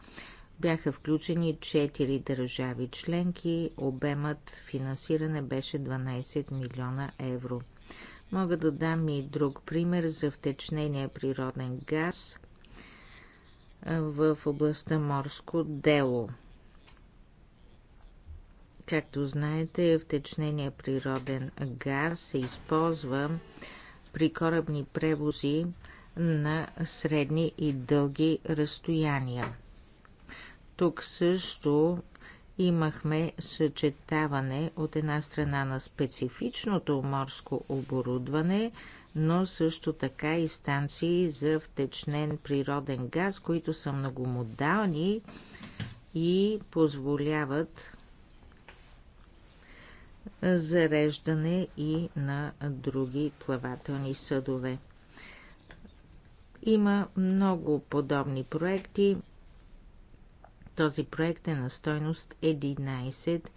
Бяха включени 4 държави членки, обемът финансиране беше 12 милиона евро. Мога да дам и друг пример за втечнения природен газ в областта морско дело. Както знаете, втечнения природен газ се използва при корабни превози на средни и дълги разстояния. Тук също имахме съчетаване от една страна на специфичното морско оборудване, но също така и станции за втечнен природен газ, които са многомодални и позволяват зареждане и на други плавателни съдове. Има много подобни проекти този проект е на стойност 11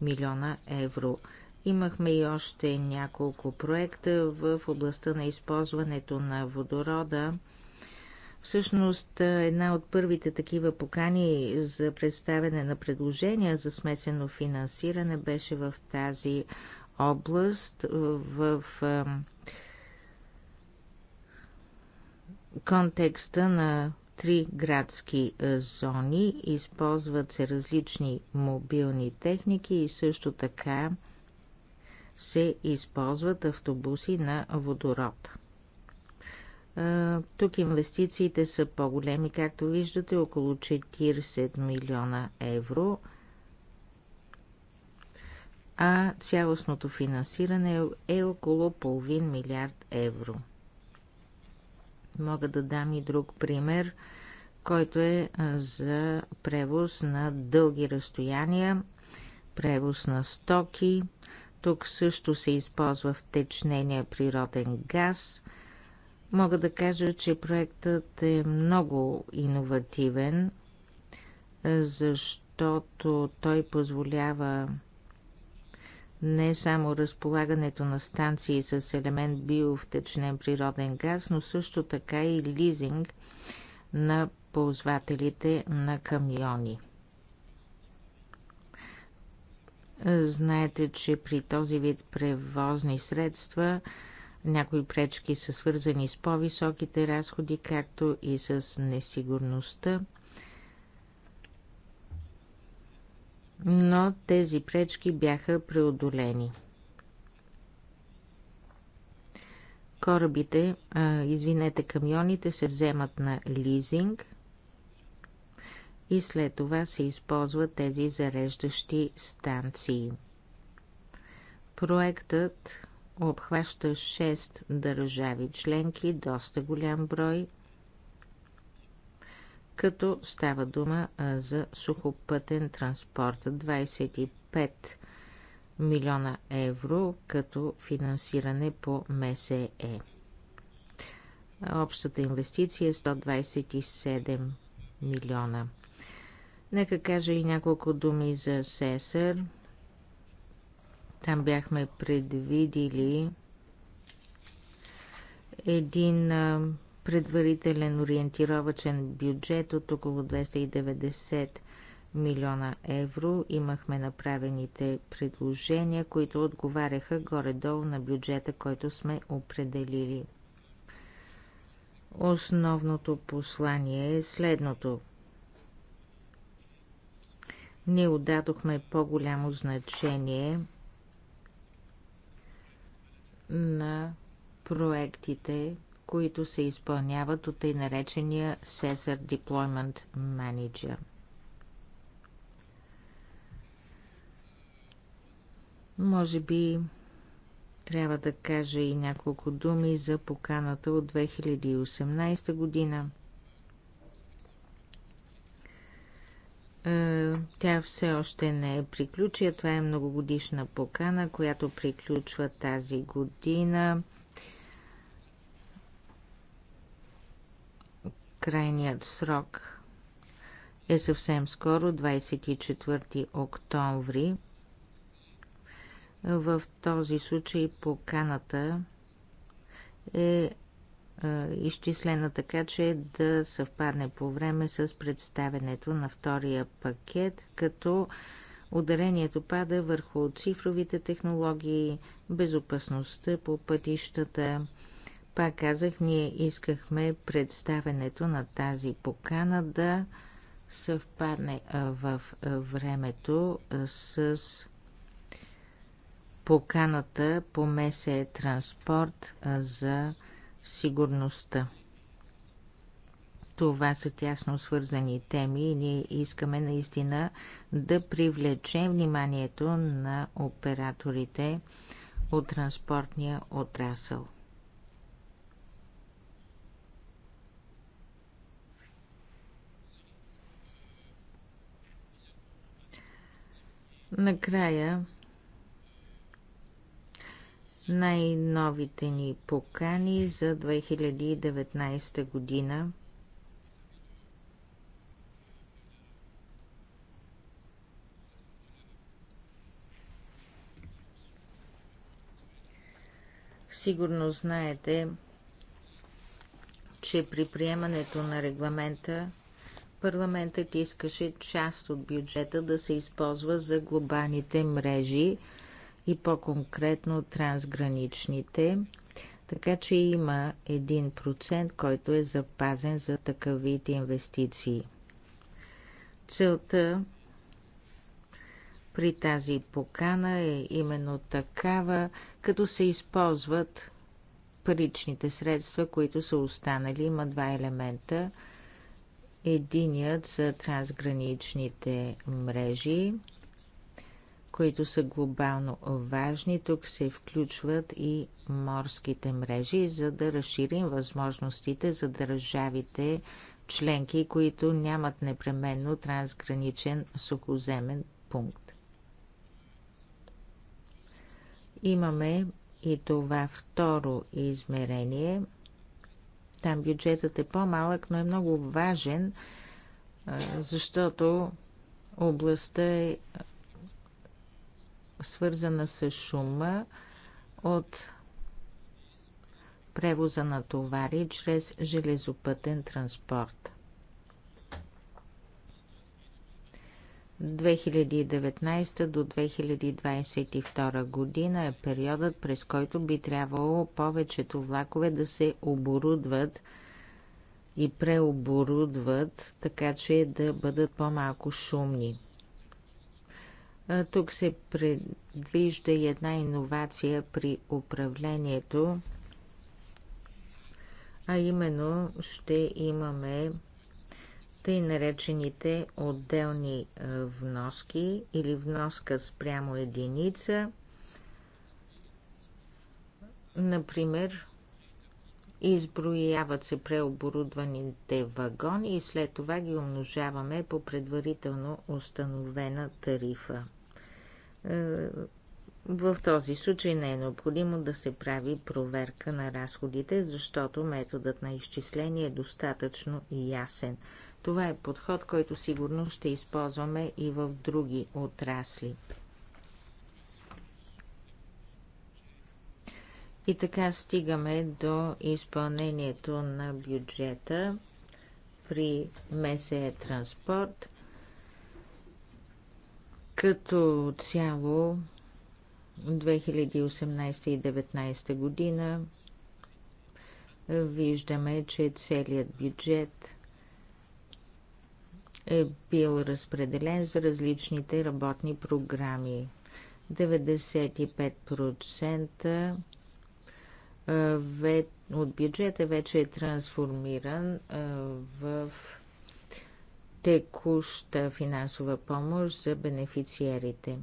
милиона евро. Имахме и още няколко проекта в областта на използването на водорода. Всъщност, една от първите такива покани за представяне на предложения за смесено финансиране беше в тази област, в контекста на три градски е, зони, използват се различни мобилни техники и също така се използват автобуси на водород. Е, тук инвестициите са по-големи, както виждате, около 40 милиона евро, а цялостното финансиране е около половин милиард евро. Мога да дам и друг пример, който е за превоз на дълги разстояния, превоз на стоки. Тук също се използва в течнения природен газ. Мога да кажа, че проектът е много иновативен, защото той позволява не само разполагането на станции с елемент биовтечнен природен газ, но също така и лизинг на ползвателите на камиони. Знаете, че при този вид превозни средства някои пречки са свързани с по-високите разходи, както и с несигурността но тези пречки бяха преодолени. Корабите, а, извинете, камионите се вземат на лизинг и след това се използват тези зареждащи станции. Проектът обхваща 6 държави членки, доста голям брой – като става дума за сухопътен транспорт. 25 милиона евро като финансиране по МСЕ. Общата инвестиция е 127 милиона. Нека кажа и няколко думи за СЕСАР. Там бяхме предвидили един предварителен ориентировачен бюджет от около 290 милиона евро. Имахме направените предложения, които отговаряха горе-долу на бюджета, който сме определили. Основното послание е следното. Ние отдадохме по-голямо значение на проектите, които се изпълняват от тъй наречения Cesar Deployment Manager. Може би трябва да кажа и няколко думи за поканата от 2018 година. Е, тя все още не е приключила. Това е многогодишна покана, която приключва тази година. Крайният срок е съвсем скоро, 24 октомври. В този случай поканата е, е изчислена така, че да съвпадне по време с представенето на втория пакет, като ударението пада върху цифровите технологии, безопасността по пътищата, пак казах, ние искахме представенето на тази покана да съвпадне в времето с поканата по месе транспорт за сигурността. Това са тясно свързани теми и ние искаме наистина да привлечем вниманието на операторите от транспортния отрасъл. Накрая най-новите ни покани за 2019 година. Сигурно знаете, че при приемането на регламента Парламентът искаше част от бюджета да се използва за глобалните мрежи и по-конкретно трансграничните, така че има 1%, който е запазен за такъв инвестиции. Целта при тази покана е именно такава, като се използват паричните средства, които са останали. Има два елемента – Единият са трансграничните мрежи, които са глобално важни. Тук се включват и морските мрежи, за да разширим възможностите за държавите членки, които нямат непременно трансграничен сухоземен пункт. Имаме и това второ измерение – там бюджетът е по-малък, но е много важен, защото областта е свързана с шума от превоза на товари чрез железопътен транспорт. 2019 до 2022 година е периодът, през който би трябвало повечето влакове да се оборудват и преоборудват, така че да бъдат по-малко шумни. Тук се предвижда и една иновация при управлението, а именно ще имаме тъй наречените отделни вноски или вноска спрямо единица. Например, изброяват се преоборудваните вагони и след това ги умножаваме по предварително установена тарифа. В този случай не е необходимо да се прави проверка на разходите, защото методът на изчисление е достатъчно ясен – това е подход, който сигурно ще използваме и в други отрасли. И така стигаме до изпълнението на бюджета при МСЕ транспорт. Като цяло 2018 и 2019 година виждаме, че целият бюджет е бил разпределен за различните работни програми. 95% от бюджета вече е трансформиран в текуща финансова помощ за бенефициерите.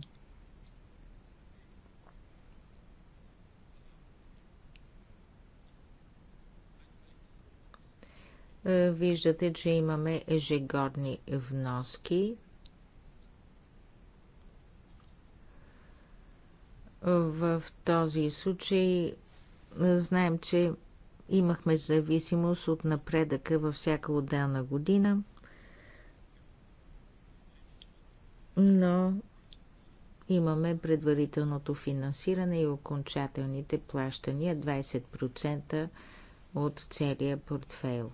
Е, виждате, че имаме ежегодни вноски. В този случай е, знаем, че имахме зависимост от напредъка във всяка отделна година, но имаме предварителното финансиране и окончателните плащания 20% от целия портфейл.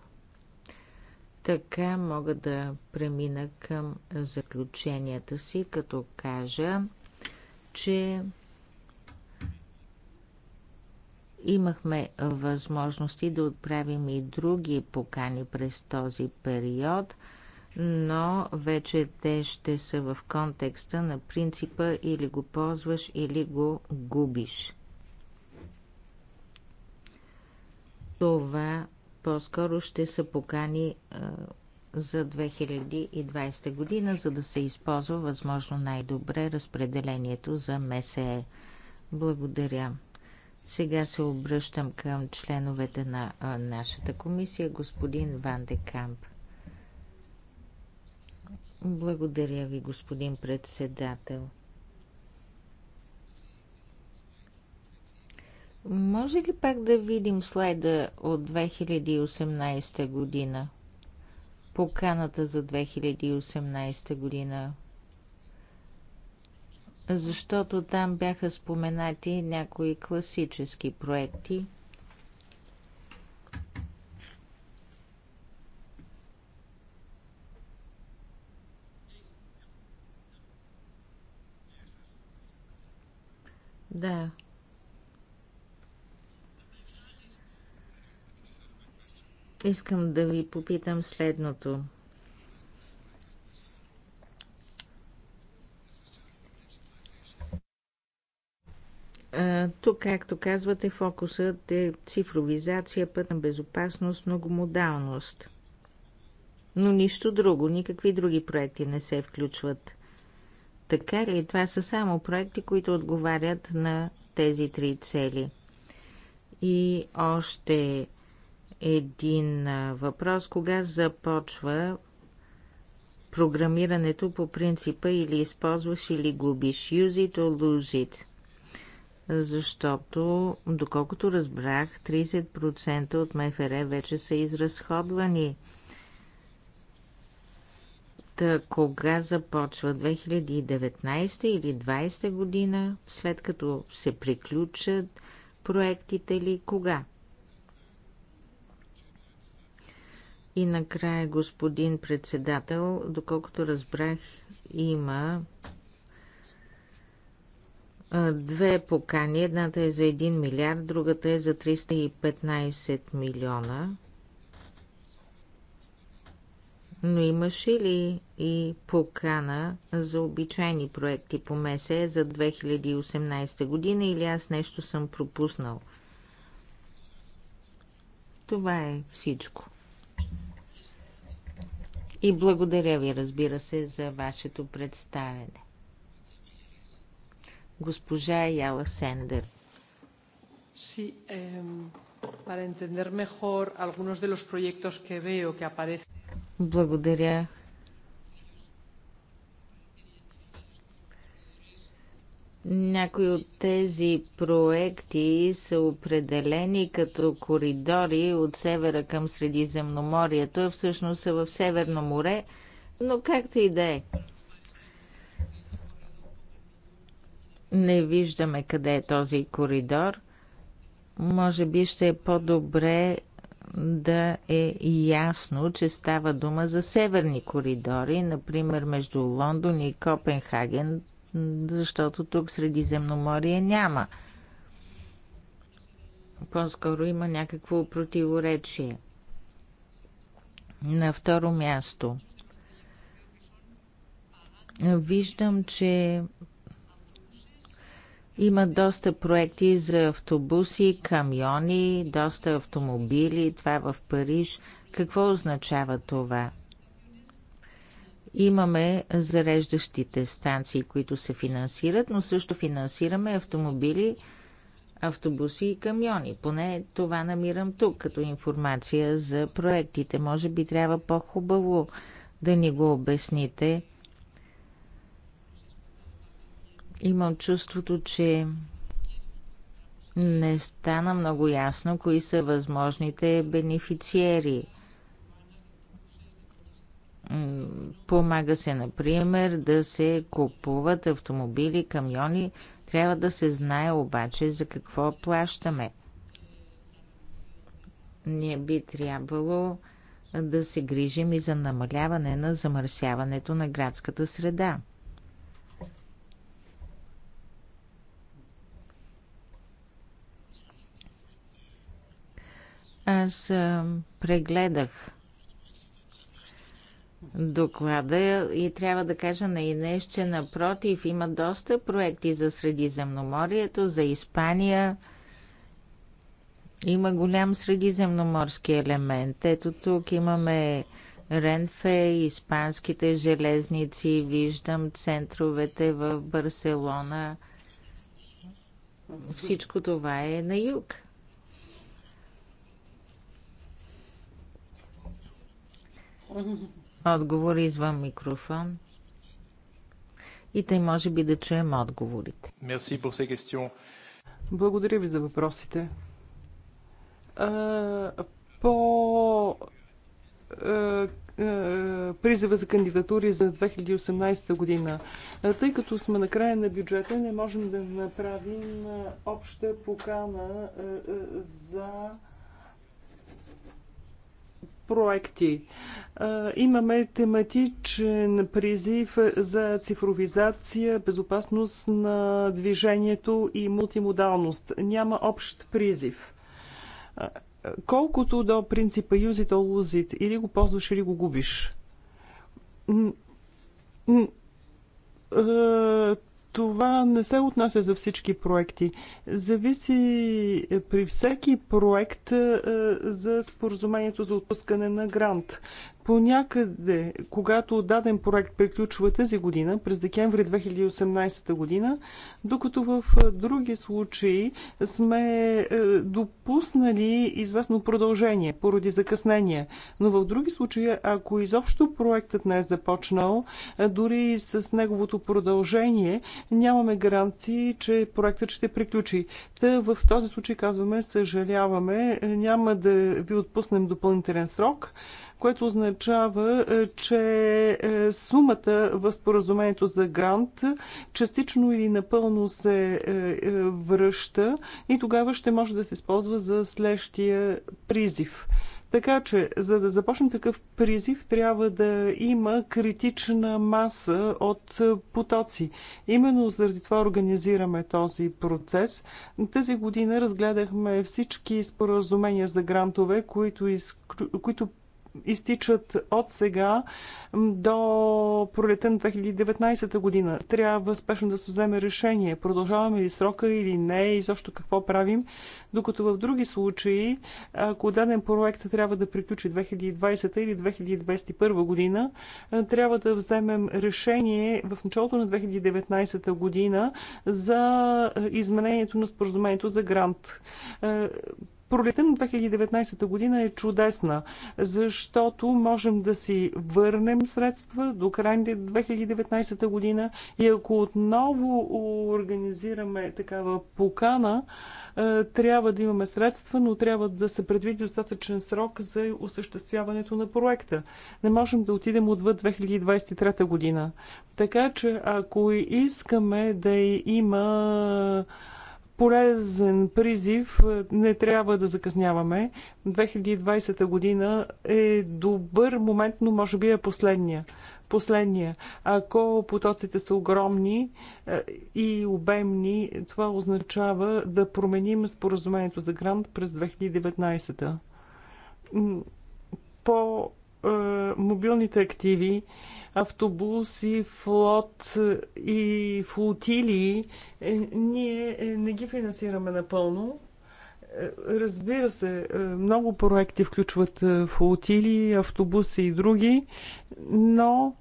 Така мога да премина към заключенията си, като кажа, че имахме възможности да отправим и други покани през този период, но вече те ще са в контекста на принципа или го ползваш, или го губиш. Това по-скоро ще се покани за 2020 година, за да се използва възможно най-добре разпределението за МСЕ. Благодаря. Сега се обръщам към членовете на нашата комисия, господин Ван де Камп. Благодаря ви, господин председател. Може ли пак да видим слайда от 2018 година? Поканата за 2018 година. Защото там бяха споменати някои класически проекти. Да. Искам да ви попитам следното. Тук, както казвате, фокусът е цифровизация, път на безопасност, многомодалност. Но нищо друго, никакви други проекти не се включват. Така ли? Това са само проекти, които отговарят на тези три цели. И още един въпрос. Кога започва програмирането по принципа или използваш или губиш? Use it or lose it. Защото, доколкото разбрах, 30% от МФР вече са изразходвани. Та кога започва? 2019 или 2020 година? След като се приключат проектите ли? Кога? И накрая, господин председател, доколкото разбрах, има две покани. Едната е за 1 милиард, другата е за 315 милиона. Но имаше ли и покана за обичайни проекти по МСЕ за 2018 година или аз нещо съм пропуснал? Това е всичко. И благодаря ви, разбира се, за вашето представене. Госпожа Яла Сендер. Sí, eh, para entender mejor algunos de los proyectos que veo que aparecen. Благодаря. Някои от тези проекти са определени като коридори от севера към Средиземноморието, а всъщност са в Северно море, но както и да е. Не виждаме къде е този коридор. Може би ще е по-добре да е ясно, че става дума за северни коридори, например между Лондон и Копенхаген защото тук Средиземноморие няма. По-скоро има някакво противоречие. На второ място. Виждам, че има доста проекти за автобуси, камиони, доста автомобили. Това е в Париж. Какво означава това? Имаме зареждащите станции, които се финансират, но също финансираме автомобили, автобуси и камиони. Поне това намирам тук като информация за проектите. Може би трябва по-хубаво да ни го обясните. Имам чувството, че не стана много ясно кои са възможните бенефициери. Помага се, например, да се купуват автомобили, камиони. Трябва да се знае обаче за какво плащаме. Ние би трябвало да се грижим и за намаляване на замърсяването на градската среда. Аз прегледах доклада и трябва да кажа на инес, че напротив има доста проекти за Средиземноморието, за Испания. Има голям средиземноморски елемент. Ето тук имаме Ренфе, испанските железници, виждам центровете в Барселона. Всичко това е на юг. Mm-hmm. Отговори извън микрофон. И тъй може би да чуем отговорите. pour ces questions. Благодаря ви за въпросите. А, по а, призива за кандидатури за 2018 година. Тъй като сме на края на бюджета, не можем да направим обща покана за проекти. Имаме тематичен призив за цифровизация, безопасност на движението и мултимодалност. Няма общ призив. Колкото до принципа use it or lose it, или го ползваш, или го губиш това не се отнася за всички проекти. Зависи при всеки проект е, за споразумението за отпускане на грант. Понякъде, когато даден проект приключва тази година, през декември 2018 година, докато в други случаи сме е, допуснали известно продължение поради закъснение. Но в други случаи, ако изобщо проектът не е започнал, е, дори с неговото продължение, нямаме гаранции, че проектът ще приключи. Та в този случай казваме, съжаляваме, е, няма да ви отпуснем допълнителен срок което означава, е, че е, сумата в споразумението за грант частично или напълно се е, връща и тогава ще може да се използва за следващия призив. Така че, за да започне такъв призив, трябва да има критична маса от потоци. Именно заради това организираме този процес. Тази година разгледахме всички споразумения за грантове, които, които изтичат от сега до пролета на 2019 година. Трябва спешно да се вземе решение. Продължаваме ли срока или не и защо какво правим, докато в други случаи, ако даден проект трябва да приключи 2020 или 2021 година, трябва да вземем решение в началото на 2019 година за изменението на споразумението за грант Пролетта на 2019 година е чудесна, защото можем да си върнем средства до края на 2019 година и ако отново организираме такава покана, е, трябва да имаме средства, но трябва да се предвиди достатъчен срок за осъществяването на проекта. Не можем да отидем отвъд 2023 година. Така че ако искаме да има полезен призив. Е, не трябва да закъсняваме. 2020 година е добър момент, но може би е последния. Последния. Ако потоците са огромни е, и обемни, това означава да променим споразумението за грант през 2019. По е, мобилните активи автобуси, флот е, и флотилии, е, ние е, не ги финансираме напълно. Разбира се, много проекти включват флотили, автобуси и други, но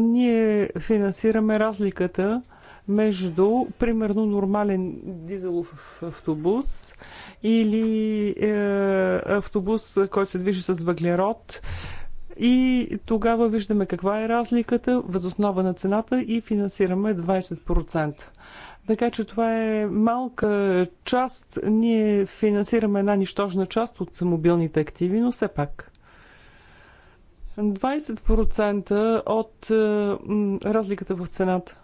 ние финансираме разликата между, примерно, нормален дизелов автобус или е, автобус, който се движи с въглерод, и тогава виждаме каква е разликата възоснова на цената и финансираме 20%. Така че това е малка част. Ние финансираме една нищожна част от мобилните активи, но все пак. 20% от разликата в цената.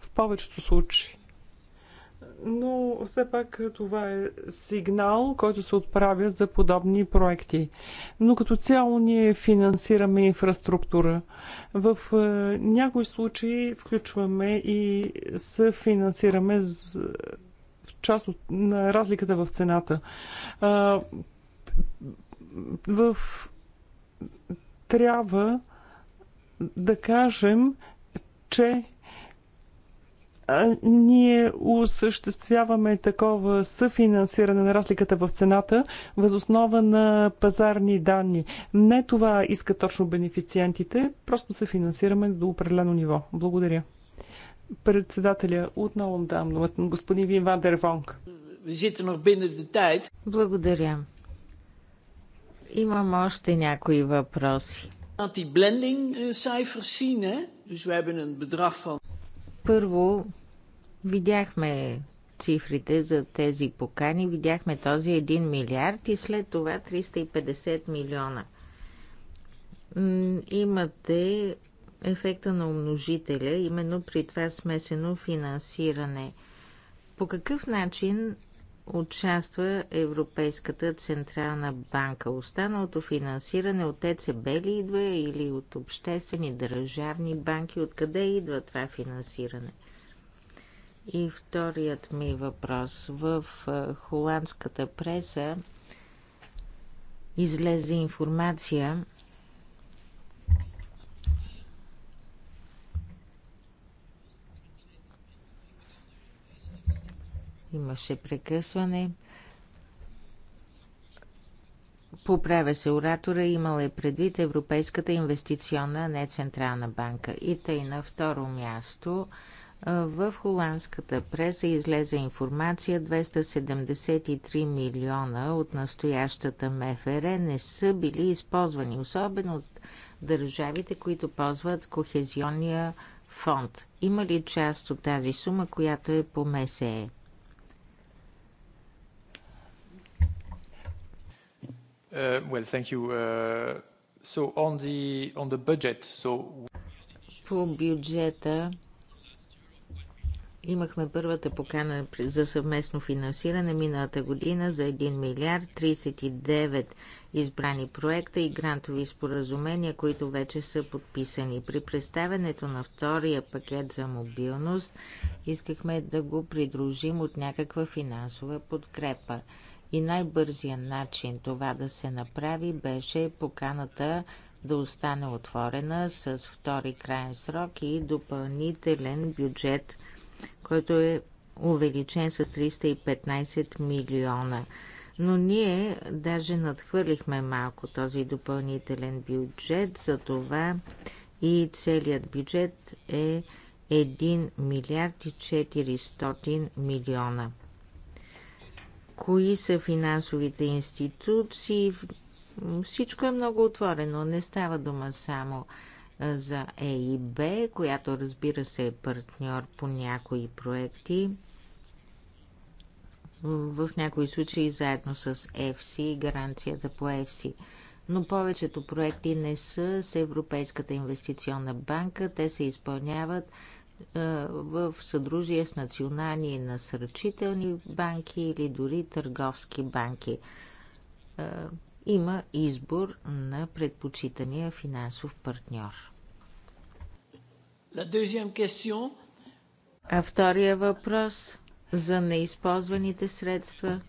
В повечето случаи но все пак това е сигнал, който се отправя за подобни проекти. Но като цяло ние финансираме инфраструктура. В е, някои случаи включваме и съфинансираме част от, на разликата в цената. А, в, трябва да кажем, че ние осъществяваме такова съфинансиране на разликата в цената възоснова на пазарни данни. Не това искат точно бенефициентите, просто се финансираме до определено ниво. Благодаря. Председателя, отново дам думата на господин Вин Вандер Вонг. Благодаря. Имам още някои въпроси. Първо, видяхме цифрите за тези покани, видяхме този 1 милиард и след това 350 милиона. Имате ефекта на умножителя, именно при това смесено финансиране. По какъв начин участва Европейската Централна банка. Останалото финансиране от ЕЦБ ли идва или от обществени държавни банки? Откъде идва това финансиране? И вторият ми въпрос. В холандската преса излезе информация – Имаше прекъсване. Поправя се оратора, имала е предвид Европейската инвестиционна, не Централна банка. И тъй на второ място в холандската преса излезе информация 273 милиона от настоящата МФР не са били използвани, особено от държавите, които ползват кохезионния фонд. Има ли част от тази сума, която е по МСЕ? Uh, well, thank you. Uh, on the, on the budget, so... По бюджета имахме първата покана за съвместно финансиране миналата година за 1 милиард 39 избрани проекта и грантови споразумения, които вече са подписани. При представянето на втория пакет за мобилност искахме да го придружим от някаква финансова подкрепа. И най-бързият начин това да се направи беше поканата да остане отворена с втори крайен срок и допълнителен бюджет, който е увеличен с 315 милиона. Но ние даже надхвърлихме малко този допълнителен бюджет, за това и целият бюджет е 1 милиард и 400 милиона кои са финансовите институции. Всичко е много отворено. Не става дума само за ЕИБ, която разбира се е партньор по някои проекти. В някои случаи заедно с EFSI и гаранцията по Ефси, Но повечето проекти не са с Европейската инвестиционна банка. Те се изпълняват в съдружие с национални насърчителни банки или дори търговски банки. Има избор на предпочитания финансов партньор. А втория въпрос за неизползваните средства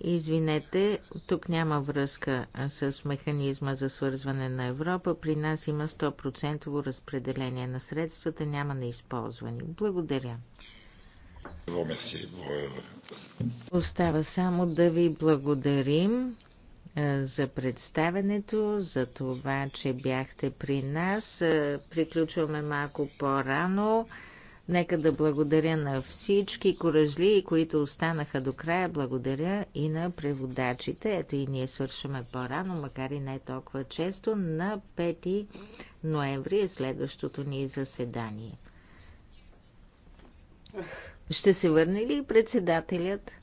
Извинете, тук няма връзка с механизма за свързване на Европа. При нас има 100% разпределение на средствата, няма неизползвани. Благодаря. Остава само да ви благодарим за представенето, за това, че бяхте при нас. Приключваме малко по-рано. Нека да благодаря на всички коръжли, които останаха до края. Благодаря и на преводачите. Ето и ние свършваме по-рано, макар и не толкова често. На 5 ноември е следващото ни заседание. Ще се върне ли председателят?